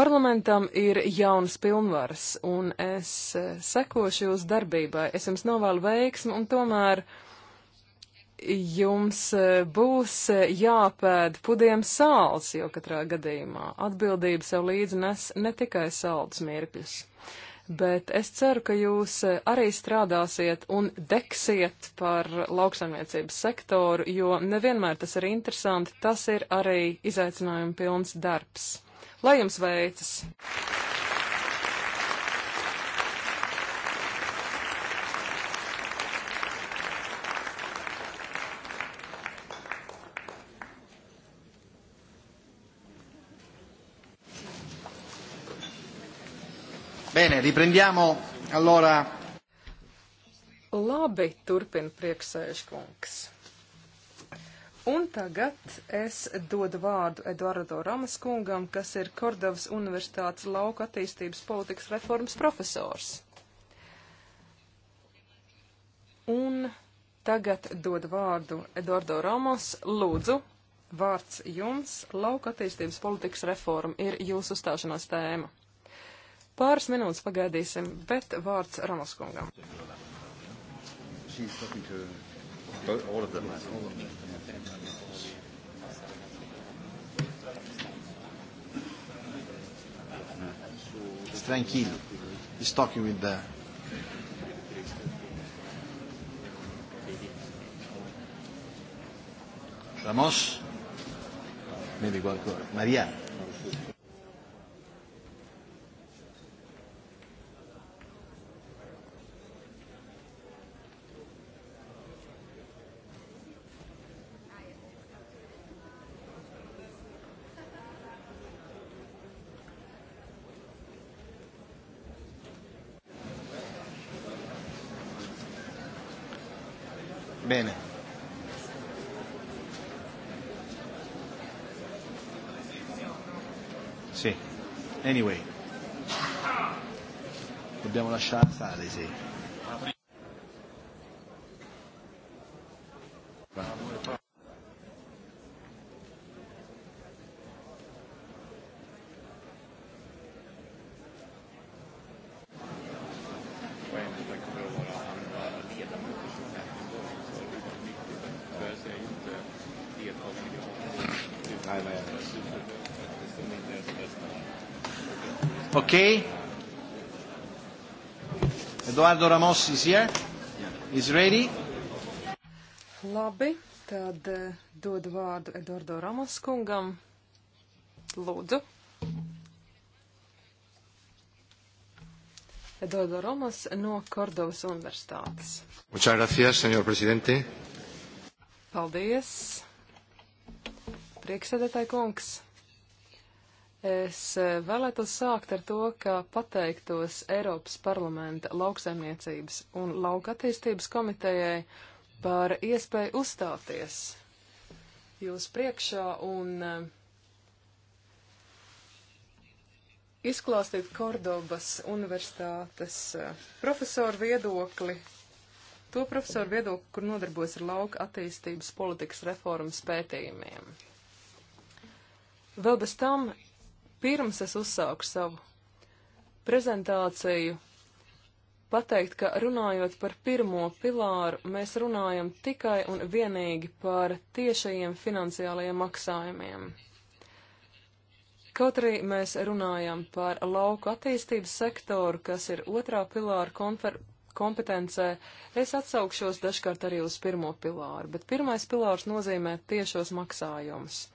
Parlamentam ir jauns pilnvars, un es sekošu jūsu darbībai. Es jums novēlu veiksmu, un tomēr jums e, būs e, jāpēd pudiem sāls, jo katrā gadījumā atbildība sev līdzi nes ne tikai sāls mirkļus. Bet es ceru, ka jūs e, arī strādāsiet un deksiet par lauksaimniecības sektoru, jo nevienmēr tas ir interesanti, tas ir arī izaicinājuma pilns darbs. Lai jums veicas! Bene, riprendiamo allora. Labi, turpina prieksēžkungs. Un tagad es dodu vārdu Eduardo Ramas kungam, kas ir Kordavas Universitātes lauka attīstības politikas reformas profesors. Un tagad dodu vārdu Eduardo Ramos. Lūdzu, vārds jums. Lauka attīstības politikas reforma ir jūsu uzstāšanās tēma. Pāris minūtes pagaidīsim, bet vārds Ramaskungam. It's tranquilo. He's talking with the Ramos. Mi dico ancora. Maria. Anyway, dobbiamo lasciare fare, sì. Okay. Eduardo Ramos is here. Is ready. Labi, tad eh, dodu vārdu Eduardo Ramos kungam. Lūdzu. Eduardo Ramos no Kordovas universitātes. Muchas gracias, señor presidente. Paldies. Prieksēdētāji kungs. Es eh, vēlētos sākt ar to, ka pateiktos Eiropas parlamenta lauksaimniecības un lauka attīstības komitejai par iespēju uzstāties jūs priekšā un eh, izklāstīt Kordobas universitātes eh, profesoru viedokli, to profesoru viedokli, kur nodarbojas ar lauka attīstības politikas reformas pētījumiem. Vēl bez tam pirms es uzsāku savu prezentāciju, pateikt, ka runājot par pirmo pilāru, mēs runājam tikai un vienīgi par tiešajiem finansiālajiem maksājumiem. Kaut arī mēs runājam par lauku attīstības sektoru, kas ir otrā pilāra konfer kompetencē, es atsaukšos dažkārt arī uz pirmo pilāru, bet pirmais pilārs nozīmē tiešos maksājumus.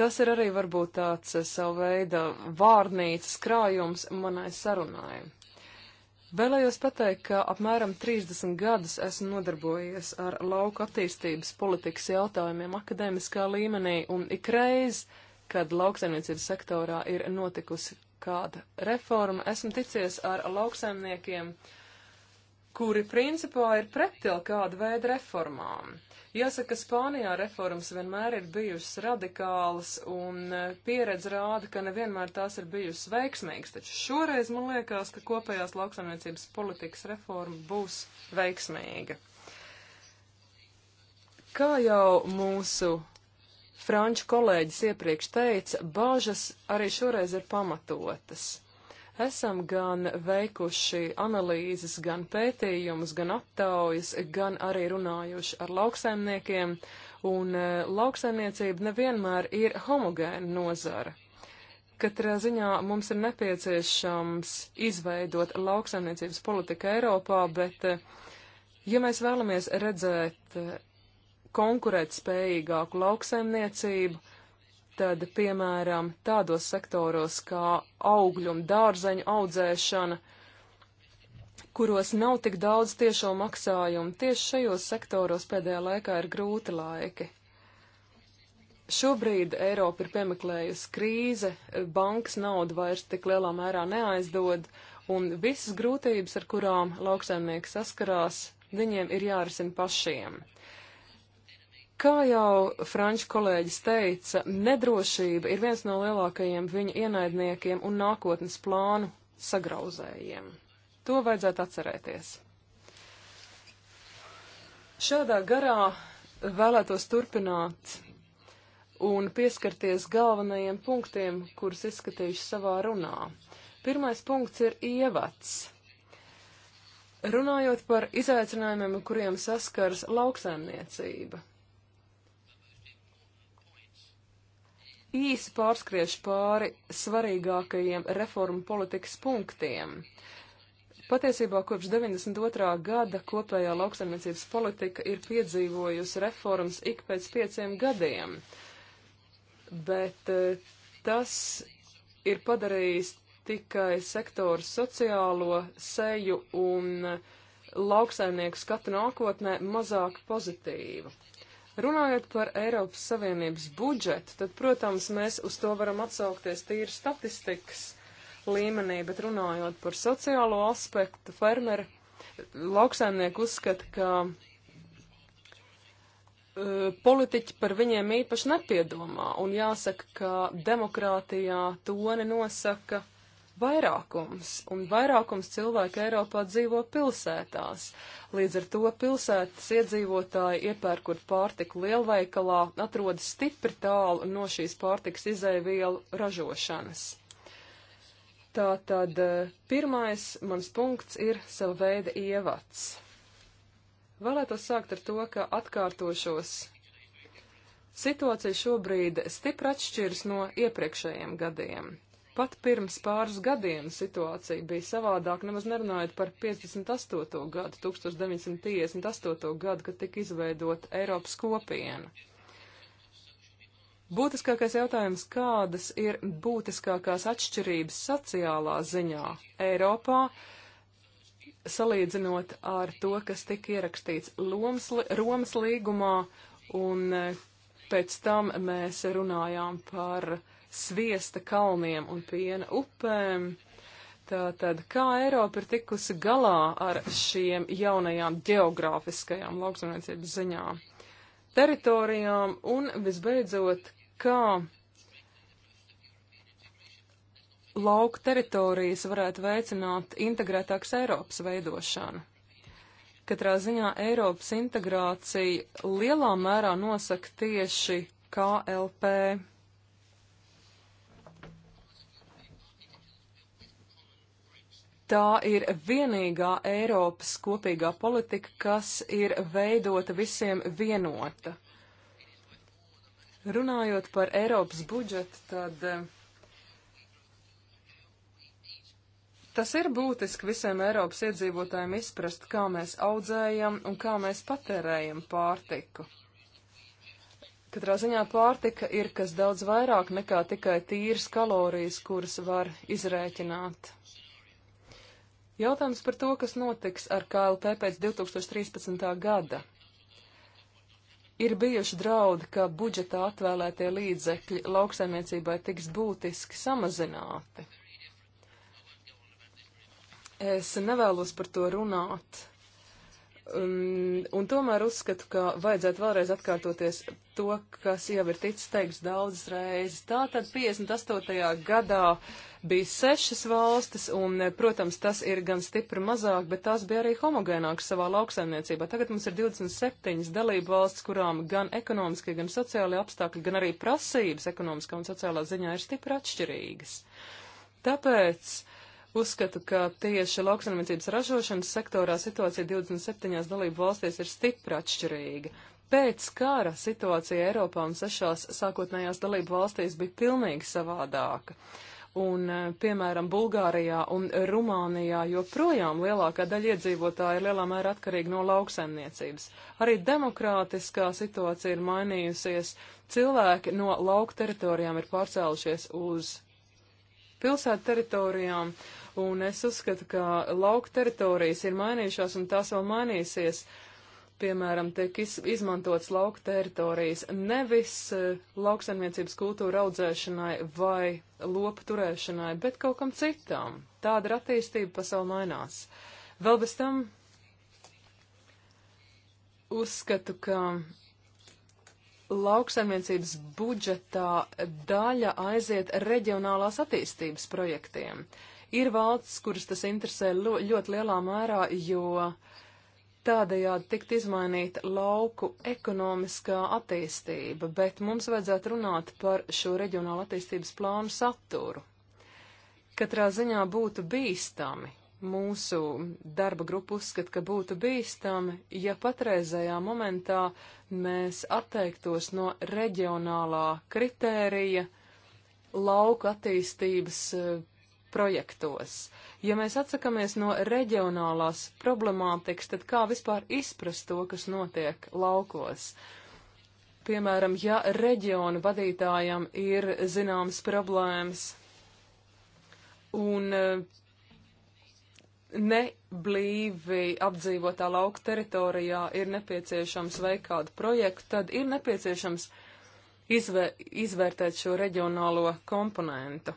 Tas ir arī varbūt tāds eh, savu veidu vārnīcas krājums manai sarunai. Vēlējos pateikt, ka apmēram 30 gadus esmu nodarbojies ar lauka attīstības politikas jautājumiem akadēmiskā līmenī, un ikreiz, kad lauksaimniecības sektorā ir notikusi kāda reforma, esmu ticies ar lauksaimniekiem, kuri principā ir pretil kāda veida reformām. Jāsaka, ka Spānijā reformas vienmēr ir bijušas radikālas, un e, pieredze rāda, ka nevienmēr tās ir bijušas veiksmīgas, taču šoreiz man liekas, ka kopējās lauksaimniecības politikas reforma būs veiksmīga. Kā jau mūsu franču kolēģis iepriekš teica, bāžas arī šoreiz ir pamatotas. Esam gan veikuši analīzes, gan pētījumus, gan aptaujas, gan arī runājuši ar lauksaimniekiem, un e, lauksaimniecība nevienmēr ir homogēna nozara. Katrā ziņā mums ir nepieciešams izveidot lauksaimniecības politiku Eiropā, bet, e, ja mēs vēlamies redzēt e, konkurētspējīgāku lauksaimniecību, tad, piemēram, tādos sektoros kā augļu un dārzeņu audzēšana, kuros nav tik daudz tiešo maksājumu, tieši šajos sektoros pēdējā laikā ir grūti laiki. Šobrīd Eiropa ir piemeklējusi krīze, bankas nauda vairs tik lielā mērā neaizdod, un visas grūtības, ar kurām lauksaimnieki saskarās, viņiem ir jārisina pašiem. Kā jau franču kolēģis teica, nedrošība ir viens no lielākajiem viņa ienaidniekiem un nākotnes plānu sagrauzējiem. To vajadzētu atcerēties. Šādā garā vēlētos turpināt un pieskarties galvenajiem punktiem, kurus izskatīšu savā runā. Pirmais punkts ir ievads. Runājot par izaicinājumiem, kuriem saskars lauksaimniecība. īsi pārskriešu pāri svarīgākajiem reformu politikas punktiem. Patiesībā kopš 92. gada kopējā lauksaimniecības politika ir piedzīvojusi reformas ik pēc pieciem gadiem, bet eh, tas ir padarījis tikai sektoru sociālo seju un eh, lauksaimnieku skatu nākotnē mazāk pozitīvu. Runājot par Eiropas Savienības budžetu, tad, protams, mēs uz to varam atsaukties tīri statistikas līmenī, bet runājot par sociālo aspektu, fermeri, lauksaimnieki uzskata, ka uh, politiķi par viņiem īpaši nepiedomā, un jāsaka, ka demokrātijā toni nosaka vairākums, un vairākums cilvēku Eiropā dzīvo pilsētās. Līdz ar to pilsētas iedzīvotāji iepērkot pārtiku lielveikalā atrodas stipri tālu no šīs pārtikas izēvielu ražošanas. Tātad eh, pirmais mans punkts ir sava veida ievads. Vēlētos sākt ar to, ka atkārtošos. Situācija šobrīd stipri atšķiras no iepriekšējiem gadiem. Pat pirms pāris gadiem situācija bija savādāk, nemaz nerunājot par 58. gadu, 1958. gadu, kad tika izveidota Eiropas kopiena. Būtiskākais jautājums, kādas ir būtiskākās atšķirības sociālā ziņā Eiropā, salīdzinot ar to, kas tika ierakstīts Lomas, Romas līgumā, un eh, pēc tam mēs runājām par uh, sviesta kalniem un piena upēm. Tātad, kā Eiropa ir tikusi galā ar šiem jaunajām geogrāfiskajām lauksaimniecības ziņām, teritorijām un, visbeidzot, kā lauka teritorijas varētu veicināt integrētāks Eiropas veidošanu. Katrā ziņā Eiropas integrācija lielā mērā nosaka tieši KLP. Tā ir vienīgā Eiropas kopīgā politika, kas ir veidota visiem vienota. Runājot par Eiropas budžetu, tad eh, tas ir būtiski visiem Eiropas iedzīvotājiem izprast, kā mēs audzējam un kā mēs patērējam pārtiku. Katrā ziņā pārtika ir kas daudz vairāk nekā tikai tīras kalorijas, kuras var izrēķināt Jautājums par to, kas notiks ar KLP pēc 2013. gada. Ir bijuši draudi, ka budžetā atvēlētie līdzekļi lauksaimniecībai tiks būtiski samazināti. Es nevēlos par to runāt. Un, un tomēr uzskatu, ka vajadzētu vēlreiz atkārtoties to, kas jau ir ticis teiks daudzas reizes. Tātad 58. gadā uh, bija sešas valstis, un, eh, protams, tas ir gan stipri mazāk, bet tās bija arī homogēnākas savā lauksaimniecībā. Tagad mums ir 27 dalību valsts, kurām gan ekonomiskie, gan sociālie apstākļi, gan arī prasības ekonomiskā un sociālā ziņā ir stipri atšķirīgas. Tāpēc uzskatu, ka tieši lauksaimniecības ražošanas sektorā situācija 27 dalību valstīs ir stipri atšķirīga. Pēc kara situācija Eiropā un sešās sākotnējās dalību valstīs bija pilnīgi savādāka un, eh, piemēram, Bulgārijā un Rumānijā joprojām lielākā daļa iedzīvotāja ir lielā mērā atkarīga no lauksaimniecības. Arī demokrātiskā situācija ir mainījusies, cilvēki no lauka teritorijām ir pārcēlušies uz pilsētu teritorijām, un es uzskatu, ka lauka teritorijas ir mainījušās un tās vēl mainīsies. Uh, piemēram, tiek iz, izmantots lauka teritorijas nevis eh, lauksaimniecības kultūra audzēšanai vai lopu turēšanai, bet kaut kam citam. Tāda ir attīstība pasauli mainās. Vēl bez tam uzskatu, ka lauksaimniecības budžetā daļa aiziet reģionālās attīstības projektiem. Ir valsts, kuras tas interesē ļoti lielā mērā, jo uh, tādējādi tikt izmainīta lauku ekonomiskā attīstība, bet mums vajadzētu runāt par šo reģionālu attīstības plānu saturu. Katrā ziņā būtu bīstami. Mūsu darba grupa uzskata, ka būtu bīstami, ja patreizējā momentā mēs atteiktos no reģionālā kritērija lauku attīstības eh, projektos. Ja mēs atsakamies no reģionālās problemātikas, tad kā vispār izprast to, kas notiek laukos? Piemēram, ja reģionu vadītājam ir zināmas problēmas un eh, neblīvi apdzīvotā lauka teritorijā ir nepieciešams veikt kādu projektu, tad ir nepieciešams izvē izvērtēt šo reģionālo komponentu.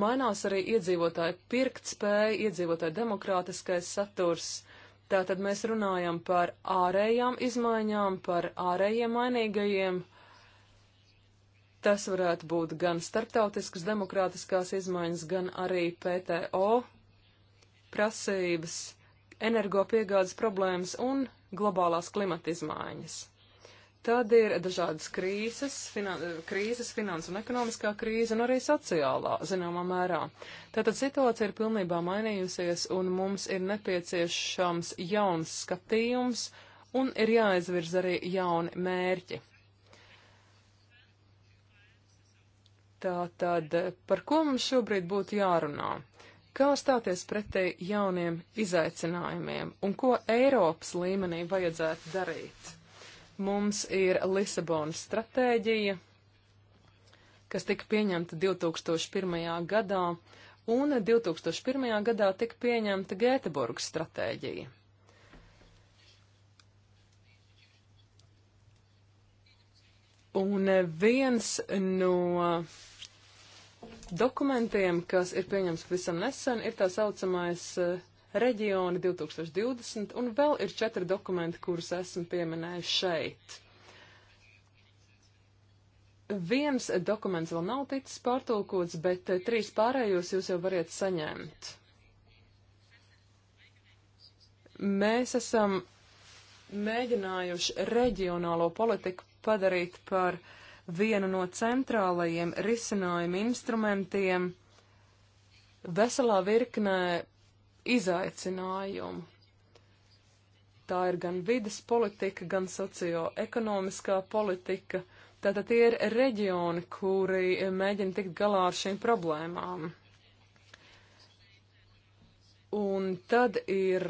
mainās arī iedzīvotāju pirktspēja, iedzīvotāju demokrātiskais saturs. Tātad mēs runājam par ārējām izmaiņām, par ārējiem mainīgajiem. Tas varētu būt gan starptautiskas demokrātiskās izmaiņas, gan arī PTO prasības, energopiegādes problēmas un globālās klimata izmaiņas. Tad ir dažādas krīzes, finan krīzes finanses un ekonomiskā krīze, un arī sociālā, zināmā mērā. Tātad situācija ir pilnībā mainījusies, un mums ir nepieciešams jauns skatījums, un ir jāizvirz arī jauni mērķi. Tātad, par ko mums šobrīd būtu jārunā? Kā stāties pretī jauniem izaicinājumiem, un ko Eiropas līmenī vajadzētu darīt? Mums ir Lisabonas stratēģija, kas tika pieņemta 2001. gadā, un 2001. gadā tika pieņemta Gēteborgas stratēģija. Un viens no dokumentiem, kas ir pieņemts pavisam nesen, ir tā saucamais uh, reģioni 2020, un vēl ir četri dokumenti, kurus esmu pieminējis šeit. Viens dokuments vēl nav ticis pārtulkots, bet eh, trīs pārējos jūs jau variet saņemt. Mēs esam mēģinājuši reģionālo politiku padarīt par vienu no centrālajiem risinājumu instrumentiem veselā virknē izaicinājumu. Tā ir gan vidas politika, gan socioekonomiskā politika. Tātad tie ir reģioni, kuri mēģina tikt galā ar šīm problēmām. Un tad ir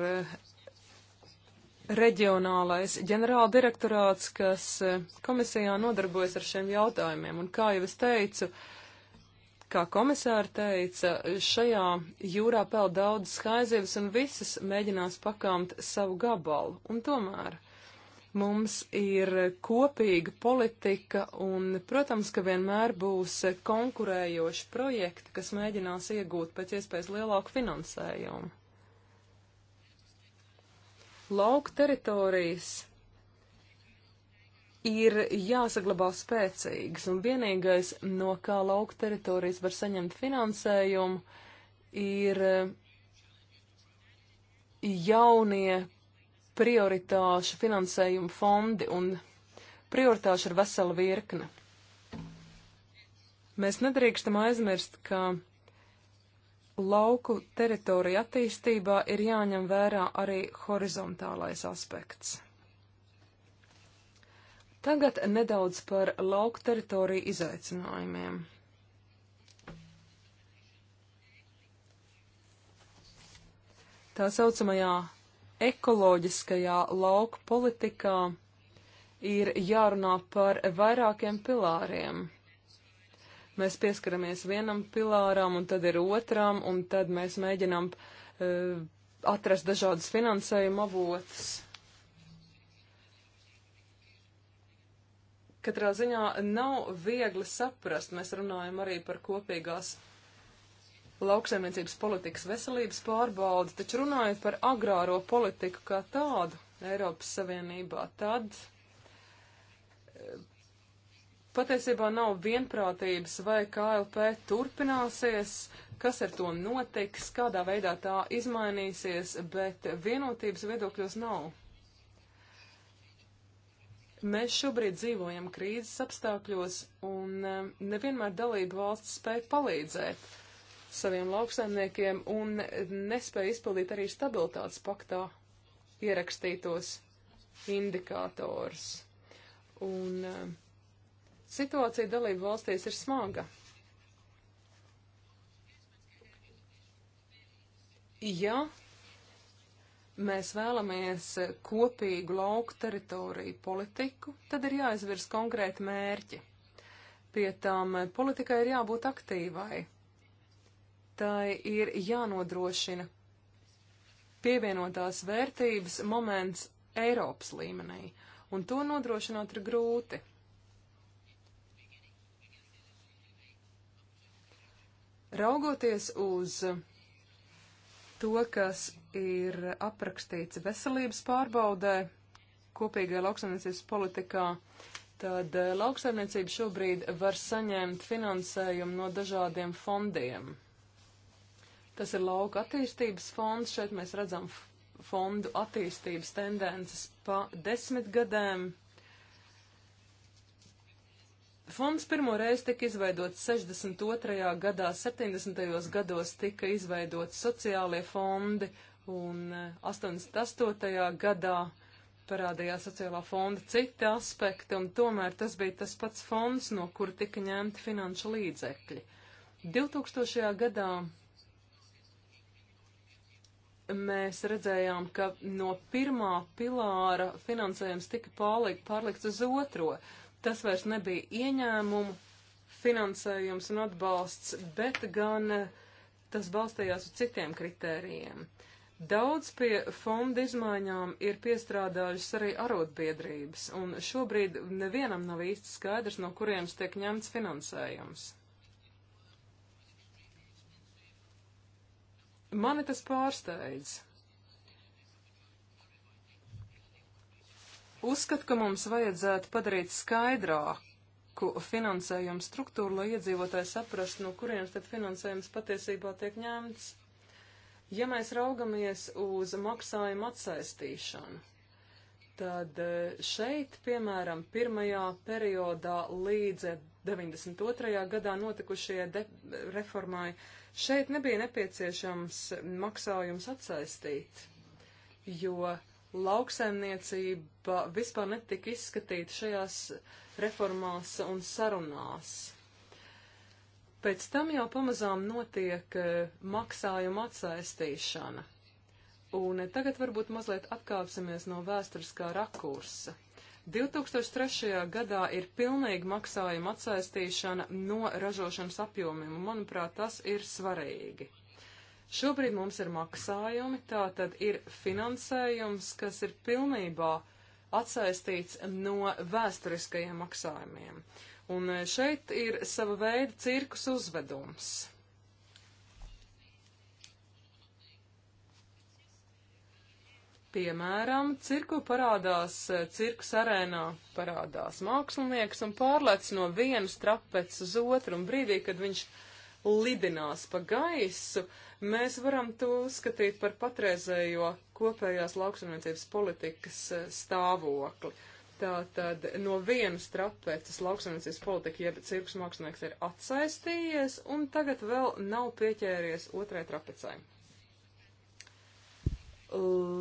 reģionālais ģenerāldirektorāts, kas komisijā nodarbojas ar šiem jautājumiem. Un kā jau es teicu, uh, Kā komisāra teica, šajā jūrā peld daudz skaizivs un visas mēģinās pakāmt savu gabalu. Un tomēr mums ir kopīga politika un, protams, ka vienmēr būs konkurējoši projekti, kas mēģinās iegūt pēc iespējas lielāku finansējumu. Lauka teritorijas ir jāsaglabā spēcīgas, un vienīgais, no kā lauka teritorijas var saņemt finansējumu, ir eh, jaunie prioritāšu finansējumu fondi, un prioritāšu ir vesela virkne. Mēs nedrīkstam aizmirst, ka lauku teritoriju attīstībā ir jāņem vērā arī horizontālais aspekts. Tagad nedaudz par lauku teritoriju izaicinājumiem. Tā saucamajā ekoloģiskajā lauku politikā ir jārunā par vairākiem pilāriem. Mēs pieskaramies vienam pilāram, un tad ir otram, un tad mēs mēģinām uh, atrast dažādas finansējuma avotas. Katrā ziņā nav viegli saprast, mēs runājam arī par kopīgās lauksaimniecības politikas veselības pārbaudi, taču runājot par agrāro politiku kā tādu Eiropas Savienībā, tad eh, patiesībā nav vienprātības, vai KLP turpināsies, kas ar to notiks, kādā veidā tā izmainīsies, bet vienotības viedokļos nav. Mēs šobrīd dzīvojam krīzes apstākļos, un e, nevienmēr dalību valsts spēja palīdzēt saviem lauksaimniekiem un nespēja izpildīt arī stabilitātes paktā ierakstītos indikātors. Un e, situācija dalību valstīs ir smaga. Ja mēs vēlamies kopīgu lauku teritoriju politiku, tad ir jāizvirs konkrēti mērķi. Pie tam politikai ir jābūt aktīvai. Tai ir jānodrošina pievienotās vērtības moments Eiropas līmenī, un to nodrošināt ir grūti. Raugoties uz to, kas ir aprakstīts veselības pārbaudē kopīgajā lauksaimniecības politikā, tad eh, lauksaimniecība šobrīd var saņemt finansējumu no dažādiem fondiem. Tas ir lauka attīstības fonds, šeit mēs redzam fondu attīstības tendences pa desmit gadēm. Fonds pirmo reizi tika izveidots 62. gadā, 70. gados tika izveidots sociālie fondi, un 88. Eh, gadā parādījās sociālā fonda citi aspekti, un tomēr tas bija tas pats fonds, no kura tika ņemti finanšu līdzekļi. 2000. gadā mēs redzējām, ka no pirmā pilāra finansējums tika pārlikt, pārlikts uz otro. Tas vairs nebija ieņēmumu finansējums un atbalsts, bet gan eh, tas balstījās uz citiem kritērijiem. Uh, Daudz pie fonda izmaiņām ir piestrādājušas arī arotbiedrības, un šobrīd nevienam nav īsti skaidrs, no kurienes tiek ņemts finansējums. Mani tas pārsteidz. Uzskatu, ka mums vajadzētu padarīt skaidrāku finansējumu struktūru, lai iedzīvotāji saprastu, no kurienes tad finansējums patiesībā tiek ņemts. Ja mēs raugamies uz maksājumu atsaistīšanu, tad e, šeit, piemēram, pirmajā periodā līdz 92. gadā notikušajai reformai, šeit nebija nepieciešams maksājums atsaistīt, jo lauksaimniecība vispār netika izskatīta šajās reformās un sarunās. Pēc tam jau pamazām notiek eh, maksājuma atsaistīšana. Un eh, tagad varbūt mazliet atkāpsimies no vēsturiskā rakursa. 2003. gadā ir pilnīgi maksājuma atsaistīšana no ražošanas apjomiem, un manuprāt, tas ir svarīgi. Šobrīd mums ir maksājumi, tā tad ir finansējums, kas ir pilnībā atsaistīts no vēsturiskajiem maksājumiem. Uh, Un e, šeit ir sava veida cirkus uzvedums. Piemēram, cirku parādās, e, cirkus arēnā parādās mākslinieks un pārlec no vienas trapeces uz otru, un brīdī, kad viņš lidinās pa gaisu, mēs varam to uzskatīt par patreizējo kopējās lauksaimniecības politikas e, stāvokli. Tātad no vienas trapeces lauksaimniecības politika, jeb cirkus mākslinieks ir atsaistījies un tagad vēl nav pieķēries otrai trapecai.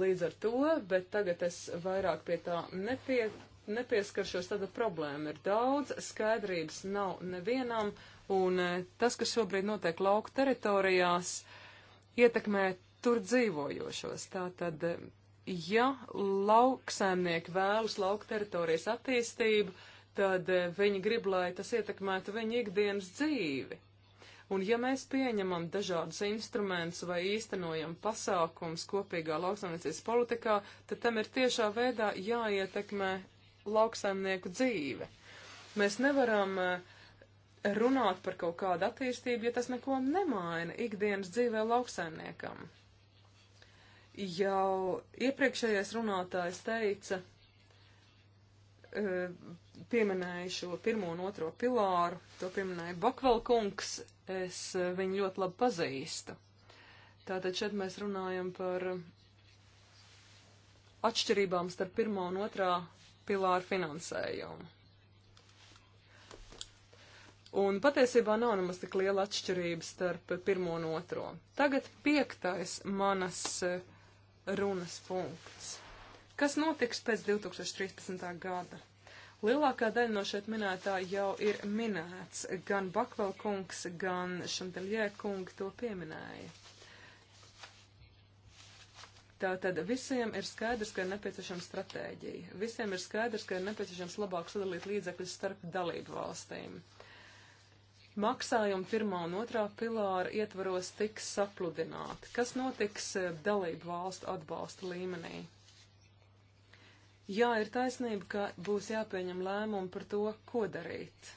Līdz ar to, bet tagad es vairāk pie tā nepie, nepieskaršos, tāda problēma ir daudz, skaidrības nav nevienam, un e, tas, kas šobrīd notiek lauku teritorijās, ietekmē tur dzīvojošos. Tātad e, Ja lauksaimnieki vēlas lauka teritorijas attīstību, tad eh, viņi grib, lai tas ietekmētu viņu ikdienas dzīvi. Un ja mēs pieņemam dažādus instrumentus vai īstenojam pasākums kopīgā lauksaimniecības politikā, tad tam ir tiešā veidā jāietekmē lauksaimnieku dzīve. Mēs nevaram eh, runāt par kaut kādu attīstību, ja tas neko nemaina ikdienas dzīvē lauksaimniekam. Jau iepriekšējais runātājs teica, e, pieminēja šo pirmo un otro pilāru, to pieminēja Bakvalkungs, es viņu ļoti labi pazīstu. Tātad šeit mēs runājam par atšķirībām starp pirmā un otrā pilāra finansējumu. Un patiesībā nav nemaz tik liela atšķirība starp pirmo un otro. Tagad piektais manas e, runas punkts. Kas notiks pēc 2013. gada? Lielākā daļa no šeit minētā jau ir minēts, gan Bakvēl kungs, gan Šanteljē kungi to pieminēja. Tātad visiem ir skaidrs, ka ir nepieciešama stratēģija. Visiem ir skaidrs, ka ir nepieciešams labāk sadalīt līdzekļus starp dalību valstīm. Uh, maksājumi pirmā un otrā pilāra ietvaros tiks sapludināti. Kas notiks eh, dalību valstu atbalsta līmenī? Jā, ir taisnība, ka būs jāpieņem lēmumu par to, ko darīt.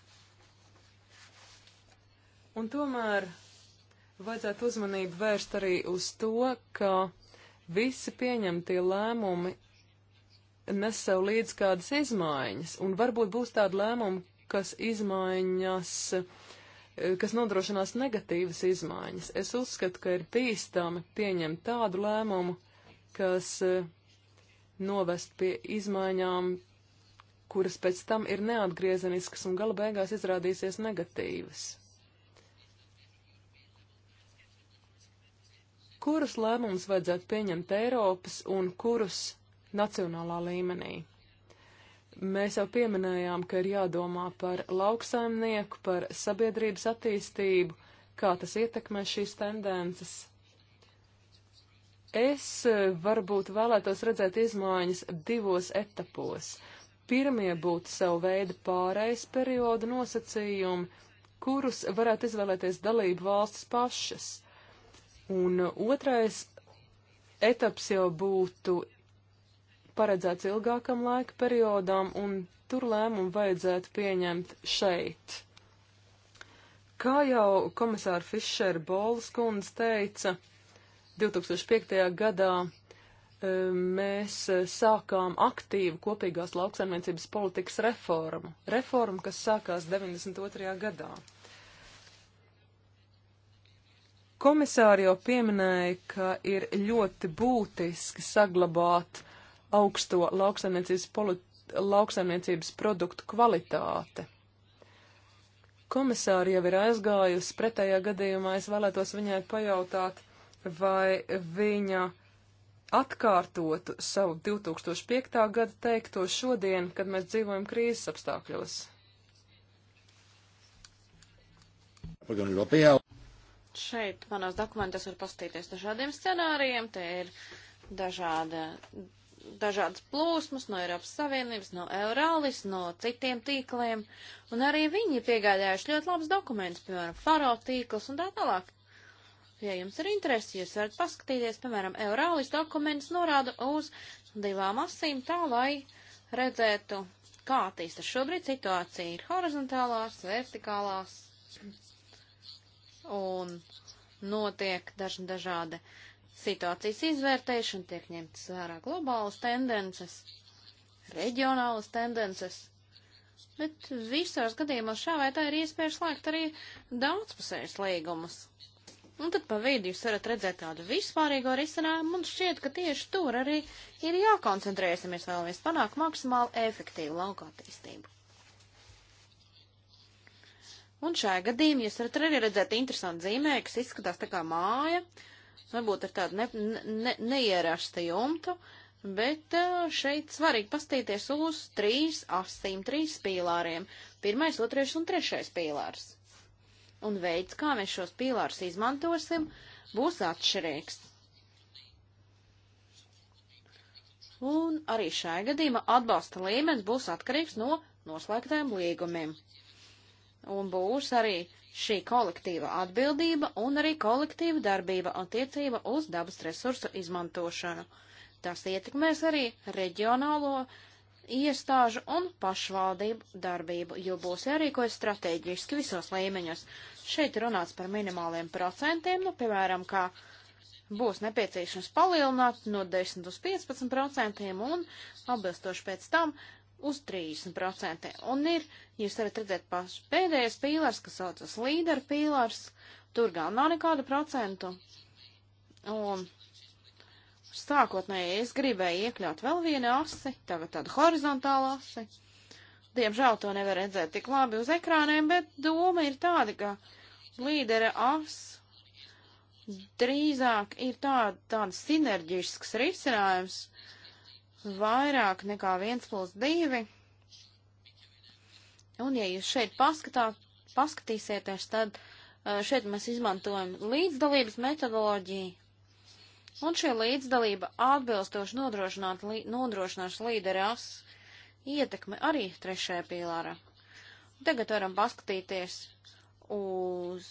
Un tomēr vajadzētu uzmanību vērst arī uz to, ka visi pieņemtie lēmumi nes sev līdz kādas izmaiņas, un varbūt būs tādi lēmumi, kas izmaiņas uh, kas nodrošinās negatīvas izmaiņas. Es uzskatu, ka ir bīstami pieņemt tādu lēmumu, kas eh, novest pie izmaiņām, kuras pēc tam ir neatgriezeniskas un gala beigās izrādīsies negatīvas. Kurus lēmumus vajadzētu pieņemt Eiropas un kurus nacionālā līmenī? Mēs jau pieminējām, ka ir jādomā par lauksaimnieku, par sabiedrības attīstību, kā tas ietekmē šīs tendences. Es eh, varbūt vēlētos redzēt izmaiņas divos etapos. Pirmie būtu savu veidu pārejas periodu nosacījumi, kurus varētu izvēlēties dalību valstis pašas. Un otrais etaps jau būtu paredzēts ilgākam laika periodam, un tur lēmumu vajadzētu pieņemt šeit. Kā jau komisāra Fišera Bolas kundze teica, 2005. gadā e, mēs sākām aktīvu kopīgās lauksaimniecības politikas reformu. Reformu, kas sākās 92. gadā. Komisāri jau pieminēja, ka ir ļoti būtiski saglabāt uh, augsto lauksaimniecības, polit, lauksaimniecības produktu kvalitāte. Komisāri jau ir aizgājusi, pretējā gadījumā es vēlētos viņai pajautāt, vai viņa atkārtotu savu 2005. gada teikto šodien, kad mēs dzīvojam krīzes apstākļos. Šeit manos dokumentos var pastīties dažādiem scenārijiem. Te ir dažāda dažādas plūsmas no Eiropas Savienības, no Euralis, no citiem tīkliem, un arī viņi piegādājuši ļoti labus dokumentus, piemēram, Faro tīkls un tā tālāk. Ja jums ir interesi, jūs varat paskatīties, piemēram, Euralis dokumentus norāda uz divām asīm tā, lai redzētu, kā attīstas šobrīd situācija ir horizontālās, vertikālās, un notiek dažni dažādi. dažādi situācijas izvērtēšana, tiek ņemtas vērā globālas tendences, reģionālas tendences, bet visos gadījumos šā vai tā ir iespēja slēgt arī daudzpusējas līgumus. Un tad pa vidu jūs varat redzēt tādu vispārīgo risinājumu, un šķiet, ka tieši tur arī ir jākoncentrējas, ja mēs vēlamies panākt maksimāli efektīvu lauka attīstību. Un šajā gadījumā jūs varat arī redzēt interesantu zīmē, kas izskatās tā kā māja, uh, varbūt ar tādu ne, ne, neierasta jumtu, bet šeit svarīgi pastīties uz trīs asīm, trīs pīlāriem. Pirmais, otrais un trešais pīlārs. Un veids, kā mēs šos pīlārus izmantosim, būs atšķirīgs. Un arī šajā gadījumā atbalsta līmenis būs atkarīgs no noslēgtajiem līgumiem. Un būs arī šī kolektīva atbildība un arī kolektīva darbība attiecība uz dabas resursu izmantošanu. Tas ietekmēs arī reģionālo iestāžu un pašvaldību darbību, jo būs jārīkojas strateģiski visos līmeņos. Šeit runāts par minimāliem procentiem, nu, piemēram, kā būs nepieciešams palielināt no 10 uz 15 procentiem un atbilstoši pēc tam uz 30%. Un ir, jūs varat redzēt pašu pēdējais pīlārs, kas saucas līderu pīlārs, tur gan nav nekādu procentu. Un sākotnēji es gribēju iekļaut vēl vienu asi, tagad tādu horizontālu asi. Diemžēl to nevar redzēt tik labi uz ekrāniem, bet doma ir tāda, ka līdera as drīzāk ir tā, tāds sinerģisks risinājums, uh, vairāk nekā 1 plus 2. Un ja jūs šeit paskatā, paskatīsieties, tad eh, šeit mēs izmantojam līdzdalības metodoloģiju. Un šī līdzdalība atbilstoši nodrošinās līderas ietekmi arī trešajā pīlārā. Tagad varam paskatīties uz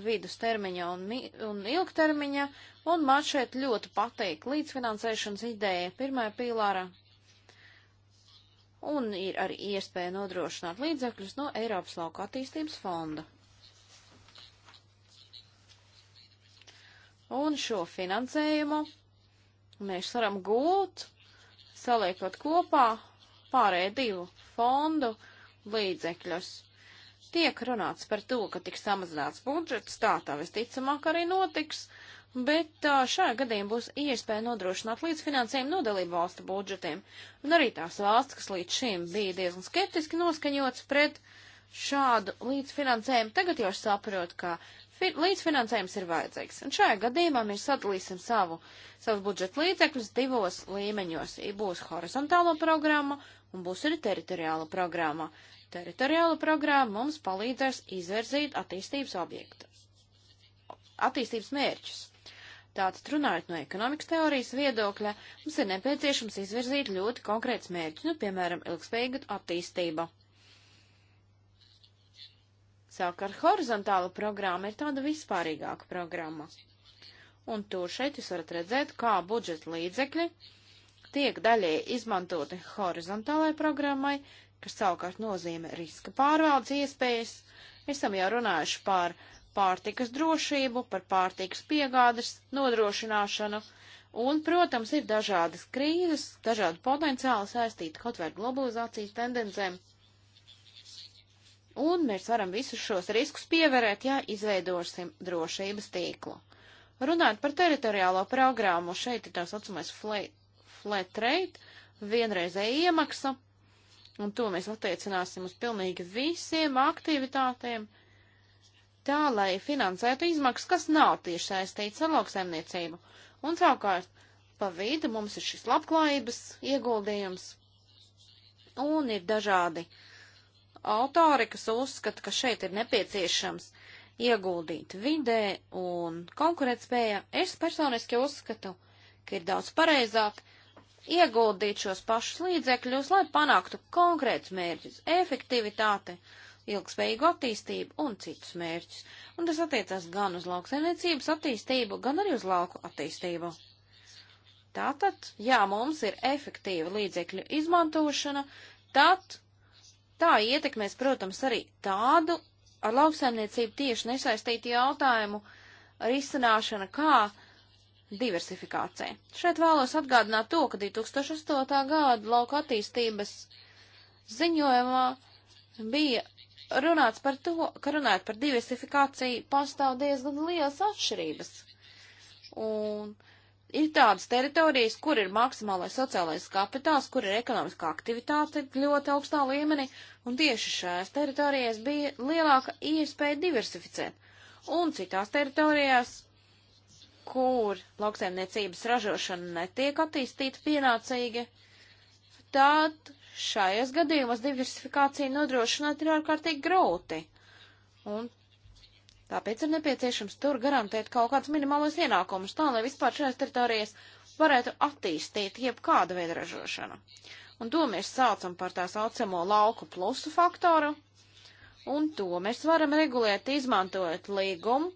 vidustermiņa un, un ilgtermiņa, un man šeit ļoti patīk līdzfinansēšanas ideja pirmajā pīlārā. Un ir arī iespēja nodrošināt līdzekļus no Eiropas lauka attīstības fonda. Un šo finansējumu mēs varam gūt, saliekot kopā pārējie divu fondu līdzekļus tiek runāts par to, ka tiks samazināts budžets, tā tā visticamāk arī notiks, bet šajā gadījumā būs iespēja nodrošināt līdzfinansējumu no dalību valstu budžetiem, un arī tās valsts, kas līdz šim bija diezgan skeptiski noskaņots pret šādu līdzfinansējumu, tagad jau saprot, ka līdzfinansējums ir vajadzīgs. Un šajā gadījumā mēs sadalīsim savu, savus budžeta līdzekļus divos līmeņos. Būs horizontālo programma un būs arī teritoriāla programma. Teritoriāla programma mums palīdzēs izvirzīt attīstības objektus, attīstības mērķus. Tātad, runājot no ekonomikas teorijas viedokļa, mums ir nepieciešams izvirzīt ļoti konkrēts mērķis, nu, piemēram, ilgspējīga attīstība. Savukārt, horizontāla programma ir tāda vispārīgāka programma. Un tur šeit jūs varat redzēt, kā budžeta līdzekļi tiek daļēji izmantoti horizontālajai programmai, kas savukārt nozīmē riska pārvaldes iespējas. Esam jau runājuši par pārtikas drošību, par pārtikas piegādes nodrošināšanu, un, protams, ir dažādas krīzes, dažādi potenciāli saistīti kaut vai ar globalizācijas tendencēm. Un mēs varam visus šos riskus pievērēt, ja izveidosim drošības tīklu. Runājot par teritoriālo programmu, šeit ir tā saucamais flat rate, vienreizēja iemaksa, un to mēs attiecināsim uz pilnīgi visiem aktivitātēm, tā lai finansētu izmaksas, kas nav tieši saistīts ar lauksaimniecību. Un savukārt, pa vidu mums ir šis labklājības ieguldījums, un ir dažādi autori, kas uzskata, ka šeit ir nepieciešams ieguldīt vidē un konkurētspējā. Es personiski uzskatu, ka ir daudz pareizāk ieguldīt šos pašus līdzekļus, lai panāktu konkrētus mērķus - efektivitāti, ilgspējīgu attīstību un citus mērķus. Un tas attiecas gan uz lauksainiecības attīstību, gan arī uz lauku attīstību. Tātad, ja mums ir efektīva līdzekļu izmantošana, tad tā ietekmēs, protams, arī tādu ar lauksaimniecību tieši nesaistītu jautājumu risināšana, kā diversifikācija. Šeit vēlos atgādināt to, ka 2008. gada lauka attīstības ziņojumā bija runāts par to, ka runājot par diversifikāciju pastāv diezgan lielas atšķirības. Un ir tādas teritorijas, kur ir maksimālais sociālais kapitāls, kur ir ekonomiskā aktivitāte ļoti augstā līmenī, un tieši šajās teritorijās bija lielāka iespēja diversificēt. Un citās teritorijās kur lauksaimniecības ražošana netiek attīstīta pienācīgi, tad šajos gadījumos diversifikācija nodrošināt ir ārkārtīgi grūti. Un tāpēc ir nepieciešams tur garantēt kaut kāds minimālais ienākums, tā lai vispār šajās teritorijas varētu attīstīt jebkādu veidu ražošanu. Un to mēs saucam par tā saucamo lauku plusu faktoru, un to mēs varam regulēt, izmantojot līgumu,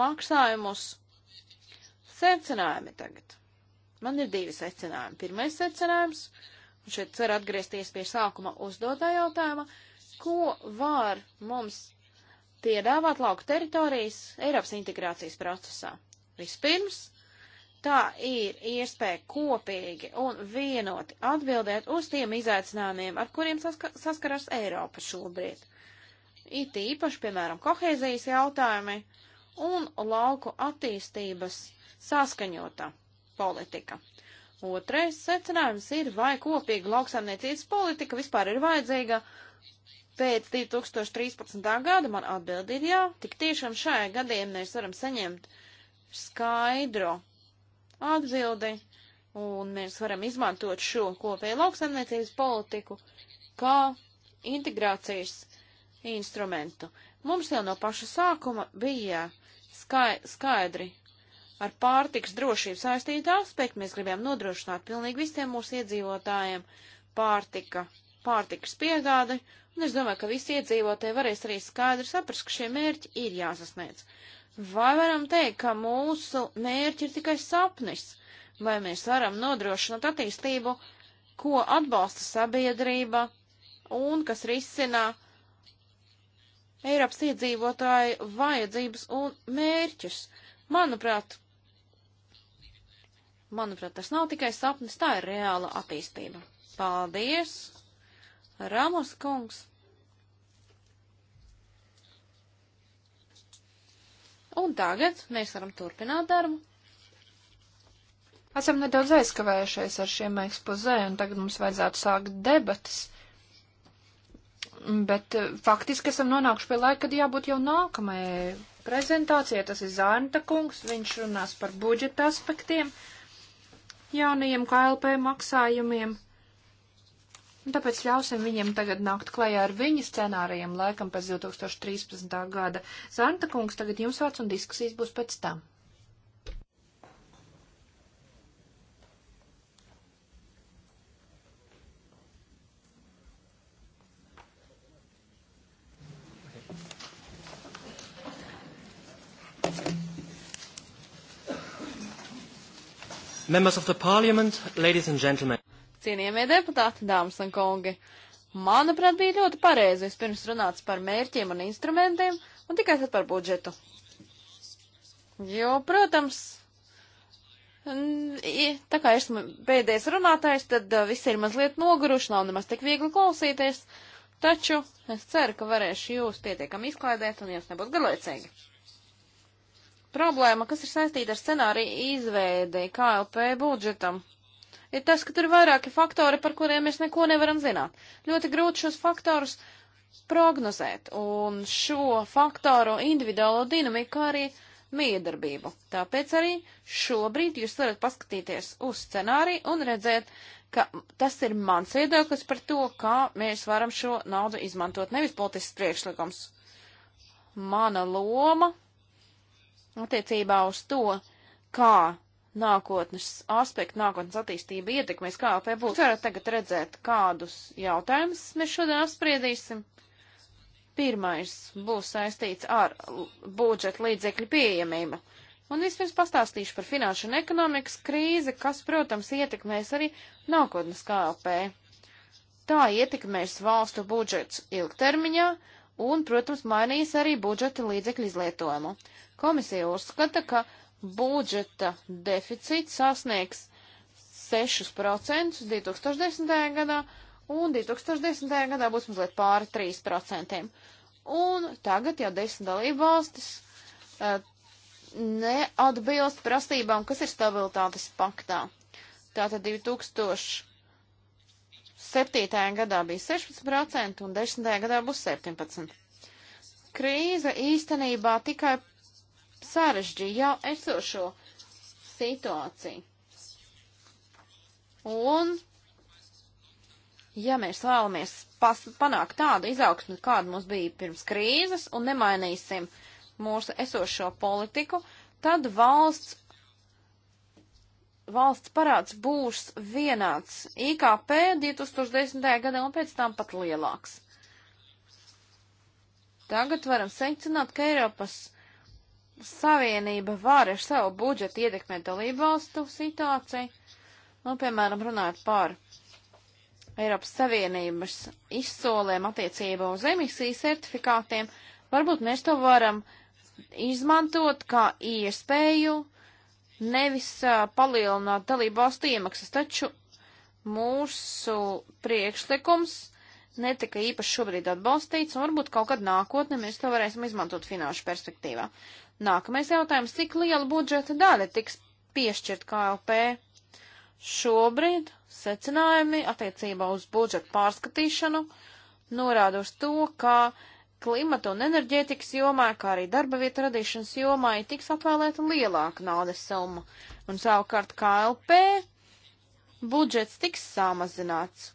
maksājumus Secinājumi tagad. Man ir divi secinājumi. Pirmais secinājums, un šeit ceru atgriezties pie sākuma uzdotā jautājuma, ko var mums piedāvāt lauku teritorijas Eiropas integrācijas procesā. Vispirms, tā ir iespēja kopīgi un vienoti atbildēt uz tiem izaicinājumiem, ar kuriem saska saskaras Eiropa šobrīd. It īpaši, piemēram, kohēzijas jautājumi un lauku attīstības saskaņota politika. Otrais secinājums ir, vai kopīga lauksaimniecības politika vispār ir vajadzīga. Pēc 2013. gada man atbildi ir jā, tik tiešām šajā gadījumā mēs varam saņemt skaidro atbildi, un mēs varam izmantot šo kopēju lauksaimniecības politiku kā integrācijas instrumentu. Mums jau no paša sākuma bija skai skaidri ar pārtiks drošību saistītu aspektu. Mēs gribējām nodrošināt pilnīgi visiem mūsu iedzīvotājiem pārtika, pārtikas piegādi, un es domāju, ka visi iedzīvotāji varēs arī skaidri saprast, ka šie mērķi ir jāsasniedz. Vai varam teikt, ka mūsu mērķi ir tikai sapnis, vai mēs varam nodrošināt attīstību, ko atbalsta sabiedrība un kas risina Eiropas iedzīvotāju vajadzības un mērķus? Manuprāt, Manuprāt, tas nav tikai sapnis, tā ir reāla attīstība. Paldies, Ramos kungs! Un tagad mēs varam turpināt darbu. Esam nedaudz aizkavējušies ar šiem ekspozē, un tagad mums vajadzētu sākt debatas. Bet eh, faktiski esam nonākuši pie laika, kad jābūt jau nākamajai prezentācijai. Tas ir Zārnta kungs, viņš runās par budžeta aspektiem. Uh, jaunajiem KLP maksājumiem. Un tāpēc ļausim viņiem tagad nākt klajā ar viņu scenārijiem laikam pēc 2013. gada. Zanta kungs, tagad jums vārds un diskusijas būs pēc tam. Members of the Parliament, ladies and gentlemen. Cienījamie deputāti, dāmas un kungi, manuprāt, bija ļoti pareizi vispirms runāts par mērķiem un instrumentiem un tikai tad par budžetu. Jo, protams, tā kā esmu pēdējais runātājs, tad uh, visi ir mazliet noguruši, nav nemaz tik viegli klausīties, taču es ceru, ka varēšu jūs pietiekami izklaidēt un jums nebūs garlaicīgi problēma, kas ir saistīta ar scenāriju izveidi KLP budžetam, ir tas, ka tur ir vairāki faktori, par kuriem mēs neko nevaram zināt. Ļoti grūti šos faktorus prognozēt un šo faktoru individuālo dinamiku arī miedarbību. Tāpēc arī šobrīd jūs varat paskatīties uz scenāriju un redzēt, ka tas ir mans viedoklis par to, kā mēs varam šo naudu izmantot, nevis politisks priekšlikums. Mana loma attiecībā uz to, kā nākotnes aspekti, nākotnes attīstība ietekmēs KLP būs. Jūs varat tagad redzēt, kādus jautājumus mēs šodien apspriedīsim. Pirmais būs saistīts ar budžeta līdzekļu pieejamību. Un vispirms pastāstīšu par finanšu un ekonomikas krīzi, kas, protams, ietekmēs arī nākotnes KLP. Tā ietekmēs valstu budžets ilgtermiņā un, protams, mainīs arī budžeta līdzekļu izlietojumu. Komisija uzskata, ka budžeta deficīts sasniegs 6% 2010. gadā, un 2010. gadā būs mazliet pāri 3%. Un tagad jau desmit dalībvalstis uh, neatbilst prasībām, kas ir stabilitātes paktā. Tātad 2007. gadā bija 16% un 10. gadā būs 17%. Krīze īstenībā tikai sarežģīja jau esošo situāciju. Un, ja mēs vēlamies pas, panākt tādu izaugsmu, kāda mums bija pirms krīzes, un nemainīsim mūsu esošo politiku, tad valsts, valsts parāds būs vienāds IKP 2010. gadā un pēc tam pat lielāks. Tagad varam secināt, ka Eiropas Savienība var ar savu budžetu ietekmēt dalību valstu situāciju. Nu, piemēram, runājot par Eiropas Savienības izsolēm attiecībā uz emisiju certifikātiem, varbūt mēs to varam izmantot kā iespēju nevis uh, palielināt dalību valstu iemaksas, taču mūsu priekšlikums netika īpaši šobrīd atbalstīts, un varbūt kaut kad nākotnē mēs to varēsim izmantot finanšu perspektīvā. Nākamais jautājums, cik liela budžeta daļa tiks piešķirt KLP? Šobrīd secinājumi attiecībā uz budžetu pārskatīšanu norāda uz to, ka klimata un enerģētikas jomā, kā arī darba vieta radīšanas jomā, ir tiks atvēlēta lielāka naudas summa, un savukārt KLP budžets tiks samazināts.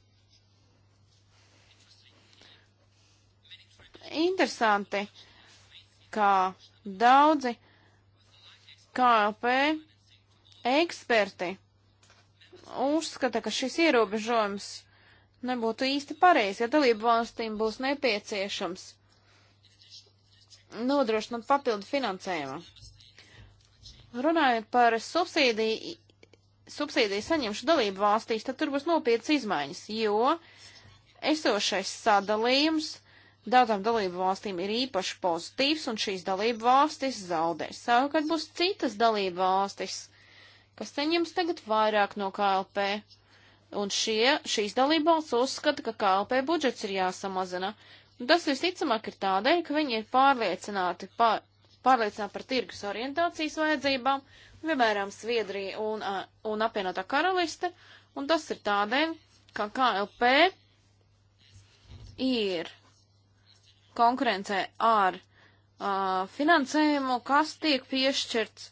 Interesanti, ka Daudzi KLP eksperti uzskata, ka šis ierobežojums nebūtu īsti pareizi, ja dalību valstīm būs nepieciešams nodrošināt papildu finansējumu. Runājot par subsīdiju, subsīdiju saņemšu dalību valstīs, tad tur būs nopietnas izmaiņas, jo esošais sadalījums daudzām dalību valstīm ir īpaši pozitīvs, un šīs dalību valstis zaudēs. Savukārt būs citas dalību valstis, kas saņems tagad vairāk no KLP. Un šie, šīs dalību valsts uzskata, ka KLP budžets ir jāsamazina. Un tas visticamāk ir tādēļ, ka viņi ir pārliecināti par, pārliecināti par tirgus orientācijas vajadzībām, piemēram, Sviedrija un, un apvienotā karaliste, un tas ir tādēļ, ka KLP ir konkurencē ar uh, finansējumu, kas tiek piešķirts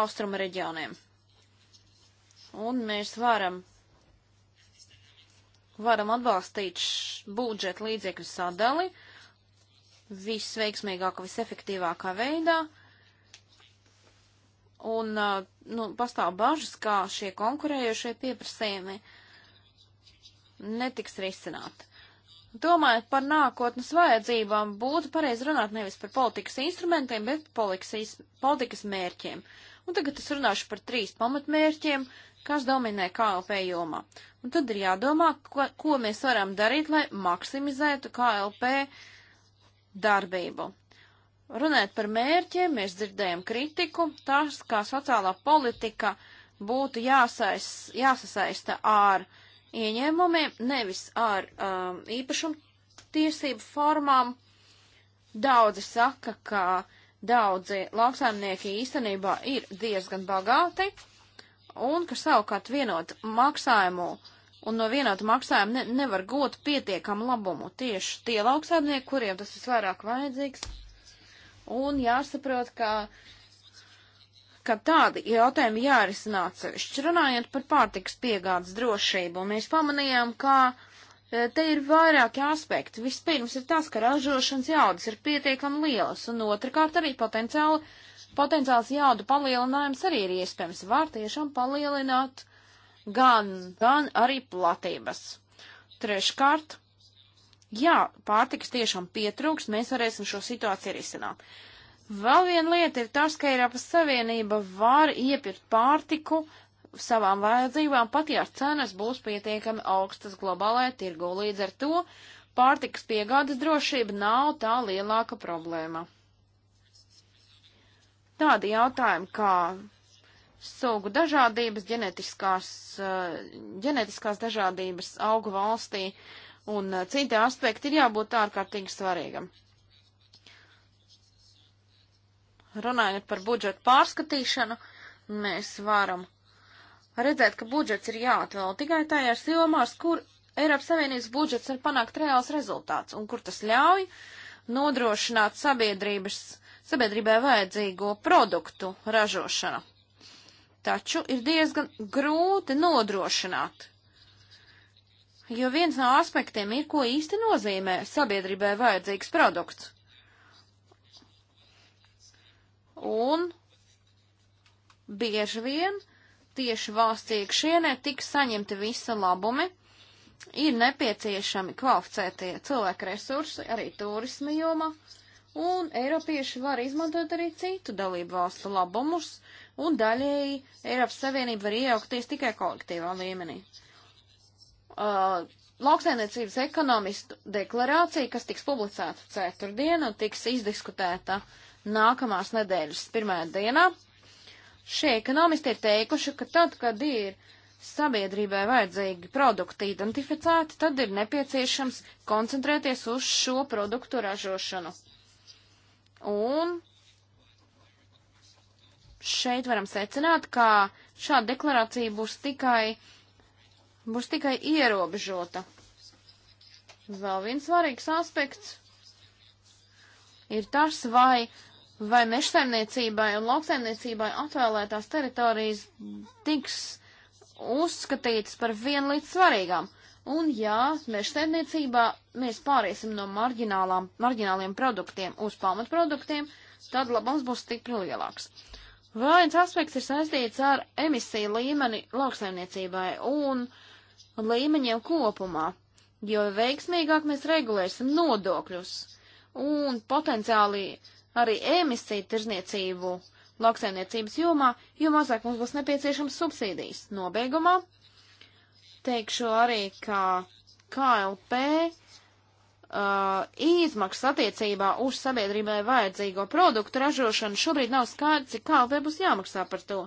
austrumu reģioniem. Un mēs varam, varam atbalstīt budžeta līdzekļu sadali visveiksmīgākā, visefektīvākā veidā. Un, uh, nu, pastāv bažas, kā šie konkurējošie pieprasījumi netiks risināti. Domājot par nākotnes vajadzībām, būtu pareizi runāt nevis par politikas instrumentiem, bet politikas, politikas mērķiem. Un tagad es runāšu par trīs pamatmērķiem, kas dominē KLP jomā. Un tad ir jādomā, ko, ko mēs varam darīt, lai maksimizētu KLP darbību. Runājot par mērķiem, mēs dzirdējam kritiku, tās kā sociālā politika būtu jāsais, jāsasaista ar uh, ieņēmumiem, nevis ar um, īpašumu tiesību formām. Daudzi saka, ka daudzi lauksaimnieki īstenībā ir diezgan bagāti un ka savukārt vienot maksājumu un no vienota maksājuma ne, nevar gūt pietiekamu labumu tieši tie lauksaimnieki, kuriem tas visvairāk vajadzīgs. Un jāsaprot, ka uh, ka tādi jautājumi jārisina atsevišķi. Runājot par pārtiks piegādes drošību, mēs pamanījām, ka e, te ir vairāki aspekti. Vispirms ir tas, ka ražošanas jaudas ir pietiekami lielas, un otrkārt arī potenciāli, potenciāls jaudu palielinājums arī ir iespējams. Var tiešām palielināt gan, gan arī platības. Treškārt, jā, pārtiks tiešām pietrūks, mēs varēsim šo situāciju risināt. Vēl viena lieta ir tas, ka Eiropas Savienība var iepirkt pārtiku savām vajadzībām, pat ja cenas būs pietiekami augstas globālajā tirgu. Līdz ar to pārtikas piegādes drošība nav tā lielāka problēma. Tādi jautājumi kā sugu dažādības, ģenetiskās, eh, ģenetiskās dažādības augu valstī un citi aspekti ir jābūt ārkārtīgi svarīgam. Runājot par budžetu pārskatīšanu, mēs varam redzēt, ka budžets ir jāatvēl tikai tajās jomās, kur Eiropas Savienības budžets var panākt reāls rezultāts un kur tas ļauj nodrošināt sabiedrības, sabiedrībai vajadzīgo produktu ražošanu. Taču ir diezgan grūti nodrošināt, jo viens no aspektiem ir, ko īsti nozīmē sabiedrībai vajadzīgs produkts un bieži vien tieši valsts iekšienē tiks saņemti visi labumi, ir nepieciešami kvalificētie cilvēku resursi arī turisma jomā, un Eiropieši var izmantot arī citu dalību valstu labumus, un daļēji Eiropas Savienība var iejaukties tikai kolektīvā līmenī. Uh, Lauksainiecības ekonomistu deklarācija, kas tiks publicēta ceturtdien un tiks izdiskutēta uh, nākamās nedēļas pirmajā dienā. Šie ekonomisti ir teikuši, ka tad, kad ir sabiedrībai vajadzīgi produkti identificēti, tad ir nepieciešams koncentrēties uz šo produktu ražošanu. Un šeit varam secināt, ka šāda deklarācija būs tikai, būs tikai ierobežota. Vēl viens svarīgs aspekts ir tas, vai vai mežsaimniecībai un lauksaimniecībai atvēlētās teritorijas tiks uzskatītas par vienu līdz svarīgām. Un jā, mežsaimniecībā mēs pāriesim no marģināliem produktiem uz pamatproduktiem, tad labums būs stipri lielāks. Vēl viens aspekts ir saistīts ar emisiju līmeni lauksaimniecībai un līmeņiem kopumā, jo veiksmīgāk mēs regulēsim nodokļus un potenciāli uh, arī emisiju tirzniecību lauksaimniecības jomā, jo mazāk mums būs nepieciešams subsīdijas. Nobeigumā teikšu arī, ka KLP uh, izmaksas attiecībā uz sabiedrībai vajadzīgo produktu ražošanu šobrīd nav skaidrs, cik KLP būs jāmaksā par to,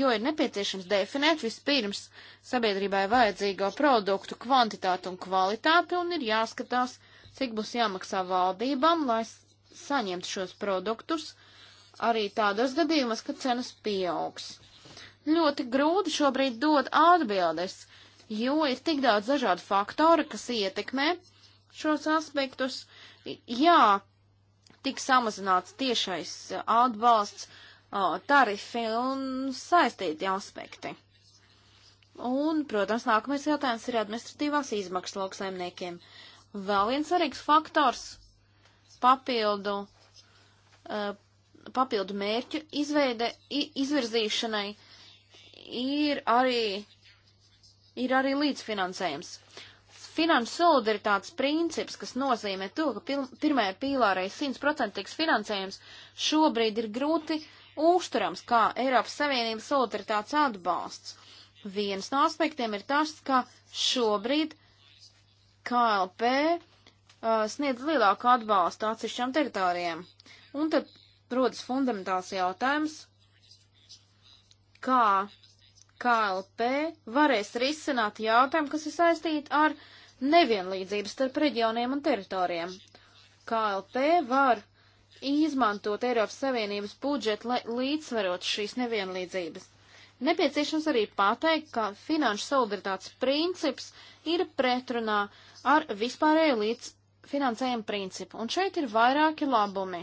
jo ir nepieciešams definēt vispirms sabiedrībai vajadzīgo produktu kvantitāti un kvalitāti un ir jāskatās, cik būs jāmaksā valdībām, lai saņemt šos produktus arī tādos gadījumos, kad cenas pieaugs. Ļoti grūti šobrīd dot atbildes, jo ir tik daudz dažādu faktoru, kas ietekmē šos aspektus. Jā, tik samazināts tiešais eh, atbalsts, eh, tarifi un saistīti aspekti. Un, protams, nākamais jautājums ir administratīvās izmaksas lauksaimniekiem. Vēl viens svarīgs faktors, papildu, uh, papildu mērķu izveide, izvirzīšanai ir arī, ir arī līdzfinansējums. Finanšu solidaritātes princips, kas nozīmē to, ka pil, pirmajā pīlārē 100% tiks finansējums, šobrīd ir grūti uzturams kā Eiropas Savienības solidaritātes atbalsts. Viens no aspektiem ir tas, ka šobrīd KLP uh, sniedz lielāku atbalstu atsevišķām teritorijām. Un tad rodas fundamentāls jautājums, kā KLP varēs risināt jautājumu, kas ir saistīti ar nevienlīdzības starp reģioniem un teritorijām. KLP var izmantot Eiropas Savienības budžetu, lai līdzsverot šīs nevienlīdzības. Nepieciešams arī pateikt, ka finanšu solidaritātes princips ir pretrunā ar vispārēju līdz finansējuma principu. Un šeit ir vairāki labumi.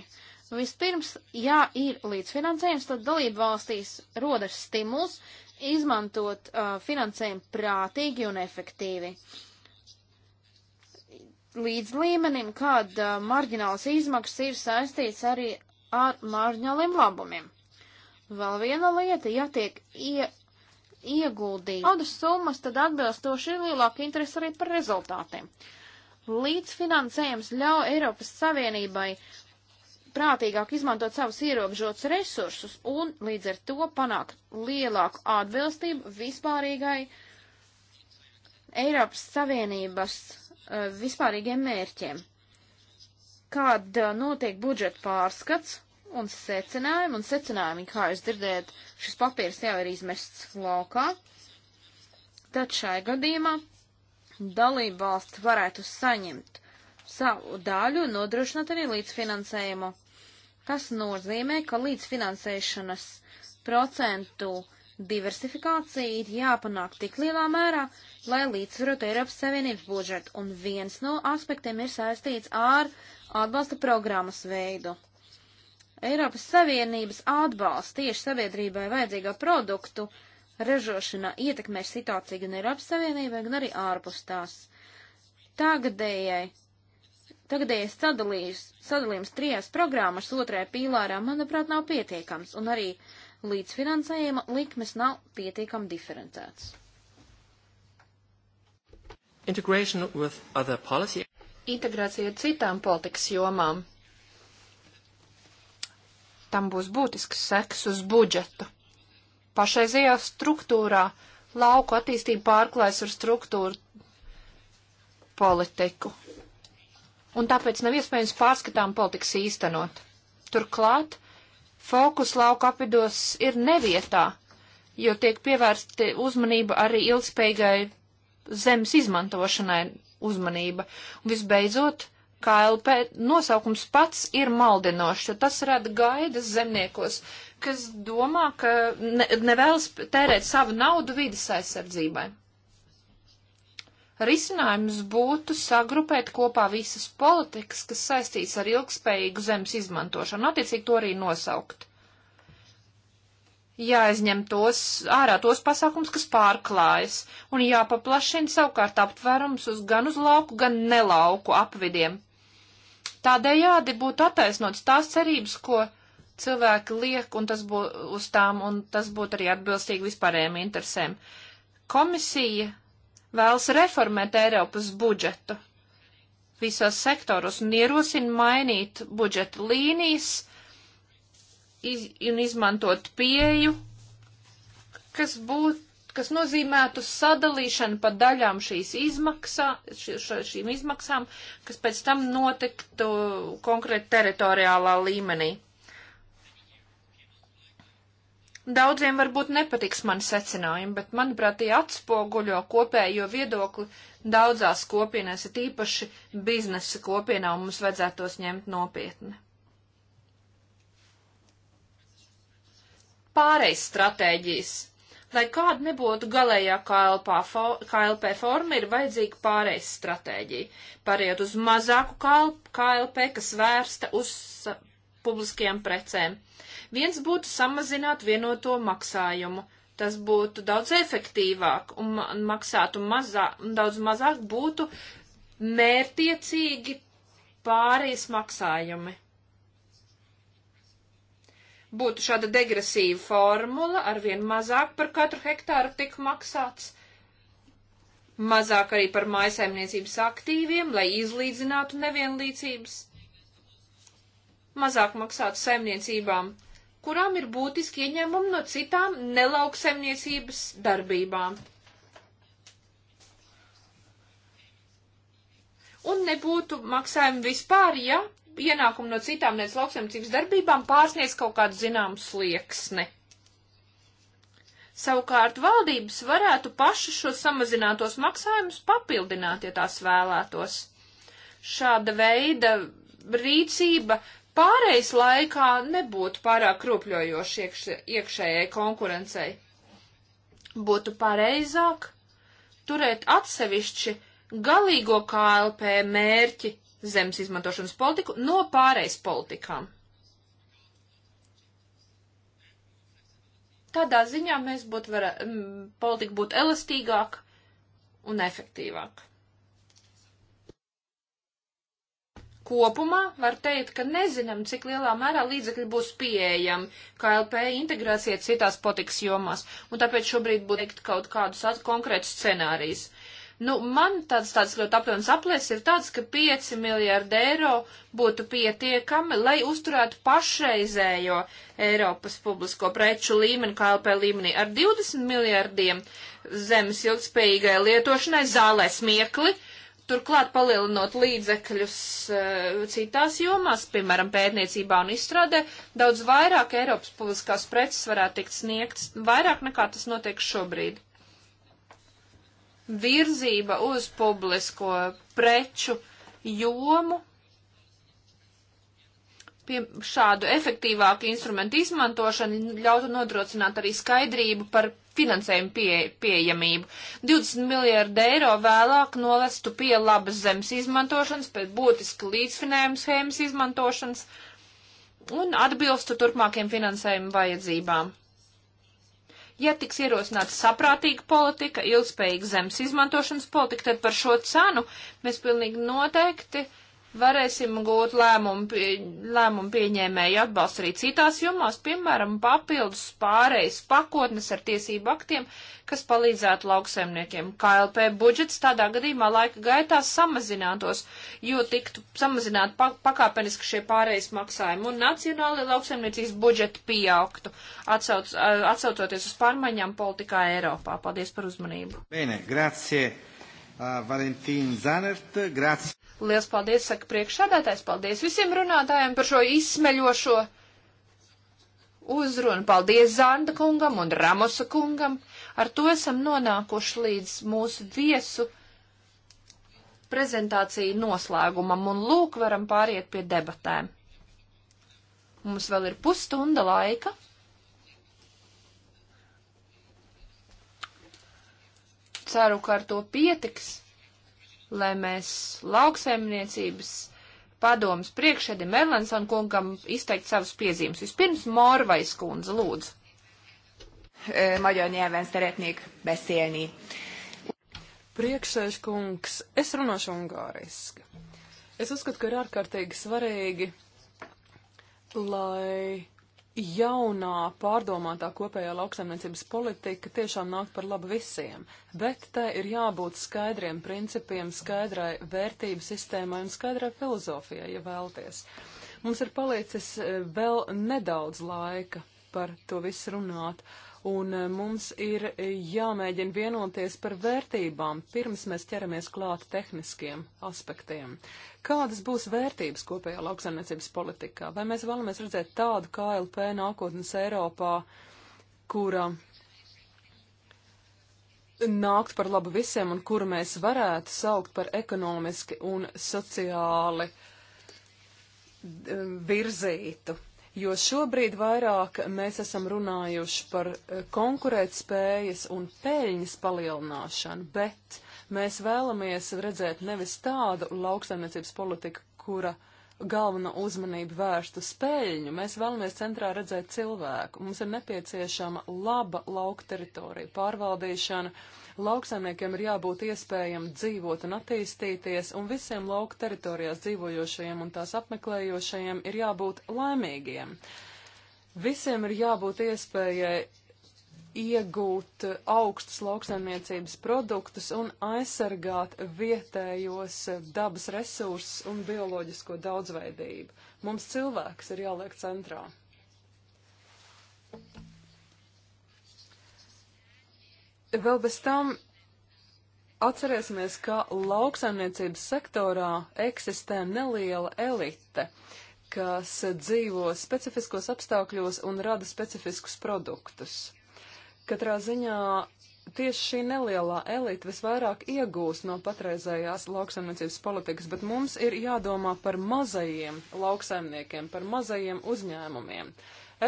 Vispirms, ja ir līdzfinansējums, tad dalību valstīs rodas stimuls izmantot uh, finansējumu prātīgi un efektīvi. Līdz līmenim, kad uh, marģinālas izmaksas ir saistīts arī ar marģināliem labumiem. Vēl viena lieta, ja tiek ie, ieguldīta naudas summas, tad atbilstoši ir lielāka interese arī par rezultātiem. Uh, Līdzfinansējums ļauj Eiropas Savienībai prātīgāk izmantot savus ierobežotus resursus un līdz ar to panākt lielāku atbilstību vispārīgai Eiropas Savienības uh, vispārīgiem mērķiem. Kad uh, notiek budžeta pārskats un secinājumi, un secinājumi, kā jūs dzirdējat, šis papīrs jau ir izmests laukā, tad šai gadījumā dalībvalsts varētu saņemt savu daļu un nodrošināt arī līdzfinansējumu, kas nozīmē, ka līdzfinansēšanas procentu diversifikācija ir jāpanāk tik lielā mērā, lai līdzsvarotu Eiropas Savienības budžetu, un viens no aspektiem ir saistīts ar atbalsta programmas veidu. Eiropas Savienības atbalsts tieši sabiedrībai vajadzīgo produktu uh, ražošanā ietekmē situāciju gan Eiropas Savienībā, gan arī ārpus tās. Tagadējai, tagadējais sadalījums, sadalījums trijās programmas otrajā pīlārā, manuprāt, nav pietiekams, un arī līdzfinansējuma likmes nav pietiekam diferencēts. Integrācija ar citām politikas jomām. Tam būs būtisks seks uz budžetu pašreizajā struktūrā lauku attīstību pārklājas ar struktūru politiku. Un tāpēc nav iespējams pārskatām politikas īstenot. Turklāt fokus lauku apvidos ir nevietā, jo tiek pievērsti uzmanība arī ilgspējīgai zemes izmantošanai uzmanība. Un visbeidzot, KLP nosaukums pats ir maldinošs, jo tas rada gaidas zemniekos, kas domā, ka ne, nevēlas tērēt savu naudu vidas aizsardzībai. Risinājums būtu sagrupēt kopā visas politikas, kas saistīts ar ilgspējīgu zemes izmantošanu, attiecīgi to arī nosaukt. Jāizņem tos ārā tos pasākums, kas pārklājas, un jāpaplašina savukārt aptverums uz gan uz lauku, gan nelauku apvidiem. Tādējādi būtu attaisnots tās cerības, ko cilvēki liek un tas būtu uz tām, un tas būtu arī atbilstīgi vispārējiem interesēm. Komisija vēlas reformēt Eiropas budžetu visos sektoros un ierosina mainīt budžeta līnijas iz, un izmantot pieju, kas būtu kas nozīmētu sadalīšanu pa daļām šīs izmaksā, ši, šīm izmaksām, kas pēc tam notiktu konkrēti teritoriālā līmenī. Daudziem varbūt nepatiks mani secinājumi, bet, manuprāt, tie atspoguļo kopējo viedokli daudzās kopienās, ir īpaši biznesa kopienā, un mums vajadzētu tos ņemt nopietni. Pāreiz stratēģijas. Lai kāda nebūtu galējā KLP, fo, KLP forma, ir vajadzīga pārējais stratēģija. Pārējot uz mazāku KLP, kas vērsta uz publiskajām precēm. Uh, Viens būtu samazināt vienoto maksājumu. Tas būtu daudz efektīvāk un maksātu mazāk, un daudz mazāk būtu mērtiecīgi pārējais maksājumi. Būtu šāda degresīva formula, arvien mazāk par katru hektāru tik maksāts, mazāk arī par mājasaimniecības aktīviem, lai izlīdzinātu nevienlīdzības, mazāk maksātu saimniecībām kurām ir būtiski ieņēmumi no citām nelauksaimniecības darbībām. Un nebūtu maksājumi vispār, ja ienākumi no citām nec lauksaimniecības darbībām pārsniec kaut kādu zināmu slieksni. Savukārt valdības varētu paši šo samazinātos maksājumus papildināt, ja tās vēlētos. Šāda veida rīcība pārejas laikā nebūtu pārāk rūpļojoši iekš, iekšējai konkurencei. Būtu pareizāk turēt atsevišķi galīgo KLP mērķi zemes izmantošanas politiku no pārejas politikām. Tādā ziņā mēs būtu, varē, politika būtu elastīgāka un efektīvāka. Kopumā var teikt, ka nezinām, cik lielā mērā līdzekļi būs pieejami KLP integrācijai citās politikas jomās, un tāpēc šobrīd būtu teikt kaut kādus konkrētus scenārijus. Nu, man tāds, tāds ļoti apjomīgs aplēses ir tāds, ka 5 miljārdi eiro būtu pietiekami, lai uzturētu pašreizējo Eiropas publisko preču līmeni, KLP līmenī ar 20 miljārdiem zemes ilgspējīgai lietošanai zālē smiekli turklāt palielinot līdzekļus uh, citās jomās, piemēram, pētniecībā un izstrādē, daudz vairāk Eiropas publiskās preces varētu tikt sniegts, vairāk nekā tas notiek šobrīd. Virzība uz publisko preču jomu pie šādu efektīvāku instrumentu izmantošanu ļautu nodrošināt arī skaidrību par finansējumu pie, pieejamību. 20 miljārdi eiro vēlāk novestu pie labas zemes izmantošanas, pēc būtiska līdzfinējuma schēmas izmantošanas un atbilstu turpmākiem finansējuma vajadzībām. Ja tiks ierosināta saprātīga politika, ilgspējīga zemes izmantošanas politika, tad par šo cenu mēs pilnīgi noteikti uh, varēsim gūt lēmumu, pie, lēmumu pieņēmēju atbalstu arī citās jomās, piemēram, papildus pārejas pakotnes ar tiesību aktiem, kas palīdzētu lauksaimniekiem. KLP budžets tādā gadījumā laika gaitā samazinātos, jo tiktu samazināt pa, pakāpeniski šie pārejas maksājumi un nacionāli lauksaimniecības budžeti pieaugtu, atsauc, atsaucoties uz pārmaiņām politikā Eiropā. Paldies par uzmanību. Bene, grazie uh, Valentīnu Zanert. Grāci. Lielas paldies, saka priekšsēdētājs. Paldies visiem runātājiem par šo izsmeļošo uzrunu. Paldies Zanda kungam un Ramosa kungam. Ar to esam nonākuši līdz mūsu viesu prezentāciju noslēgumam un lūk varam pāriet pie debatēm. Mums vēl ir pusstunda laika. ceru, ka ar to pietiks, lai mēs lauksaimniecības padomas priekšēdi Merlenson kungam izteikt savus piezīmes. Vispirms Morvais kundze, lūdzu. Magyar nyelven szeretnék beszélni. Priekšsēž kungs, es runāšu ungāriski. Es uzskatu, ka ir ārkārtīgi svarīgi, lai jaunā pārdomātā kopējā lauksaimniecības politika tiešām nāk par labu visiem, bet te ir jābūt skaidriem principiem, skaidrai vērtību sistēmai un skaidrai filozofijai, ja vēlties. Mums ir palicis eh, vēl nedaudz laika par to visu runāt. Uh, un eh, mums ir jāmēģina vienoties par vērtībām, pirms mēs ķeramies klāt tehniskiem aspektiem. Kādas būs vērtības kopējā lauksaimniecības politikā? Vai mēs vēlamies redzēt tādu KLP nākotnes Eiropā, kura nākt par labu visiem un kuru mēs varētu saukt par ekonomiski un sociāli eh, virzītu jo šobrīd vairāk mēs esam runājuši par eh, konkurētspējas un peļņas palielināšanu, bet mēs vēlamies redzēt nevis tādu lauksaimniecības politiku, kura galvena uzmanība vērsta uz peļņu. Mēs vēlamies centrā redzēt cilvēku. Mums ir nepieciešama laba lauka teritorija pārvaldīšana. Lauksaimniekiem ir jābūt iespējam dzīvot un attīstīties, un visiem lauka teritorijās dzīvojošajiem un tās apmeklējošajiem ir jābūt laimīgiem. Visiem ir jābūt iespējai iegūt augstus lauksaimniecības produktus un aizsargāt vietējos dabas resursus un bioloģisko daudzveidību. Mums cilvēks ir jāliek centrā. Vēl bez tam atcerēsimies, ka lauksaimniecības sektorā eksistē neliela elite kas dzīvo specifiskos apstākļos un rada specifiskus produktus. Katrā ziņā tieši šī nelielā elita visvairāk iegūs no patreizējās lauksaimniecības politikas, bet mums ir jādomā par mazajiem lauksaimniekiem, par mazajiem uzņēmumiem.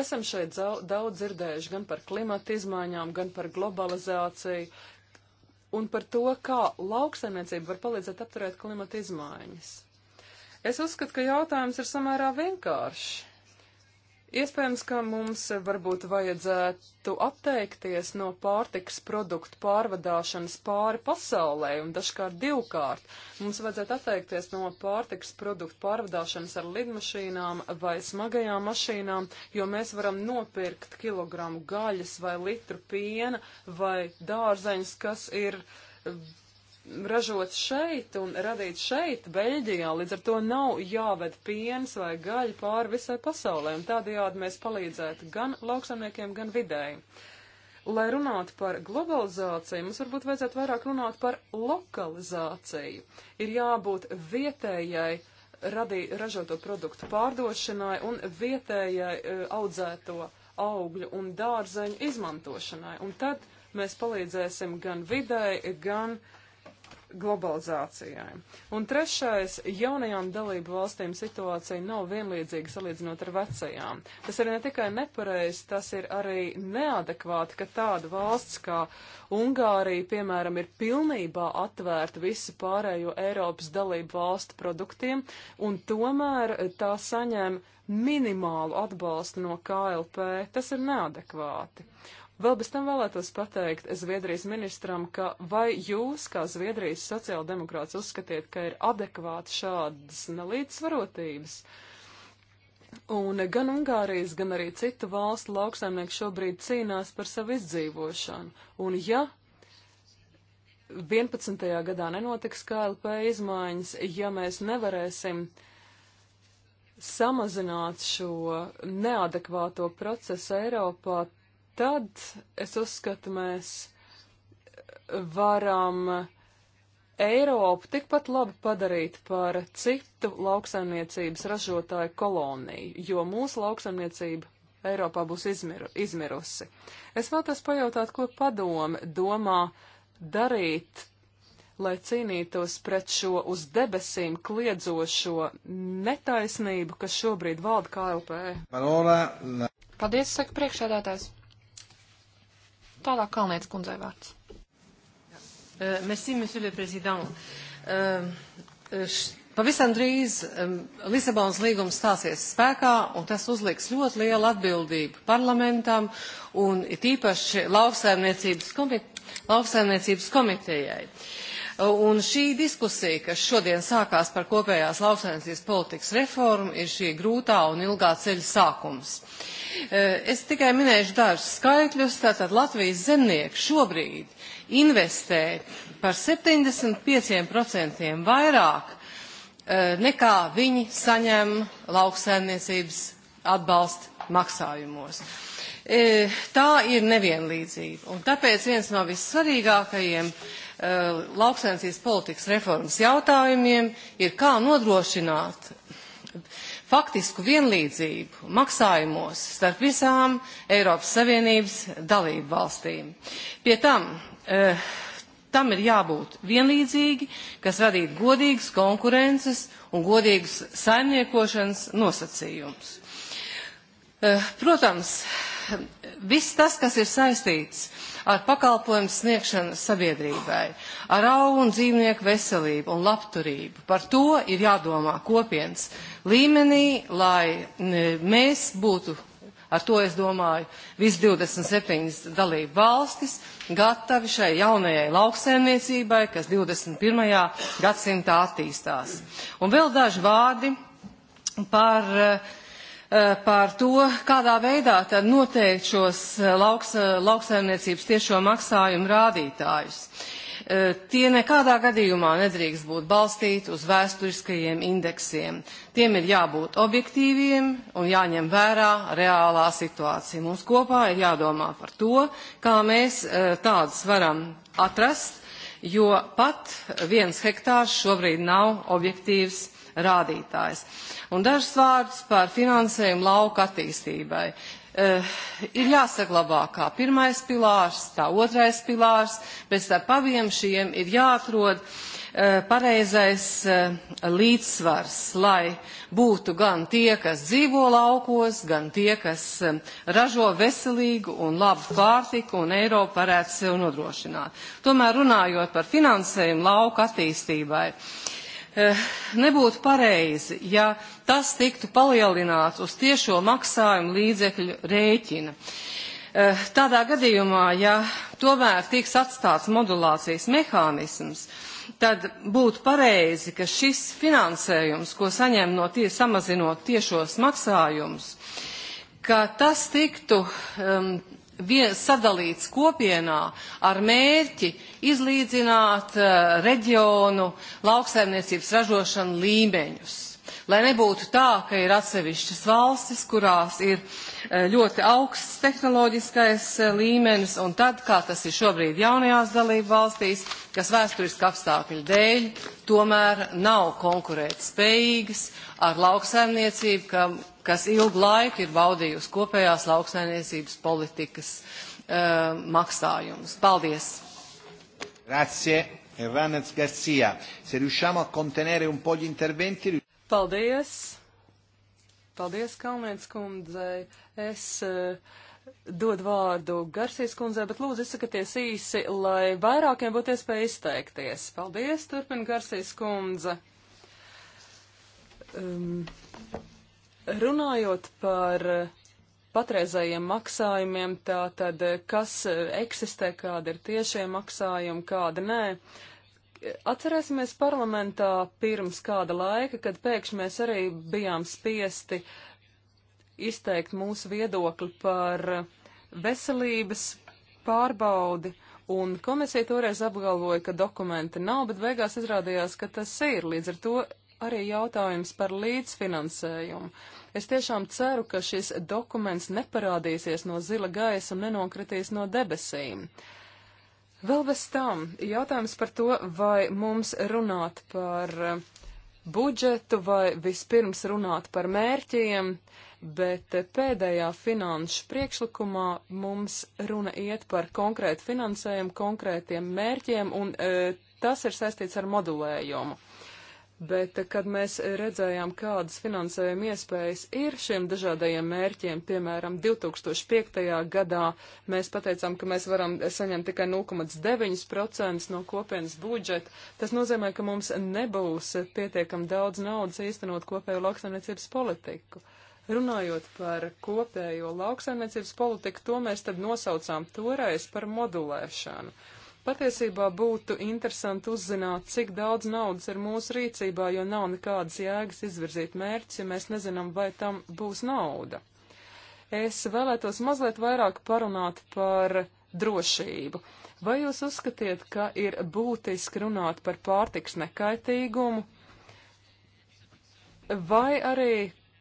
Esam šeit daudz dzirdējuši gan par klimata izmaiņām, gan par globalizāciju un par to, kā lauksaimniecība var palīdzēt apturēt klimata izmaiņas. Es uzskatu, ka jautājums ir samērā vienkāršs. Iespējams, ka mums varbūt vajadzētu atteikties no pārtikas produktu pārvadāšanas pāri pasaulē un dažkārt divkārt. Mums vajadzētu atteikties no pārtikas produktu pārvadāšanas ar lidmašīnām vai smagajām mašīnām, jo mēs varam nopirkt kilogramu gaļas vai litru piena vai dārzeņus, kas ir ražots šeit un radīts šeit, Beļģijā, līdz ar to nav jāved piens vai gaļa pāri visai pasaulē, un tādējādi mēs palīdzētu gan lauksaimniekiem, gan vidēji. Lai runātu par globalizāciju, mums varbūt vajadzētu vairāk runāt par lokalizāciju. Ir jābūt vietējai radī, ražoto produktu pārdošanai un vietējai uh, audzēto augļu un dārzeņu izmantošanai. Un tad mēs palīdzēsim gan vidēji, gan uh, globalizācijai. Un trešais, jaunajām dalību valstīm situācija nav vienlīdzīga salīdzinot ar vecajām. Tas ir ne tikai nepareizi, tas ir arī neadekvāti, ka tāda valsts kā Ungārija, piemēram, ir pilnībā atvērta visu pārējo Eiropas dalību valstu produktiem, un tomēr tā saņem minimālu atbalstu no KLP. Tas ir neadekvāti. Mm. Vēl bez tam vēlētos pateikt Zviedrijas ministram, ka vai jūs, kā Zviedrijas sociāldemokrāts, uzskatiet, ka ir adekvāti šādas nelīdzsvarotības? Un gan Ungārijas, gan arī citu valstu lauksaimnieki šobrīd cīnās par savu izdzīvošanu. Un ja 11. gadā nenotiks KLP izmaiņas, ja mēs nevarēsim samazināt šo neadekvāto procesu Eiropā, tad es uzskatu, mēs varam Eiropu tikpat labi padarīt par citu lauksaimniecības ražotāju koloniju, jo mūsu lauksaimniecība Eiropā būs izmiru, izmirusi. Es vēlos pajautāt, ko padome domā darīt, lai cīnītos pret šo uz debesīm kliedzošo netaisnību, kas šobrīd valda KLP. Paldies, saka priekšādātājs. Tālāk Kalnietes kundzei vārds. Eh, merci, monsieur le président. Eh, eh, pavisam drīz Lisabonas līgums stāsies spēkā, un tas uzliks ļoti lielu atbildību parlamentam un it īpaši lauksaimniecības, komite lauksaimniecības komitejai. Uh, Un šī diskusija, kas šodien sākās par kopējās lauksaimniecības politikas reformu, ir šī grūtā un ilgā ceļa sākums. E, es tikai minēšu dažus skaitļus. Tātad Latvijas zemnieki šobrīd investē par 75% vairāk e, nekā viņi saņem lauksaimniecības atbalsta maksājumos. E, tā ir nevienlīdzība. Un tāpēc viens no vissvarīgākajiem uh, Uh, lauksainicības politikas reformas jautājumiem ir kā nodrošināt faktisku vienlīdzību maksājumos starp visām Eiropas Savienības dalību valstīm. Pie tam e, tam ir jābūt vienlīdzīgi, kas radītu godīgas konkurences un godīgas saimniekošanas nosacījumus. E, protams, viss tas, kas ir saistīts ar pakalpojumu sniegšanu sabiedrībai, ar augu un dzīvnieku veselību un labturību. Par to ir jādomā kopienas līmenī, lai mēs būtu, ar to es domāju, vis 27 dalību valstis, gatavi šai jaunajai lauksēmniecībai, kas 21. gadsimtā attīstās. Un vēl daži vārdi par uh, Eh, par to, kādā veidā tad noteikt šos eh, lauks, eh, lauksaimniecības tiešo maksājumu rādītājus. Tie nekādā gadījumā nedrīkst būt balstīti uz vēsturiskajiem indeksiem. Tiem ir jābūt objektīviem un jāņem vērā reālā situācija. Mums kopā ir jādomā par to, kā mēs tādus varam atrast, jo pat viens hektārs šobrīd nav objektīvs rādītājs. Un dažs vārds par finansējumu lauka attīstībai. Uh, ir jāsaglabā kā pirmais pilārs, tā otrais pilārs, bet starp abiem šiem ir jāatrod uh, pareizais uh, līdzsvars, lai būtu gan tie, kas dzīvo laukos, gan tie, kas ražo veselīgu un labu pārtiku un Eiropu varētu sev nodrošināt. Tomēr runājot par finansējumu lauka attīstībai, uh, Eh, nebūtu pareizi, ja tas tiktu palielināts uz tiešo maksājumu līdzekļu rēķina. Eh, tādā gadījumā, ja tomēr tiks atstāts modulācijas mehānisms, tad būtu pareizi, ka šis finansējums, ko saņem no tie, samazinot tiešos maksājumus, ka tas tiktu um, sadalīts kopienā ar mērķi izlīdzināt eh, reģionu lauksaimniecības ražošanu līmeņus lai nebūtu tā, ka ir atsevišķas valstis, kurās ir e, ļoti augsts tehnoloģiskais e, līmenis, un tad, kā tas ir šobrīd jaunajās dalību valstīs, kas vēsturiski apstākļu dēļ tomēr nav konkurēt spējīgas ar lauksaimniecību, ka, kas ilgu laiku ir baudījusi kopējās lauksaimniecības politikas uh, maksājumus. Paldies! Grazie. Hernandez Garcia, se riusciamo a contenere un po' gli interventi. Paldies! Paldies, Kalnietis kundzei. Es uh, eh, dodu vārdu Garsīs kundzei, bet lūdzu izsakaties īsi, lai vairākiem būtu iespēja izteikties. Paldies, turpina Garsīs kundze. Um, runājot par patreizējiem maksājumiem, tā tad eh, kas eh, eksistē, kāda ir tiešie maksājumi, kāda nē. Uh, Atcerēsimies parlamentā pirms kāda laika, kad pēkšņi mēs arī bijām spiesti izteikt mūsu viedokli par veselības pārbaudi, un komisija toreiz apgalvoja, ka dokumenta nav, bet beigās izrādījās, ka tas ir. Līdz ar to arī jautājums par līdzfinansējumu. Es tiešām ceru, ka šis dokuments neparādīsies no zila gaisa un nenokritīs no debesīm. Uh, Vēl bez tam jautājums par to, vai mums runāt par eh, budžetu vai vispirms runāt par mērķiem, bet eh, pēdējā finanšu priekšlikumā mums runa iet par konkrētu finansējumu, konkrētiem mērķiem, un e, tas ir saistīts ar modulējumu bet eh, kad mēs redzējām, kādas finansējuma iespējas ir šiem dažādajiem mērķiem, piemēram, 2005. gadā mēs pateicām, ka mēs varam saņemt tikai 0,9% no kopienas budžeta, tas nozīmē, ka mums nebūs pietiekam daudz naudas īstenot kopējo lauksaimniecības politiku. Runājot par kopējo lauksaimniecības politiku, to mēs tad nosaucām toreiz par modulēšanu. Patiesībā būtu interesanti uzzināt, cik daudz naudas ir mūsu rīcībā, jo nav nekādas jēgas izvirzīt mērķus, ja mēs nezinām, vai tam būs nauda. Es vēlētos mazliet vairāk parunāt par drošību. Vai jūs uzskatiet, ka ir būtiski runāt par pārtiks nekaitīgumu, vai arī,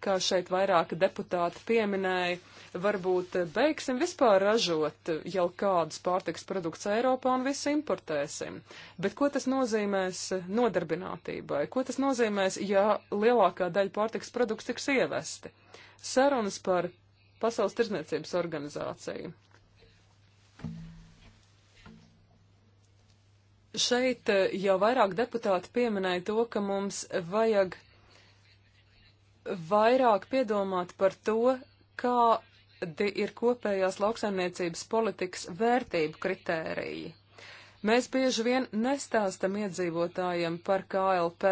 kā šeit vairāki deputāti pieminēja, Varbūt beigsim vispār ražot jau kādus pārtiks produktus Eiropā un visu importēsim. Bet ko tas nozīmēs nodarbinātībai? Ko tas nozīmēs, ja lielākā daļa pārtiks produktu tiks ievesti? Sarunas par Pasaules tirzniecības organizāciju. Šeit jau vairāk deputāti pieminēja to, ka mums vajag vairāk piedomāt par to, kā ir kopējās lauksaimniecības politikas vērtību kritēriji. Mēs bieži vien nestāstam iedzīvotājiem par KLP.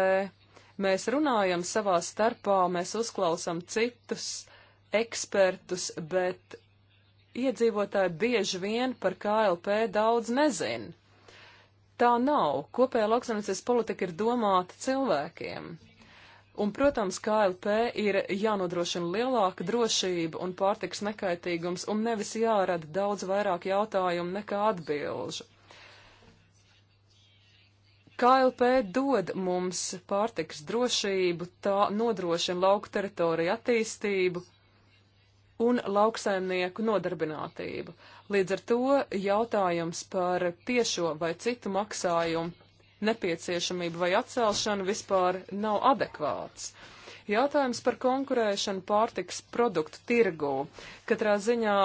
Mēs runājam savā starpā, mēs uzklausam citus ekspertus, bet iedzīvotāji bieži vien par KLP daudz nezin. Tā nav. Kopējā lauksaimniecības politika ir domāta cilvēkiem. Un, protams, KLP ir jānodrošina lielāka drošība un pārtiks nekaitīgums, un nevis jārada daudz vairāk jautājumu nekā atbilžu. KLP dod mums pārtiks drošību, tā nodrošina lauku teritoriju attīstību un lauksaimnieku nodarbinātību. Līdz ar to jautājums par tiešo vai citu maksājumu nepieciešamību vai atcelšanu vispār nav adekvāts. Jautājums par konkurēšanu pārtiks produktu tirgū. Katrā ziņā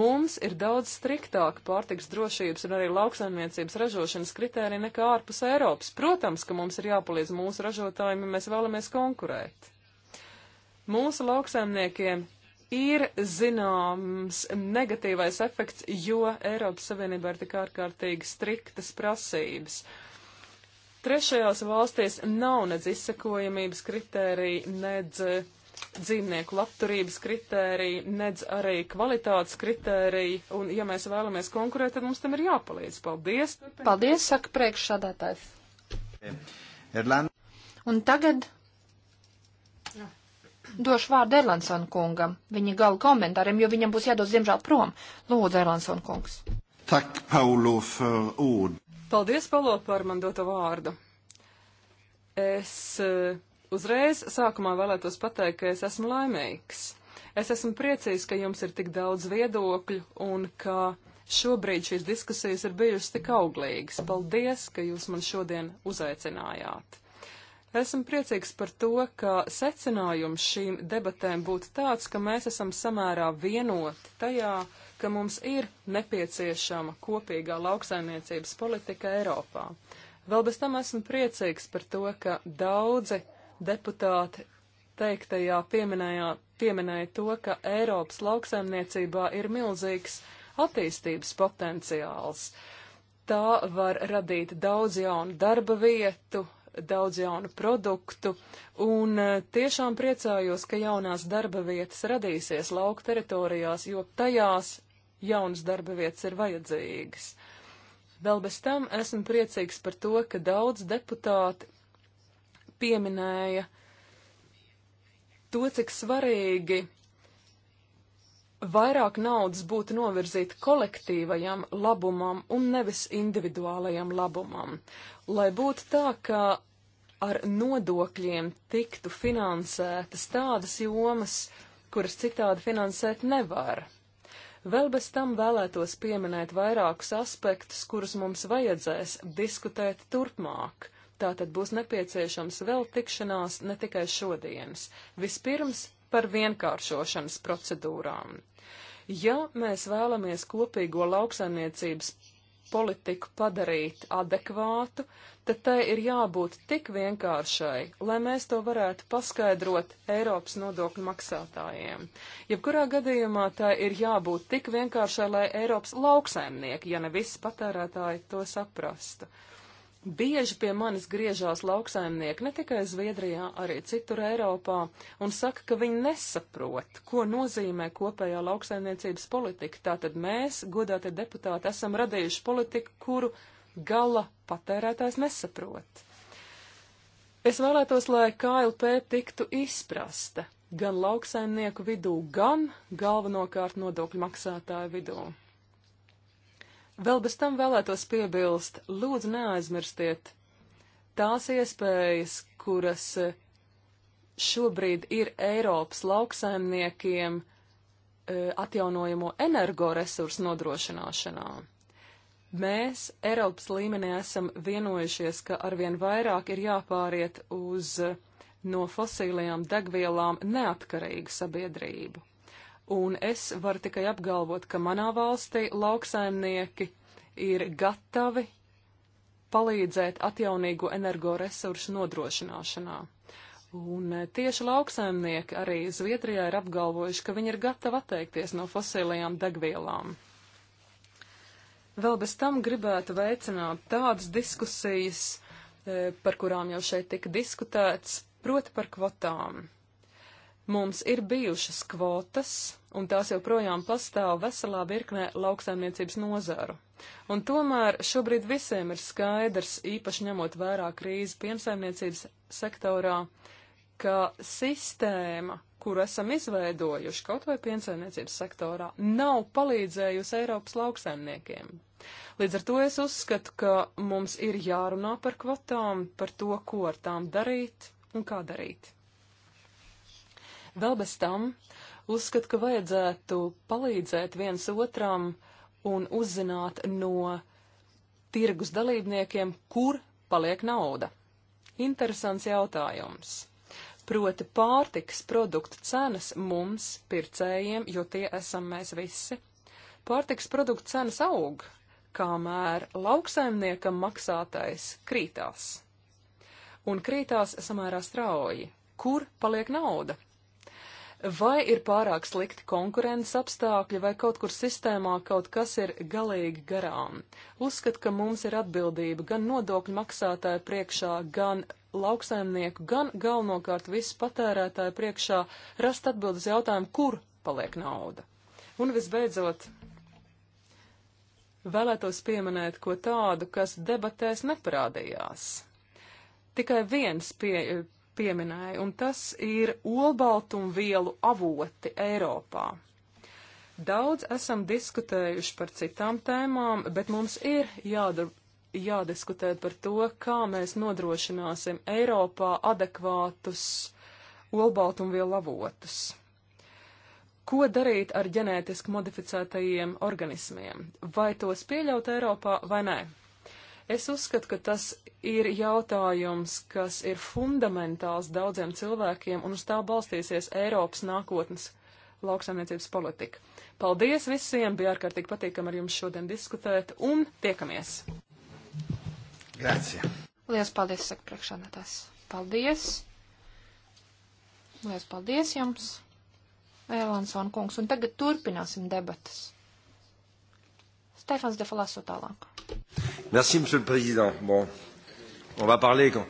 mums ir daudz striktāka pārtiks drošības un arī lauksaimniecības ražošanas kritērija nekā ārpus Eiropas. Protams, ka mums ir jāpalīdz mūsu ražotājiem, ja mēs vēlamies konkurēt. Mūsu lauksaimniekiem ir zināms negatīvais efekts, jo Eiropas Savienībā ir tik ārkārtīgi striktas prasības. Uh, Trešajās valstīs nav nedz izsekojamības kritērija, nedz eh, dzīvnieku labturības kritērija, nedz arī kvalitātes kritērija, un ja mēs vēlamies konkurēt, tad mums tam ir jāpalīdz. Paldies! Paldies, saka priekšsādātājs. Un tagad došu vārdu Erlandsona kungam, viņa gala komentāriem, jo viņam būs jādod, diemžēl, prom. Lūdzu, Erlansona kungs. Tak, Paulo, for ord. Paldies, Palo, par man doto vārdu. Es eh, uzreiz sākumā vēlētos pateikt, ka es esmu laimīgs. Es esmu priecīgs, ka jums ir tik daudz viedokļu un ka šobrīd šīs diskusijas ir bijušas tik auglīgas. Paldies, ka jūs man šodien uzaicinājāt. Esmu priecīgs par to, ka secinājums šīm debatēm būtu tāds, ka mēs esam samērā vienoti tajā, uh, ka mums ir nepieciešama kopīgā lauksaimniecības politika Eiropā. Vēl bez tam esmu priecīgs par to, ka daudzi deputāti teiktajā pieminējā, pieminēja to, ka Eiropas lauksaimniecībā ir milzīgs attīstības potenciāls. Tā var radīt daudz jaunu darba vietu, daudz jaunu produktu, un e, tiešām priecājos, ka jaunās darba vietas radīsies lauku teritorijās, jo tajās jaunas darba vietas ir vajadzīgas. Vēl bez tam esmu priecīgs par to, ka daudz deputāti pieminēja to, cik svarīgi vairāk naudas būtu novirzīta kolektīvajam labumam un nevis individuālajam labumam. Lai būtu tā, ka ar nodokļiem tiktu finansētas tādas jomas, kuras citādi finansēt nevar. Vēl bez tam vēlētos pieminēt vairākus aspektus, kurus mums vajadzēs diskutēt turpmāk. Tātad būs nepieciešams vēl tikšanās ne tikai šodienas. Vispirms par vienkāršošanas procedūrām. Ja mēs vēlamies kopīgo lauksaimniecības politiku padarīt adekvātu, tad tai ir jābūt tik vienkāršai, lai mēs to varētu paskaidrot Eiropas nodokļu maksātājiem. Jebkurā gadījumā tai ir jābūt tik vienkāršai, lai Eiropas lauksaimnieki, ja ne visi patērētāji, to saprastu. Uh, Bieži pie manis griežās lauksaimnieki ne tikai Zviedrijā, arī citur Eiropā un saka, ka viņi nesaprot, ko nozīmē kopējā lauksaimniecības politika. Tātad mēs, godātie deputāti, esam radījuši politiku, kuru gala patērētājs nesaprot. Es vēlētos, lai KLP tiktu izprasta gan lauksaimnieku vidū, gan galvenokārt nodokļu maksātāju vidū. Vēl bez tam vēlētos piebilst, lūdzu neaizmirstiet tās iespējas, kuras eh, šobrīd ir Eiropas lauksaimniekiem eh, atjaunojamo energoresursu nodrošināšanā. Mēs Eiropas līmenī esam vienojušies, ka arvien vairāk ir jāpāriet uz eh, no fosīlajām degvielām neatkarīgu sabiedrību. Un es varu tikai apgalvot, ka manā valstī lauksaimnieki ir gatavi palīdzēt atjaunīgo energoresursu nodrošināšanā. Un e, tieši lauksaimnieki arī Zviedrijā ir apgalvojuši, ka viņi ir gatavi atteikties no fosilajām degvielām. Vēl bez tam gribētu veicināt tādas diskusijas, e, par kurām jau šeit tika diskutēts, proti par kvotām. Mums ir bijušas kvotas, un tās joprojām pastāv veselā virknē lauksaimniecības nozaru. Un tomēr šobrīd visiem ir skaidrs, īpaši ņemot vērā krīzi piensaimniecības sektorā, ka sistēma, kuru esam izveidojuši kaut vai piensaimniecības sektorā, nav palīdzējusi Eiropas lauksaimniekiem. Līdz ar to es uzskatu, ka mums ir jārunā par kvotām, par to, ko ar tām darīt un kā darīt. Vēl bez tam uzskatu, ka vajadzētu palīdzēt viens otram un uzzināt no tirgus dalībniekiem, kur paliek nauda. Interesants jautājums. Proti pārtikas produktu cenas mums, pircējiem, jo tie esam mēs visi. Pārtikas produktu cenas aug, kamēr lauksaimniekam maksātais krītās. Un krītās samērā strauji. Kur paliek nauda? Vai ir pārāk slikti konkurences apstākļi, vai kaut kur sistēmā kaut kas ir galīgi garām? Uzskatu, ka mums ir atbildība gan nodokļu maksātāju priekšā, gan lauksaimnieku, gan galvenokārt visu patērētāju priekšā rast atbildes jautājumu, kur paliek nauda. Un visbeidzot, vēlētos pieminēt ko tādu, kas debatēs neparādījās. Tikai viens pie, pieminēja, un tas ir olbaltumvielu avoti Eiropā. Daudz esam diskutējuši par citām tēmām, bet mums ir jādara, jādiskutē par to, kā mēs nodrošināsim Eiropā adekvātus olbaltumvielu avotus. Ko darīt ar ģenētiski modificētajiem organismiem? Vai tos pieļaut Eiropā vai nē? Es uzskatu, ka tas ir jautājums, kas ir fundamentāls daudziem cilvēkiem un uz tā balstīsies Eiropas nākotnes lauksaimniecības politika. Paldies visiem, bija ārkārtīgi patīkami ar jums šodien diskutēt un tiekamies! Grācija! Lielas paldies, saka priekšādātājs. Paldies! Lielas paldies jums, Ēlansona kungs, un tagad turpināsim debatas. Stefans Defalaso tālāk. Merci, monsieur le président. Bon, on va parler. Quand...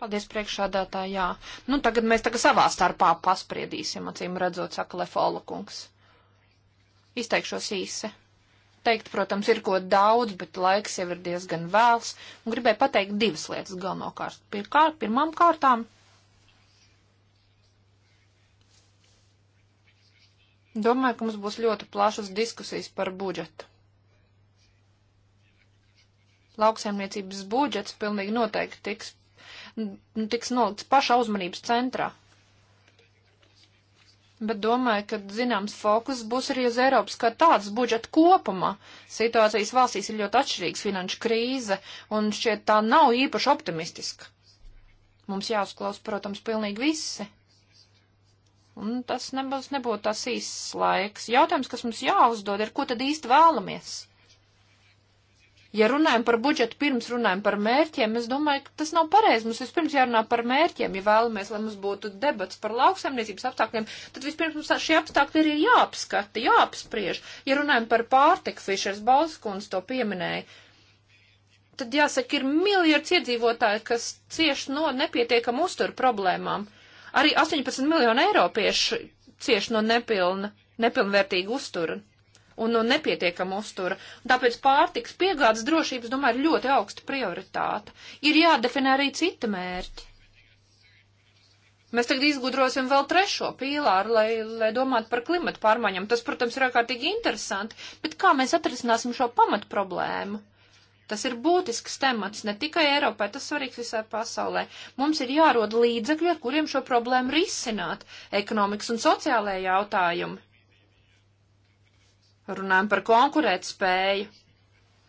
Paldies, priekšādātā, jā. Nu, tagad mēs tagad savā starpā paspriedīsim, acīm redzot, saka Lefola kungs. Izteikšos īsi. Teikt, protams, ir ko daudz, bet laiks jau ir diezgan vēls, un gribēju pateikt divas lietas galvenokārt. Pirmkārt, pirmām kārtām. Domāju, ka mums būs ļoti plašas diskusijas par budžetu. Lauksaimniecības budžets pilnīgi noteikti tiks, nu, tiks nolikts pašā uzmanības centrā. Bet domāju, ka zināms fokus būs arī uz Eiropas kā tāds budžeta kopumā. Situācijas valstīs ir ļoti atšķirīgs finanšu krīze, un šķiet tā nav īpaši optimistiska. Mums jāuzklaus, protams, pilnīgi visi. Un tas nebūs, nebūtu tas īsts laiks. Jautājums, kas mums jāuzdod, ir, ko tad īsti vēlamies? Ja runājam par budžetu, pirms runājam par mērķiem, es domāju, ka tas nav pareizi. Mums vispirms jārunā par mērķiem. Ja vēlamies, lai mums būtu debats par lauksaimniecības apstākļiem, tad vispirms mums šie apstākļi ir jāapskata, jāapspriež. Ja runājam par pārtiku, Fišers Balskunds to pieminēja tad jāsaka, ir miljards iedzīvotāji, kas cieši no nepietiekam uzturu problēmām. Arī 18 miljonu eiropiešu cieši no nepilna, nepilnvērtīga uztura un no nepietiekama uztura. Un tāpēc pārtiks piegādes drošības, domāju, ir ļoti augsta prioritāte. Ir jādefinē arī cita mērķi. Mēs tagad izgudrosim vēl trešo pīlāru, lai, lai domātu par klimatu pārmaiņām. Tas, protams, ir ārkārtīgi interesanti, bet kā mēs atrisināsim šo pamatu problēmu? Tas ir būtisks temats ne tikai Eiropai, tas svarīgs visai pasaulē. Mums ir jāroda līdzekļi, ar kuriem šo problēmu risināt - ekonomikas un sociālajie jautājumi. Runājam par konkurētspēju.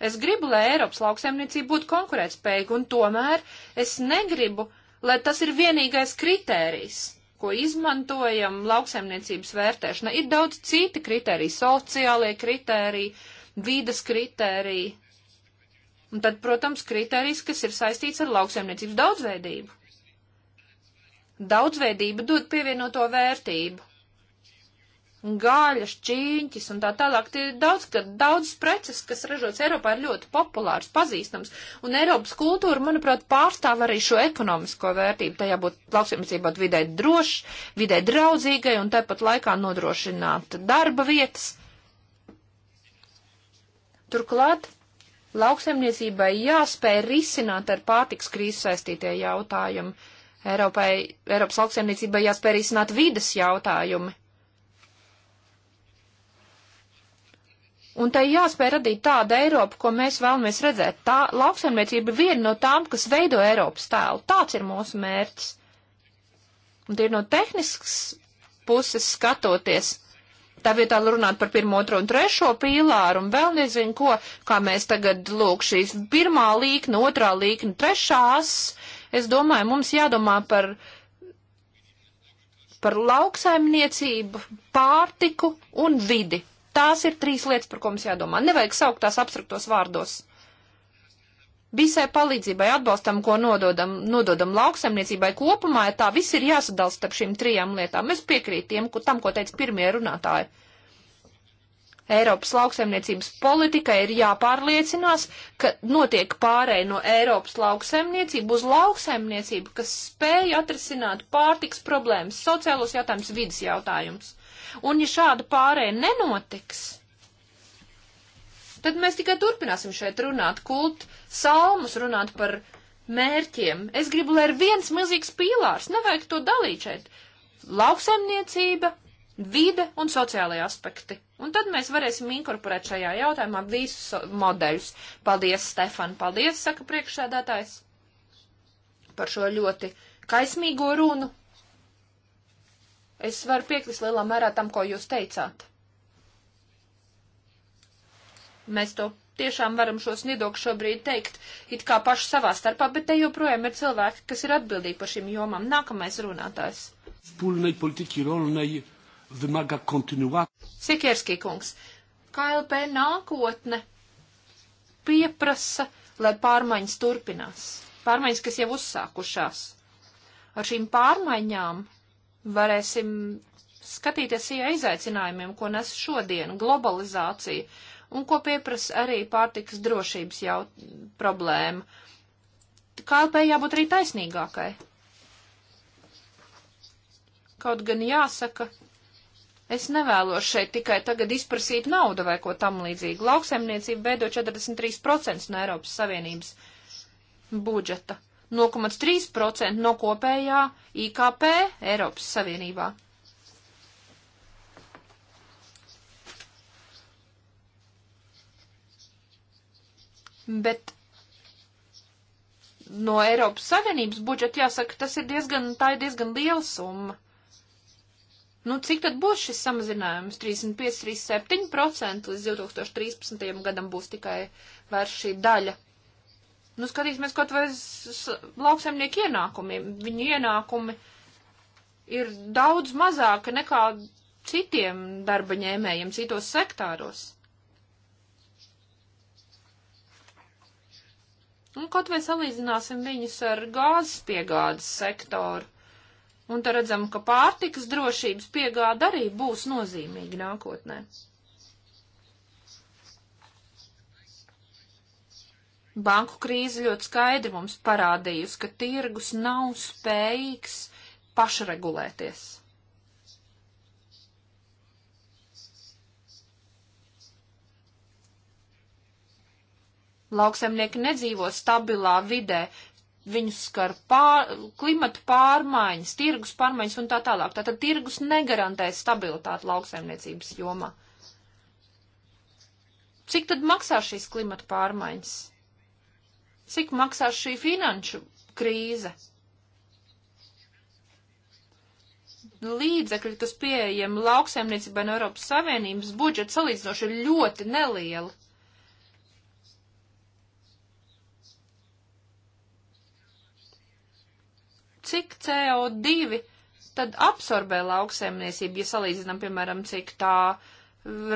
Es gribu, lai Eiropas lauksaimniecība būtu konkurētspējīga, un tomēr es negribu, lai tas ir vienīgais kritērijs, ko izmantojam lauksaimniecības vērtēšanā. Ir daudz citi kritēriji, sociālie kritēriji, vidas kritēriji. Un tad, protams, kritērijs, kas ir saistīts ar lauksaimniecības daudzveidību. Daudzveidība dod pievienoto vērtību gaļas, čiņķis un tā tālāk. Tie ir daudz, ka daudz preces, kas ražots Eiropā, ir ļoti populārs, pazīstams. Un Eiropas kultūra, manuprāt, pārstāv arī šo ekonomisko vērtību. Tajā būtu lauksimniecībā vidē droši, vidē draudzīgai un tāpat laikā nodrošināt darba vietas. Turklāt lauksimniecībai jāspēj risināt ar pārtiks krīzes saistītie jautājumi. Eiropai, Eiropas lauksaimniecībai jāspēj risināt vides jautājumi Un tai jāspēj radīt tādu Eiropu, ko mēs vēlamies redzēt. Tā lauksaimniecība ir viena no tām, kas veido Eiropas tēlu. Tāds ir mūsu mērķis. Un tie ir no tehniskas puses skatoties. Tā vietā runāt par pirmo, otro un trešo pīlāru un vēl nezinu ko, kā mēs tagad lūk šīs pirmā līkna, otrā līkna, trešās. Es domāju, mums jādomā par, par lauksaimniecību, pārtiku un vidi. Tās ir trīs lietas, par ko mums jādomā. Nevajag saukt tās abstraktos vārdos. Visai palīdzībai atbalstam, ko nododam, nododam lauksaimniecībai kopumā, ja tā viss ir jāsadala starp šīm trijām lietām. Es piekrītu tiem, ko, tam, ko teica pirmie runātāji. Eiropas lauksaimniecības politikai ir jāpārliecinās, ka notiek pārēj no Eiropas lauksaimniecību uz lauksaimniecību, kas spēj atrisināt pārtiks problēmas, sociālos jautājumus, vidas jautājumus. Un ja šāda pārēja nenotiks, tad mēs tikai turpināsim šeit runāt kult, salmus runāt par mērķiem. Es gribu, lai ir viens milzīgs pīlārs, nevajag to dalīt šeit. Lauksaimniecība, vide un sociālajie aspekti. Un tad mēs varēsim inkorporēt šajā jautājumā visus so modeļus. Paldies, Stefan, paldies, saka priekšsēdētājs, par šo ļoti kaismīgo runu. Es varu piekrist lielā mērā tam, ko jūs teicāt. Mēs to tiešām varam šos niedokļus šobrīd teikt it kā paši savā starpā, bet te joprojām ir cilvēki, kas ir atbildīgi par šīm jomām. Nākamais runātājs. Sikierskī kungs, KLP nākotne pieprasa, lai pārmaiņas turpinās. Pārmaiņas, kas jau uzsākušās. Ar šīm pārmaiņām varēsim skatīties ie izaicinājumiem, ko nes šodien globalizācija un ko pieprasa arī pārtikas drošības jau problēma. Kalpē jābūt arī taisnīgākai. Kaut gan jāsaka, es nevēlos šeit tikai tagad izprasīt naudu vai ko tam līdzīgu. Lauksaimniecība veido 43% no Eiropas Savienības budžeta. 0,3% no kopējā IKP Eiropas Savienībā. Bet no Eiropas Savienības budžeta jāsaka, tas ir diezgan, tā ir diezgan liela summa. Nu, cik tad būs šis samazinājums? 35, 37% līdz 2013. gadam būs tikai vairs šī daļa. Nu, skatīsimies kaut vai lauksaimnieku ienākumiem. Viņu ienākumi ir daudz mazāki nekā citiem darba ņēmējiem, citos sektāros. Un kaut vai salīdzināsim viņus ar gāzes piegādes sektoru. Un te redzam, ka pārtikas drošības piegāda arī būs nozīmīga nākotnē. Banku krīze ļoti skaidri mums parādījusi, ka tirgus nav spējīgs pašregulēties. Lauksaimnieki nedzīvo stabilā vidē, viņus skar pār, klimatu pārmaiņas, tirgus pārmaiņas un tā tālāk. Tātad tirgus negarantē stabilitāti lauksaimniecības jomā. Cik tad maksā šīs klimata pārmaiņas? Cik maksās šī finanšu krīze? Līdzekļi, kas pieejami lauksaimniecībai no Eiropas Savienības budžeta salīdzinoši ir ļoti nelieli. Cik CO2 tad absorbē lauksaimniecība, ja salīdzinām, piemēram, cik tā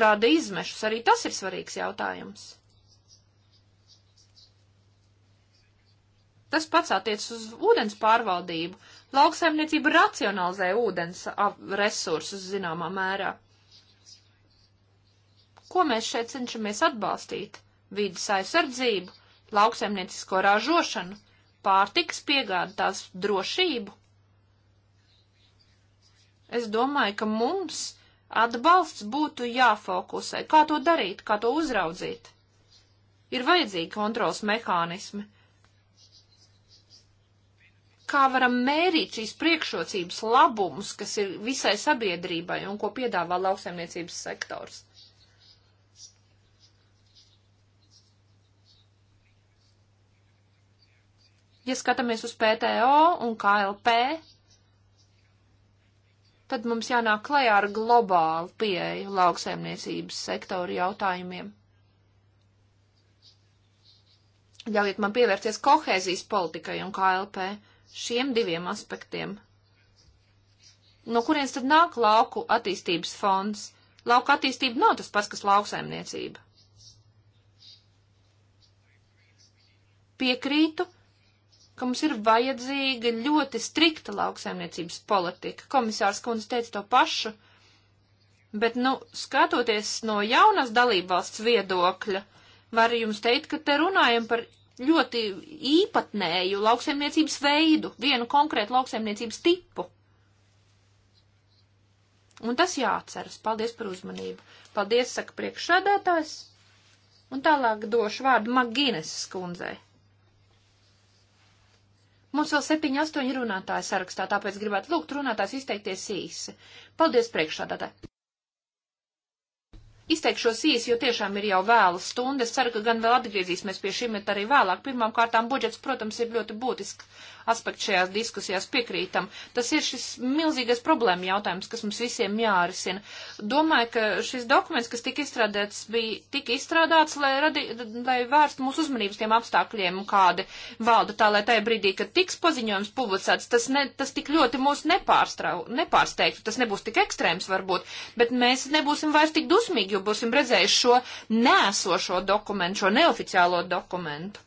rada izmešus? Arī tas ir svarīgs jautājums. Tas pats attiecas uz ūdens pārvaldību. Lauksaimniecība racionalizē ūdens resursus zināmā mērā. Ko mēs šeit cenšamies atbalstīt? Vides aizsardzību, lauksaimniecisko ražošanu, pārtikas piegādi, tās drošību. Es domāju, ka mums atbalsts būtu jāfokusē. Kā to darīt, kā to uzraudzīt? Ir vajadzīgi kontrols mehānismi kā varam mērīt šīs priekšrocības labumus, kas ir visai sabiedrībai un ko piedāvā lauksaimniecības sektors. Ja skatāmies uz PTO un KLP, tad mums jānāk klajā ar globālu pieeju lauksaimniecības sektoru jautājumiem. Ļaujiet man pievērsties kohēzijas politikai un KLP šiem diviem aspektiem. No kurienes tad nāk lauku attīstības fonds? Lauka attīstība nav tas pats, kas lauksaimniecība. Piekrītu, ka mums ir vajadzīga ļoti strikta lauksaimniecības politika. Komisārs Kundze teica to pašu, bet, nu, skatoties no jaunas dalībvalsts viedokļa, var jums teikt, ka te runājam par ļoti īpatnēju lauksaimniecības veidu, vienu konkrētu lauksaimniecības tipu. Un tas jāatceras. Paldies par uzmanību. Paldies, saka priekšsādātājs. Un tālāk došu vārdu Magīnes skundzei. Mums vēl septiņi, astoņi runātāji sarakstā, tāpēc gribētu lūgt runātājs izteikties īsi. Paldies priekšsādātāji. Izteikšos īsi, jo tiešām ir jau vēla stunda. Es ceru, ka gan vēl atgriezīsimies pie šīm, bet arī vēlāk. Pirmām kārtām budžets, protams, ir ļoti būtisks aspektu šajās diskusijās piekrītam. Tas ir šis milzīgais problēma jautājums, kas mums visiem jārisina. Domāju, ka šis dokuments, kas tika izstrādāts, bija tik izstrādāts, lai, radi, lai vērst mūsu uzmanības tiem apstākļiem, kādi valda tā, lai tajā brīdī, kad tiks paziņojums publicēts, tas, ne, tas tik ļoti mūs nepārsteigtu. Tas nebūs tik ekstrēms varbūt, bet mēs nebūsim vairs tik dusmīgi, jo būsim redzējuši šo nēsošo dokumentu, šo neoficiālo dokumentu.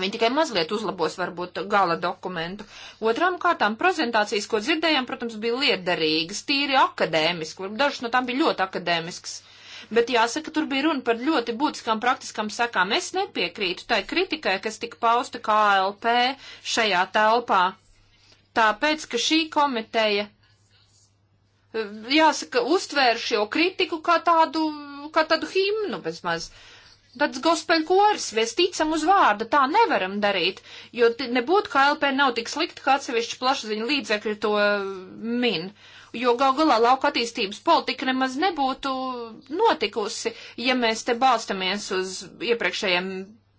Viņi tikai mazliet uzlabos varbūt gala dokumentu. Otrām kārtām prezentācijas, ko dzirdējām, protams, bija liederīgas, tīri akadēmiski, varbūt dažas no tām bija ļoti akadēmiskas. Bet jāsaka, tur bija runa par ļoti būtiskām praktiskām sekām. Es nepiekrītu tai kritikai, kas tika pausta KLP šajā telpā. Tāpēc, ka šī komiteja, eh, jāsaka, uztvēra šo kritiku kā tādu, kā tādu himnu bezmaz. Uh, Tāds gospelkors, mēs ticam uz vārda, tā nevaram darīt, jo nebūtu KLP nav tik slikti, kā atsevišķi plašsaziņa līdzekļi to mm, min. Jo gal galā lauka attīstības politika nemaz nebūtu notikusi, ja mēs te balstamies uz iepriekšējiem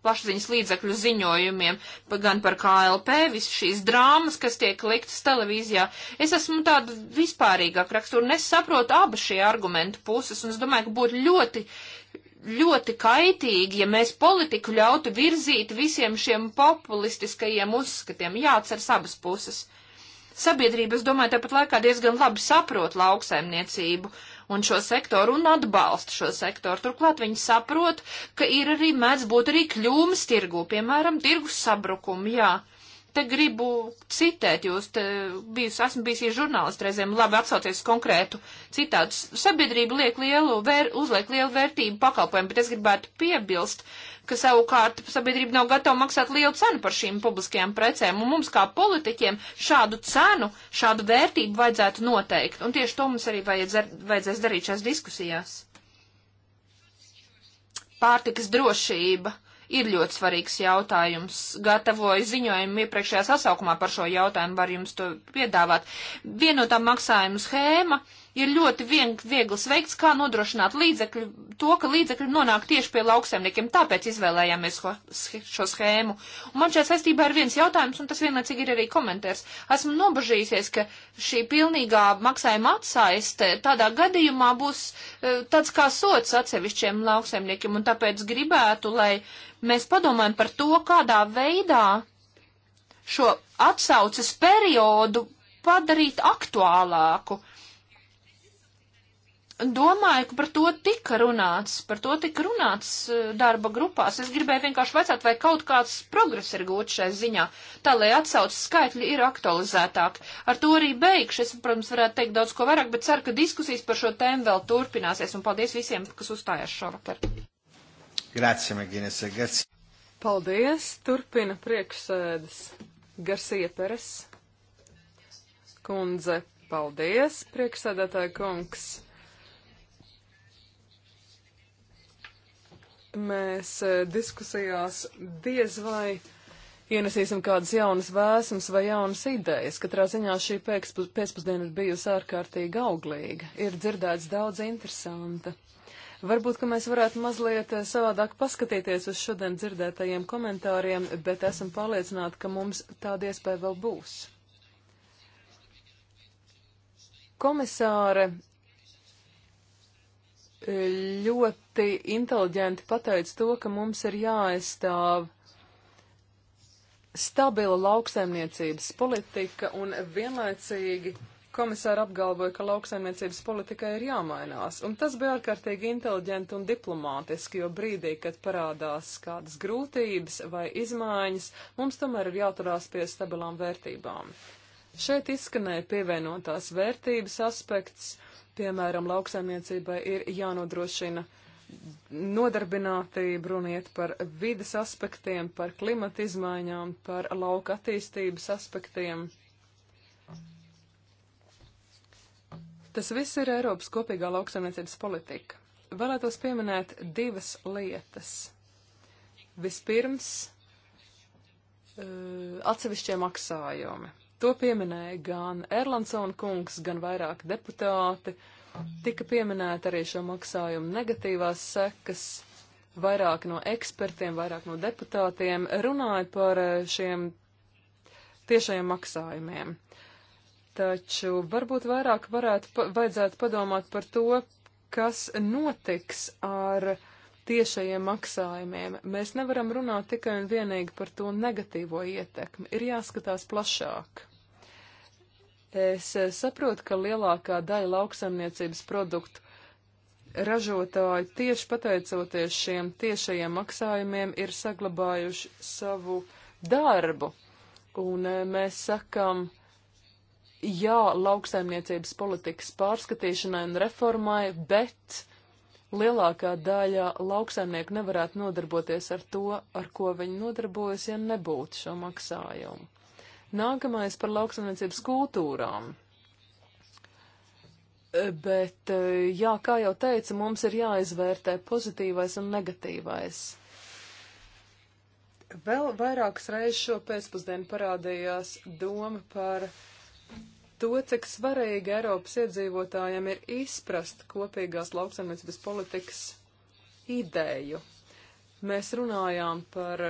plašsaziņas līdzekļu ziņojumiem, gan par KLP, visas šīs drāmas, kas tiek liktas televīzijā. Es esmu tāda vispārīgāka rakstura, nesaprotu abas šie argumentu puses, un es domāju, ka būtu ļoti ļoti kaitīgi, ja mēs politiku ļautu virzīt visiem šiem populistiskajiem uzskatiem. Jācer abas puses. Sabiedrība, es domāju, tāpat laikā diezgan labi saprot lauksaimniecību un šo sektoru un atbalsta šo sektoru. Turklāt viņi saprot, ka ir arī mēdz būt arī kļūmes tirgu, piemēram, tirgus sabrukumi, jā. Uh, te gribu citēt jūs, te bijis, esmu bijis žurnālisti reizēm, labi atsaucies konkrētu citātu. Sabiedrība liek lielu, vēr, uzliek lielu vērtību pakalpojumu, bet es gribētu piebilst, ka savukārt sabiedrība nav gatava maksāt lielu cenu par šīm publiskajām precēm, un mums kā politiķiem šādu cenu, šādu vērtību vajadzētu noteikt, un tieši to mums arī vajadz, vajadzēs darīt šās diskusijās. Pārtikas drošība ir ļoti svarīgs jautājums. Gatavoju ziņojumu iepriekšējā sasaukumā par šo jautājumu, var jums to piedāvāt. Vienotā maksājuma schēma. Uh, ir ļoti viegls veids, kā nodrošināt līdzekļu, to, ka līdzekļi nonāk tieši pie lauksaimniekiem. Tāpēc izvēlējāmies ho, šo schēmu. Un man šajā saistībā ir viens jautājums, un tas vienlaicīgi ir arī komentārs. Esmu nobažījusies, ka šī pilnīgā maksājuma atsaiste tādā gadījumā būs e, tāds kā sots atsevišķiem lauksaimniekiem, un tāpēc gribētu, lai mēs padomājam par to, kādā veidā šo atsauces periodu padarīt aktuālāku domāju, ka par to tika runāts, par to tika runāts eh, darba grupās. Es gribēju vienkārši vecāt, vai kaut kāds progress ir gūts šai ziņā, tā lai atsaucas skaitļi ir aktualizētāki. Ar to arī beigšu. Es, protams, varētu teikt daudz ko vairāk, bet ceru, ka diskusijas par šo tēmu vēl turpināsies. Un paldies visiem, kas uzstājās šovakar. Grācija, Magīnes, e, Garcija. Paldies, turpina priekšsēdes Garcija Peres. Kundze, paldies, priekšsēdētāja kungs. mēs e, diskusijās diez vai ienesīsim kādas jaunas vēsmas vai jaunas idejas. Katrā ziņā šī pēcpusdiena ir bijusi ārkārtīgi auglīga. Ir dzirdēts daudz interesanta. Varbūt, ka mēs varētu mazliet e, savādāk paskatīties uz šodien dzirdētajiem komentāriem, bet esam pārliecināti, ka mums tāda iespēja vēl būs. Komisāre ļoti inteliģenti pateica to, ka mums ir jāaizstāv stabila lauksaimniecības politika un vienlaicīgi komisāra apgalvoja, ka lauksaimniecības politikai ir jāmainās. Un tas bija ārkārtīgi inteliģenti un diplomātiski, jo brīdī, kad parādās kādas grūtības vai izmaiņas, mums tomēr ir jāturās pie stabilām vērtībām. Šeit izskanēja pievienotās vērtības aspekts Piemēram, lauksaimniecībai ir jānodrošina nodarbinātība, runiet par vidas aspektiem, par klimata izmaiņām, par lauka attīstības aspektiem. Tas viss ir Eiropas kopīgā lauksaimniecības politika. Vēlētos pieminēt divas lietas. Vispirms, eh, atsevišķie maksājumi. To pieminēja gan Erlandsona kungs, gan vairāk deputāti. Tika pieminēta arī šo maksājumu negatīvās sekas. Vairāk no ekspertiem, vairāk no deputātiem runāja par eh, šiem tiešajiem maksājumiem. Taču varbūt vairāk varētu, pa, vajadzētu padomāt par to, kas notiks ar tiešajiem maksājumiem. Mēs nevaram runāt tikai un vienīgi par to negatīvo ietekmi. Ir jāskatās plašāk. Es eh, saprotu, ka lielākā daļa lauksaimniecības produktu ražotāji tieši pateicoties šiem tiešajiem maksājumiem ir saglabājuši savu darbu. Un eh, mēs sakam, jā, lauksaimniecības politikas pārskatīšanai un reformai, bet lielākā daļa lauksaimnieku nevarētu nodarboties ar to, ar ko viņi nodarbojas, ja nebūtu šo maksājumu. Nākamais par lauksamniecības kultūrām. Bet, eh, jā, kā jau teicu, mums ir jāizvērtē pozitīvais un negatīvais. Vēl vairākas reizes šo pēcpusdienu parādījās doma par to, cik svarīgi Eiropas iedzīvotājiem ir izprast kopīgās lauksaimniecības politikas ideju. Mēs runājām par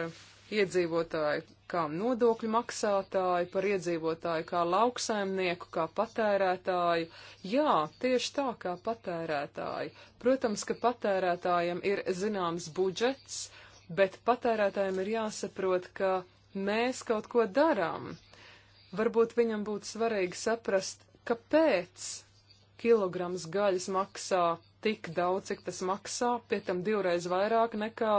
iedzīvotāju kā nodokļu maksātāju, par iedzīvotāju, kā lauksaimnieku, kā patērētāju. Jā, tieši tā kā patērētāju. Protams, ka patērētājiem ir zināms budžets, bet patērētājiem ir jāsaprot, ka mēs kaut ko darām. Varbūt viņam būtu svarīgi saprast, kāpēc kilograms gaļas maksā tik daudz, cik tas maksā, pie tam divreiz vairāk nekā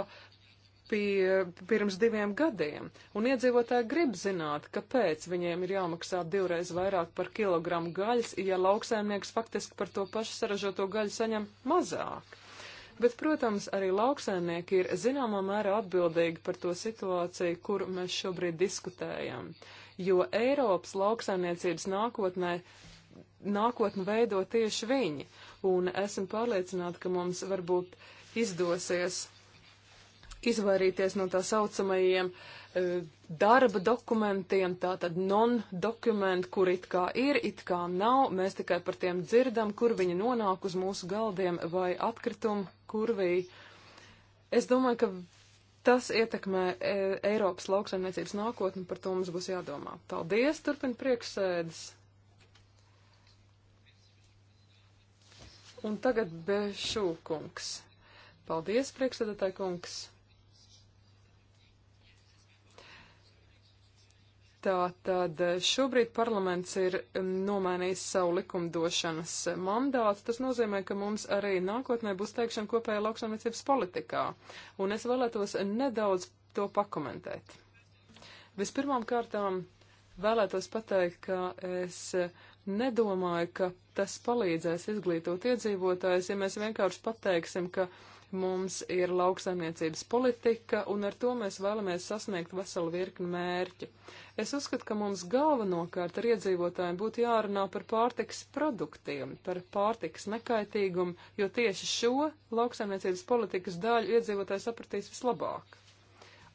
pie, pirms diviem gadiem, un iedzīvotāji grib zināt, kāpēc viņiem ir jāmaksā divreiz vairāk par kilogramu gaļas, ja lauksaimnieks faktiski par to pašu saražoto gaļu saņem mazāk. Bet, protams, arī lauksaimnieki ir zināmā mērā atbildīgi par to situāciju, kur mēs šobrīd diskutējam, jo Eiropas lauksaimniecības nākotnē nākotni veido tieši viņi, un esmu pārliecināta, ka mums varbūt izdosies izvairīties no tā saucamajiem e, darba dokumentiem, tātad non-dokumentu, kur it kā ir, it kā nav, mēs tikai par tiem dzirdam, kur viņi nonāk uz mūsu galdiem vai atkritumu kurvī. Es domāju, ka tas ietekmē e, Eiropas lauksaimniecības nākotni, par to mums būs jādomā. Paldies, turpin priekšsēdes. Un tagad Bešūkungs. Paldies, priekšsēdētāji kungs. Tātad šobrīd parlaments ir mm, nomainījis savu likumdošanas mandātu. Tas nozīmē, ka mums arī nākotnē būs teikšana kopējā lauksaimniecības politikā. Un es vēlētos nedaudz to pakomentēt. Vispirmām kārtām vēlētos pateikt, ka es nedomāju, ka tas palīdzēs izglītot iedzīvotājus, ja mēs vienkārši pateiksim, ka mums ir lauksaimniecības politika, un ar to mēs vēlamies sasniegt veselu virkni mērķu. Es uzskatu, ka mums galvenokārt ar iedzīvotājiem būtu jārunā par pārtiks produktiem, par pārtiks nekaitīgumu, jo tieši šo lauksaimniecības politikas daļu iedzīvotāji sapratīs vislabāk.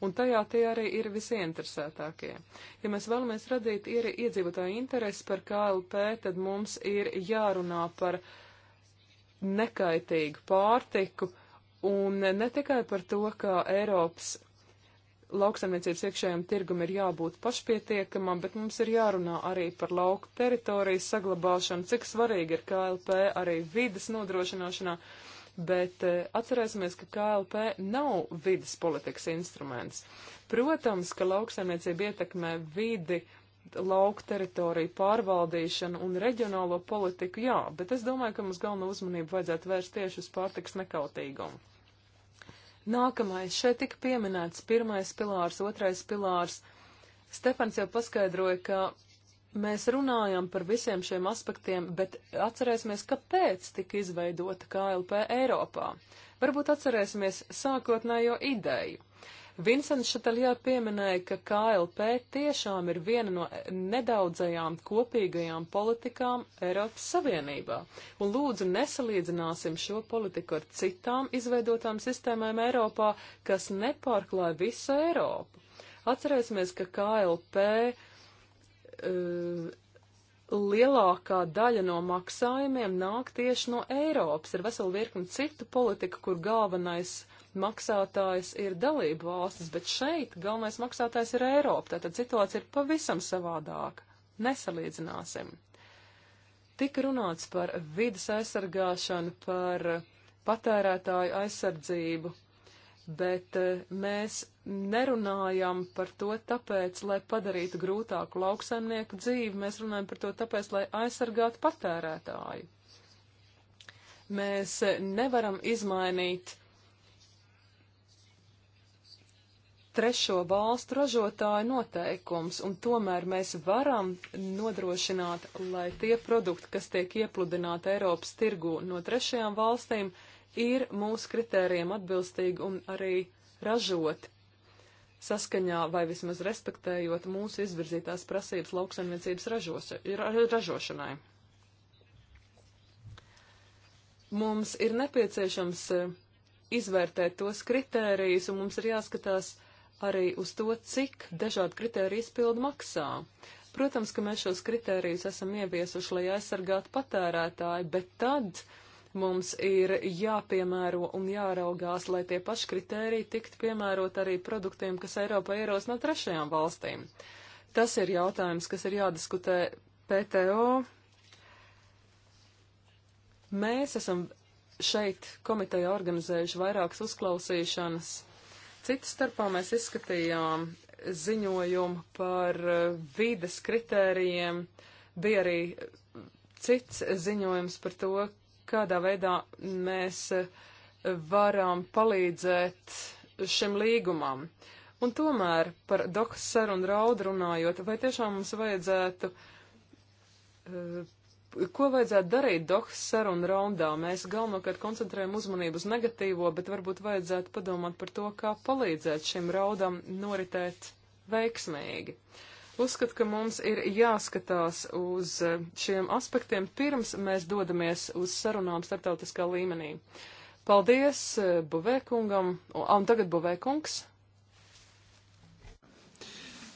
Un tajā tie arī ir visieinteresētākie. Ja mēs vēlamies radīt iedzīvotāju interesi par KLP, tad mums ir jārunā par nekaitīgu pārtiku, Un ne tikai par to, ka Eiropas lauksaimniecības iekšējiem tirgum ir jābūt pašpietiekamam, bet mums ir jārunā arī par lauku teritorijas saglabāšanu, cik svarīgi ir KLP arī vidas nodrošināšanā. Bet eh, atcerēsimies, ka KLP nav vidas politikas instruments. Protams, ka lauksaimniecība ietekmē vidi, lauku teritoriju pārvaldīšanu un reģionālo politiku, jā, bet es domāju, ka mums galveno uzmanību vajadzētu vērst tieši uz pārtiks nekautīgumu. Nākamais, šeit tika pieminēts pirmais pilārs, otrais pilārs. Stefans jau paskaidroja, ka mēs runājam par visiem šiem aspektiem, bet atcerēsimies, kāpēc tika izveidota KLP Eiropā. Varbūt atcerēsimies sākotnējo ideju. Vincents Šataljā pieminēja, ka KLP tiešām ir viena no nedaudzajām kopīgajām politikām Eiropas Savienībā. Un lūdzu nesalīdzināsim šo politiku ar citām izveidotām sistēmēm Eiropā, kas nepārklāja visu Eiropu. Atcerēsimies, ka KLP uh, eh, lielākā daļa no maksājumiem nāk tieši no Eiropas. Ir vesela virkni citu politiku, kur galvenais maksātājs ir dalību valstis, bet šeit galvenais maksātājs ir Eiropa. Tātad situācija ir pavisam savādāka. Nesalīdzināsim. Tika runāts par vidas aizsargāšanu, par patērētāju aizsardzību, bet eh, mēs nerunājam par to tāpēc, lai padarītu grūtāku lauksaimnieku dzīvi, mēs runājam par to tāpēc, lai aizsargātu patērētāju. Mēs nevaram izmainīt trešo valstu ražotāju noteikums, un tomēr mēs varam nodrošināt, lai tie produkti, kas tiek iepludināti Eiropas tirgu no trešajām valstīm, ir mūsu kritērijiem atbilstīgi un arī ražot saskaņā vai vismaz respektējot mūsu izvirzītās prasības lauksaimniecības ražos, ra, ražošanai. Mums ir nepieciešams eh, izvērtēt tos kritērijus, un mums ir jāskatās, uh, arī uz to, cik dažādi kriteriji izpildu maksā. Protams, ka mēs šos kriterijus esam ieviesuši, lai aizsargātu patērētāju, bet tad mums ir jāpiemēro un jāraugās, lai tie paši kriteriji tiktu piemērot arī produktiem, kas Eiropā ieros no trešajām valstīm. Tas ir jautājums, kas ir jādiskutē PTO. Mēs esam šeit komiteja organizējuši vairākas uzklausīšanas Citu starpā mēs izskatījām ziņojumu par e, vides kritērijiem. Bija arī e, cits ziņojums par to, kādā veidā mēs e, varam palīdzēt šim līgumam. Un tomēr par dokas sarunu raudu runājot, vai tiešām mums vajadzētu uh, Ko vajadzētu darīt Dohas sarunu raundā? Mēs galvenokārt koncentrējam uzmanību uz negatīvo, bet varbūt vajadzētu padomāt par to, kā palīdzēt šim raudam noritēt veiksmīgi. Uzskat, ka mums ir jāskatās uz eh, šiem aspektiem pirms mēs dodamies uz sarunām starptautiskā līmenī. Paldies eh, Buvēkungam, un tagad Buvēkungs.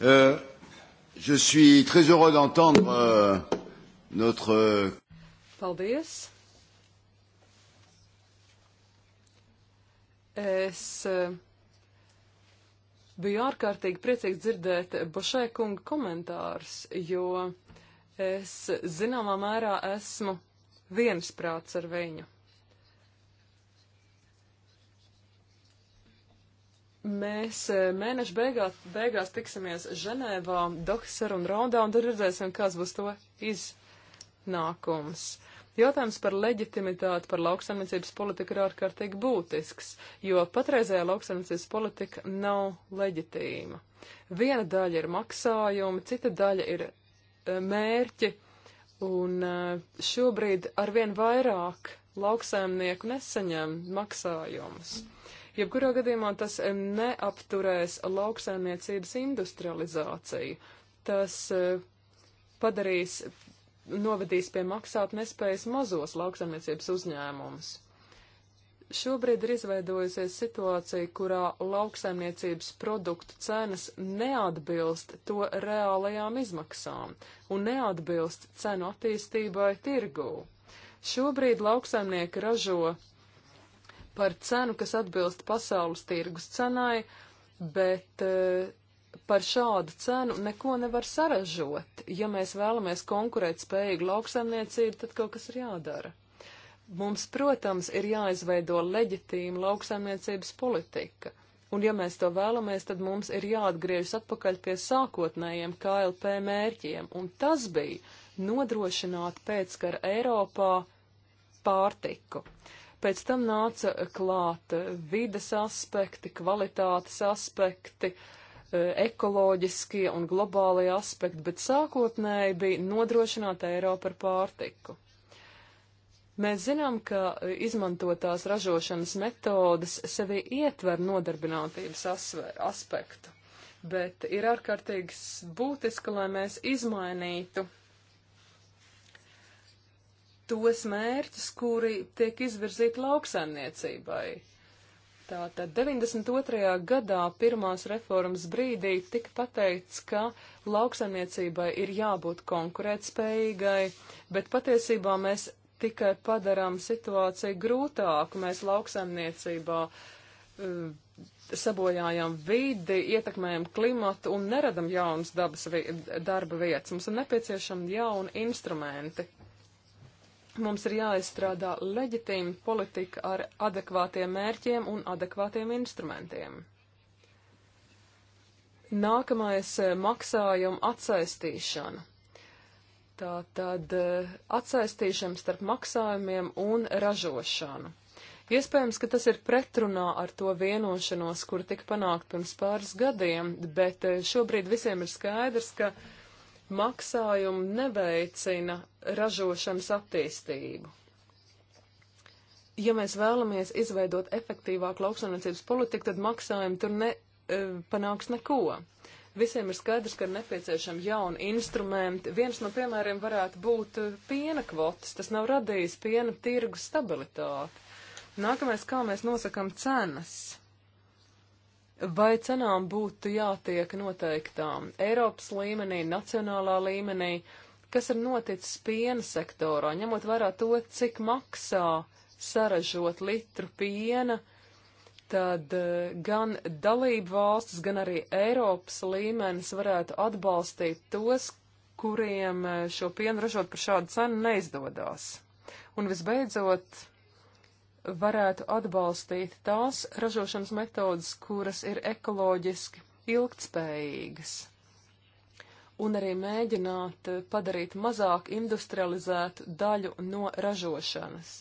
Uh, je suis très heureux d'entendre euh, notre. Euh, Paldies! Es uh, biju ārkārtīgi priecīgs dzirdēt Bošē kunga komentārus, jo es zināmā mērā esmu viensprāts ar viņu. Mēs uh, mēneša beigā, beigās tiksimies Ženēvā, Dohas sarunu raundā, un tur redzēsim, kāds būs to iz, nākums. Jautājums par leģitimitāti par lauksaimniecības politiku ir ārkārtīgi būtisks, jo patreizējā lauksaimniecības politika nav leģitīma. Viena daļa ir maksājumi, cita daļa ir eh, mērķi, un eh, šobrīd arvien vairāk lauksaimnieku nesaņem maksājumus. Jebkurā gadījumā tas neapturēs lauksaimniecības industrializāciju. Tas eh, padarīs novadīs pie maksāt nespējas mazos lauksaimniecības uzņēmumus. Šobrīd ir izveidojusies situācija, kurā lauksaimniecības produktu cenas neatbilst to reālajām izmaksām un neatbilst cenu attīstībai tirgū. Šobrīd lauksaimnieki ražo par cenu, kas atbilst pasaules tirgus cenai, bet uh, par šādu cenu neko nevar saražot. Ja mēs vēlamies konkurēt spējīgu lauksaimniecību, tad kaut kas ir jādara. Mums, protams, ir jāizveido leģitīma lauksaimniecības politika. Un, ja mēs to vēlamies, tad mums ir jāatgriežas atpakaļ pie sākotnējiem KLP mērķiem, un tas bija nodrošināt pēckara Eiropā pārtiku. Pēc tam nāca klāt vides aspekti, kvalitātes aspekti, uh, E, ekoloģiskie un globālie aspekti, bet sākotnēji bija nodrošināt Eiropu ar pārtiku. Mēs zinām, ka izmantotās ražošanas metodas sevi ietver nodarbinātības asver, aspektu, bet ir ārkārtīgi būtiski, lai mēs izmainītu tos mērķus, kuri tiek izvirzīti lauksaimniecībai Tātad 92. gadā pirmās reformas brīdī tika pateikts, ka lauksaimniecībai ir jābūt konkurētspējīgai, bet patiesībā mēs tikai padarām situāciju grūtāku. Mēs lauksaimniecībā uh, sabojājam vidi, ietekmējam klimatu un neradam jaunas dabas vi darba vietas. Mums ir nepieciešami jauni instrumenti, Mums ir jāizstrādā leģitīma politika ar adekvātiem mērķiem un adekvātiem instrumentiem. Nākamais eh, - maksājuma atsaistīšana. Tā tad eh, atsaistīšana starp maksājumiem un ražošanu. Iespējams, ka tas ir pretrunā ar to vienošanos, kur tika panākt pirms pāris gadiem, bet eh, šobrīd visiem ir skaidrs, ka uh, maksājumi neveicina ražošanas attīstību. Ja mēs vēlamies izveidot efektīvāku lauksaimniecības politiku, tad maksājumi tur nepanāks e, neko. Visiem ir skaidrs, ka ir nepieciešami jauni instrumenti. Viens no piemēriem varētu būt e, piena kvotas. Tas nav radījis piena tirgu stabilitāti. Nākamais, kā mēs nosakam cenas. Vai cenām būtu jātiek noteiktām Eiropas līmenī, nacionālā līmenī, kas ir noticis piena sektorā, ņemot vērā to, cik maksā saražot litru piena, tad eh, gan dalību valstis, gan arī Eiropas līmenis varētu atbalstīt tos, kuriem eh, šo pienu ražot par šādu cenu neizdodas. Un visbeidzot, varētu atbalstīt tās ražošanas metodas, kuras ir ekoloģiski ilgtspējīgas, un arī mēģināt eh, padarīt mazāk industrializētu daļu no ražošanas.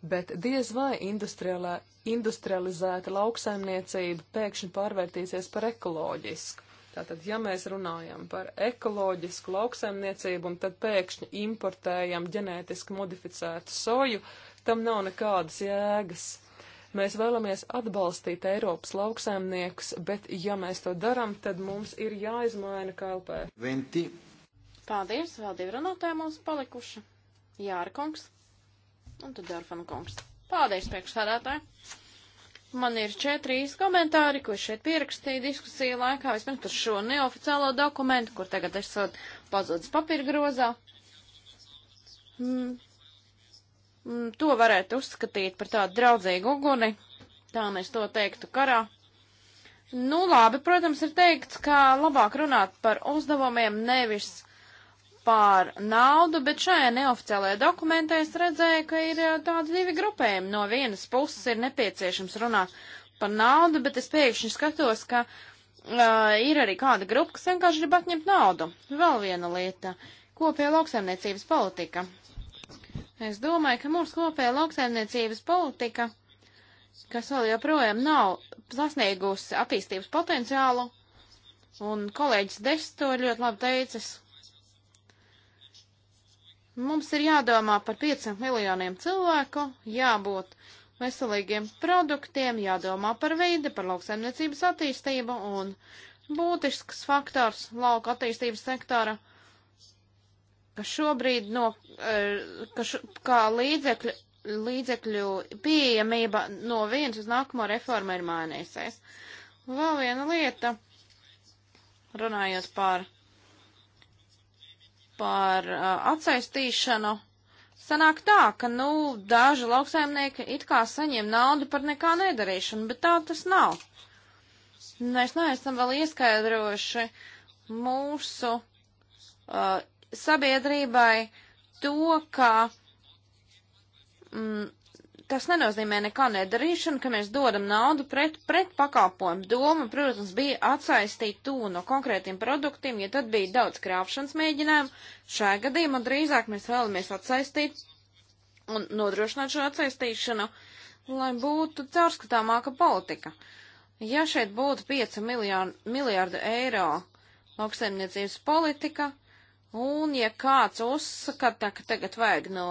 Bet diez vai industrializēta lauksaimniecība pēkšņi pārvērtīsies par ekoloģisku. Tātad, ja mēs runājam par ekoloģisku lauksaimniecību un tad pēkšņi importējam ģenētiski modificētu soju, uh, tam nav nekādas jēgas. Mēs vēlamies atbalstīt Eiropas lauksēmniekus, bet ja mēs to daram, tad mums ir jāizmaina kalpē. Venti. Paldies, vēl divi runātāji mums palikuši. Jāra kungs un tad Dārfana kungs. Paldies, priekšsādātāji! Man ir četri īsti komentāri, ko es šeit pierakstīju diskusiju laikā, vispirms par šo neoficiālo dokumentu, kur tagad esot pazudis papīra grozā. Mm, Mm, to varētu uzskatīt par tādu draudzīgu uguni, tā mēs to teiktu karā. Nu, labi, protams, ir teikts, ka labāk runāt par uzdevumiem nevis par naudu, bet šajā neoficiālajā dokumentā es redzēju, ka ir tādi divi grupējumi. No vienas puses ir nepieciešams runāt par naudu, bet es pēkšņi skatos, ka uh, ir arī kāda grupa, kas vienkārši grib atņemt naudu. Vēl viena lieta - kopējā lauksaimniecības politika. Es domāju, ka mūsu kopējā lauksaimniecības politika, kas vēl joprojām nav sasniegusi attīstības potenciālu, un kolēģis Dešs to ir ļoti labi teicis, mums ir jādomā par 5 miljoniem cilvēku, jābūt veselīgiem produktiem, jādomā par vidi, par lauksaimniecības attīstību un būtisks faktors lauka attīstības sektora ka šobrīd no, eh, ka šo, kā līdzekļu, līdzekļu pieejamība no vienas uz nākamo reformu ir mainīsies. Vēl viena lieta, runājot par, par uh, atsaistīšanu, sanāk tā, ka, nu, daži lauksaimnieki it kā saņem naudu par nekā nedarīšanu, bet tā tas nav. Mēs neesam vēl ieskaidrojuši mūsu uh, sabiedrībai to, ka mm, tas nenozīmē nekā nedarīšanu, ka mēs dodam naudu pret, pret pakalpojumu. Doma, protams, bija atsaistīt to no konkrētiem produktiem, ja tad bija daudz krāpšanas mēģinājumu. Šajā gadījumā drīzāk mēs vēlamies atsaistīt un nodrošināt šo atsaistīšanu, lai būtu caurskatāmāka politika. Ja šeit būtu 5 miljārdu eiro lauksaimniecības politika, uh, Un, ja kāds uzskata, ka tagad vajag no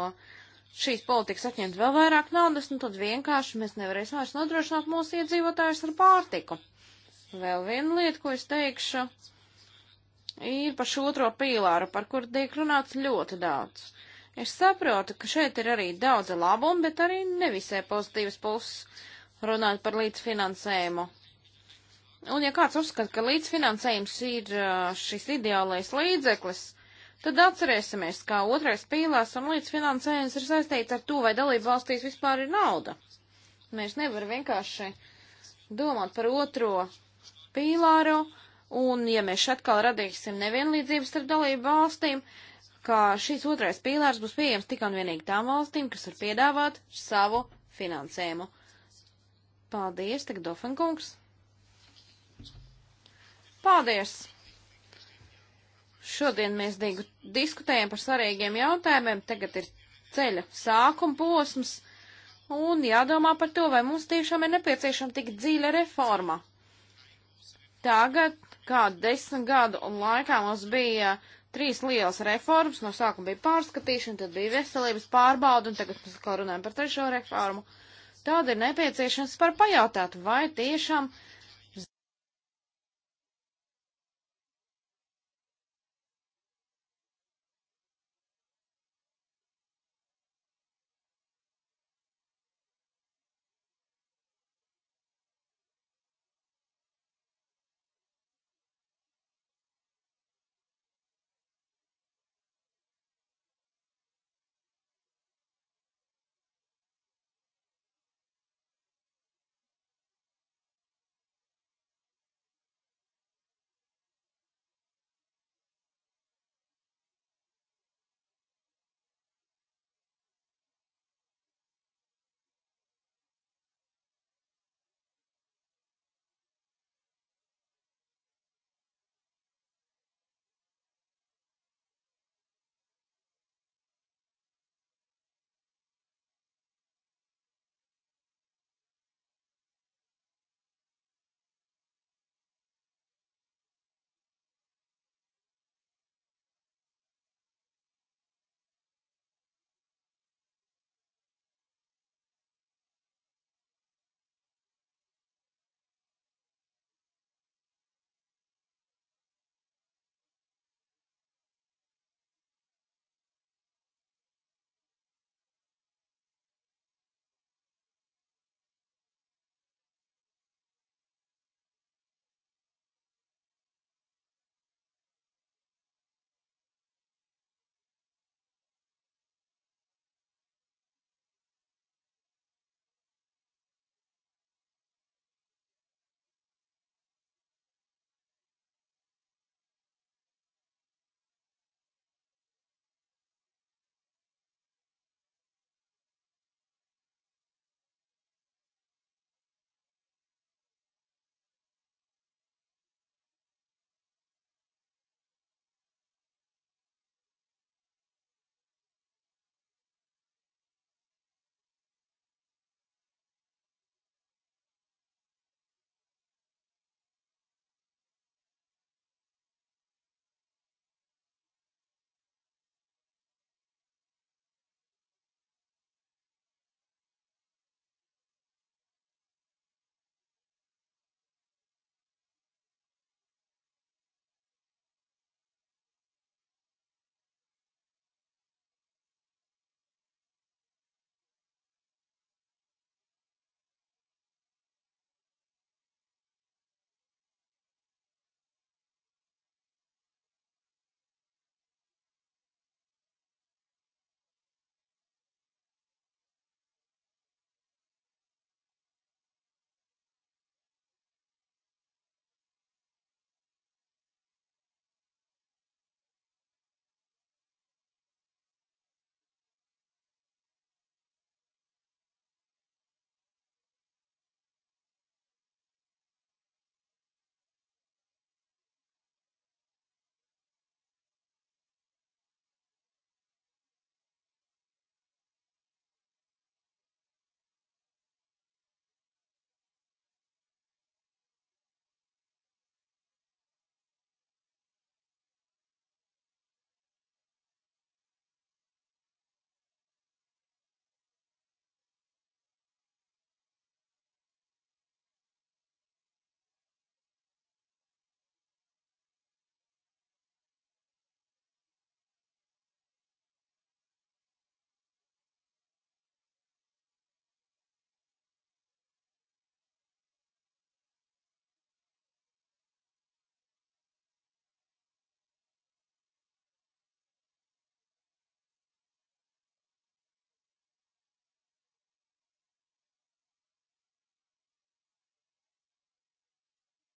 šīs politikas atņemt vēl vairāk naudas, nu tad vienkārši mēs nevarēsim vairs nodrošināt mūsu iedzīvotājus ar pārtiku. Vēl viena lieta, ko es teikšu, ir par šo otro pīlāru, par kur tiek runāts ļoti daudz. Es saprotu, ka šeit ir arī daudz labumu, bet arī nevisai pozitīvas puses runāt par līdzfinansējumu. Un ja kāds uzskata, ka līdzfinansējums ir šis ideālais līdzeklis, Tad atcerēsimies, kā otrais pīlās un līdz finansējums ir saistīts ar to, vai dalību valstīs vispār ir nauda. Mēs nevaram vienkārši domāt par otro pīlāru, un ja mēs atkal radīsim nevienlīdzības starp dalību valstīm, ka šis otrais pīlārs būs pieejams tikai un vienīgi tām valstīm, kas var piedāvāt savu finansējumu. Paldies, tagad Dofenkungs. Paldies! Šodien mēs digu, diskutējam par svarīgiem jautājumiem, tagad ir ceļa sākuma posms, un jādomā par to, vai mums tiešām ir nepieciešama tik dziļa reforma. Tagad, kā desmit gadu laikā mums bija trīs lielas reformas, no sākuma bija pārskatīšana, tad bija veselības pārbauda, un tagad mēs atkal runājam par trešo reformu. Tāda ir nepieciešams par pajautāt, vai tiešām uh,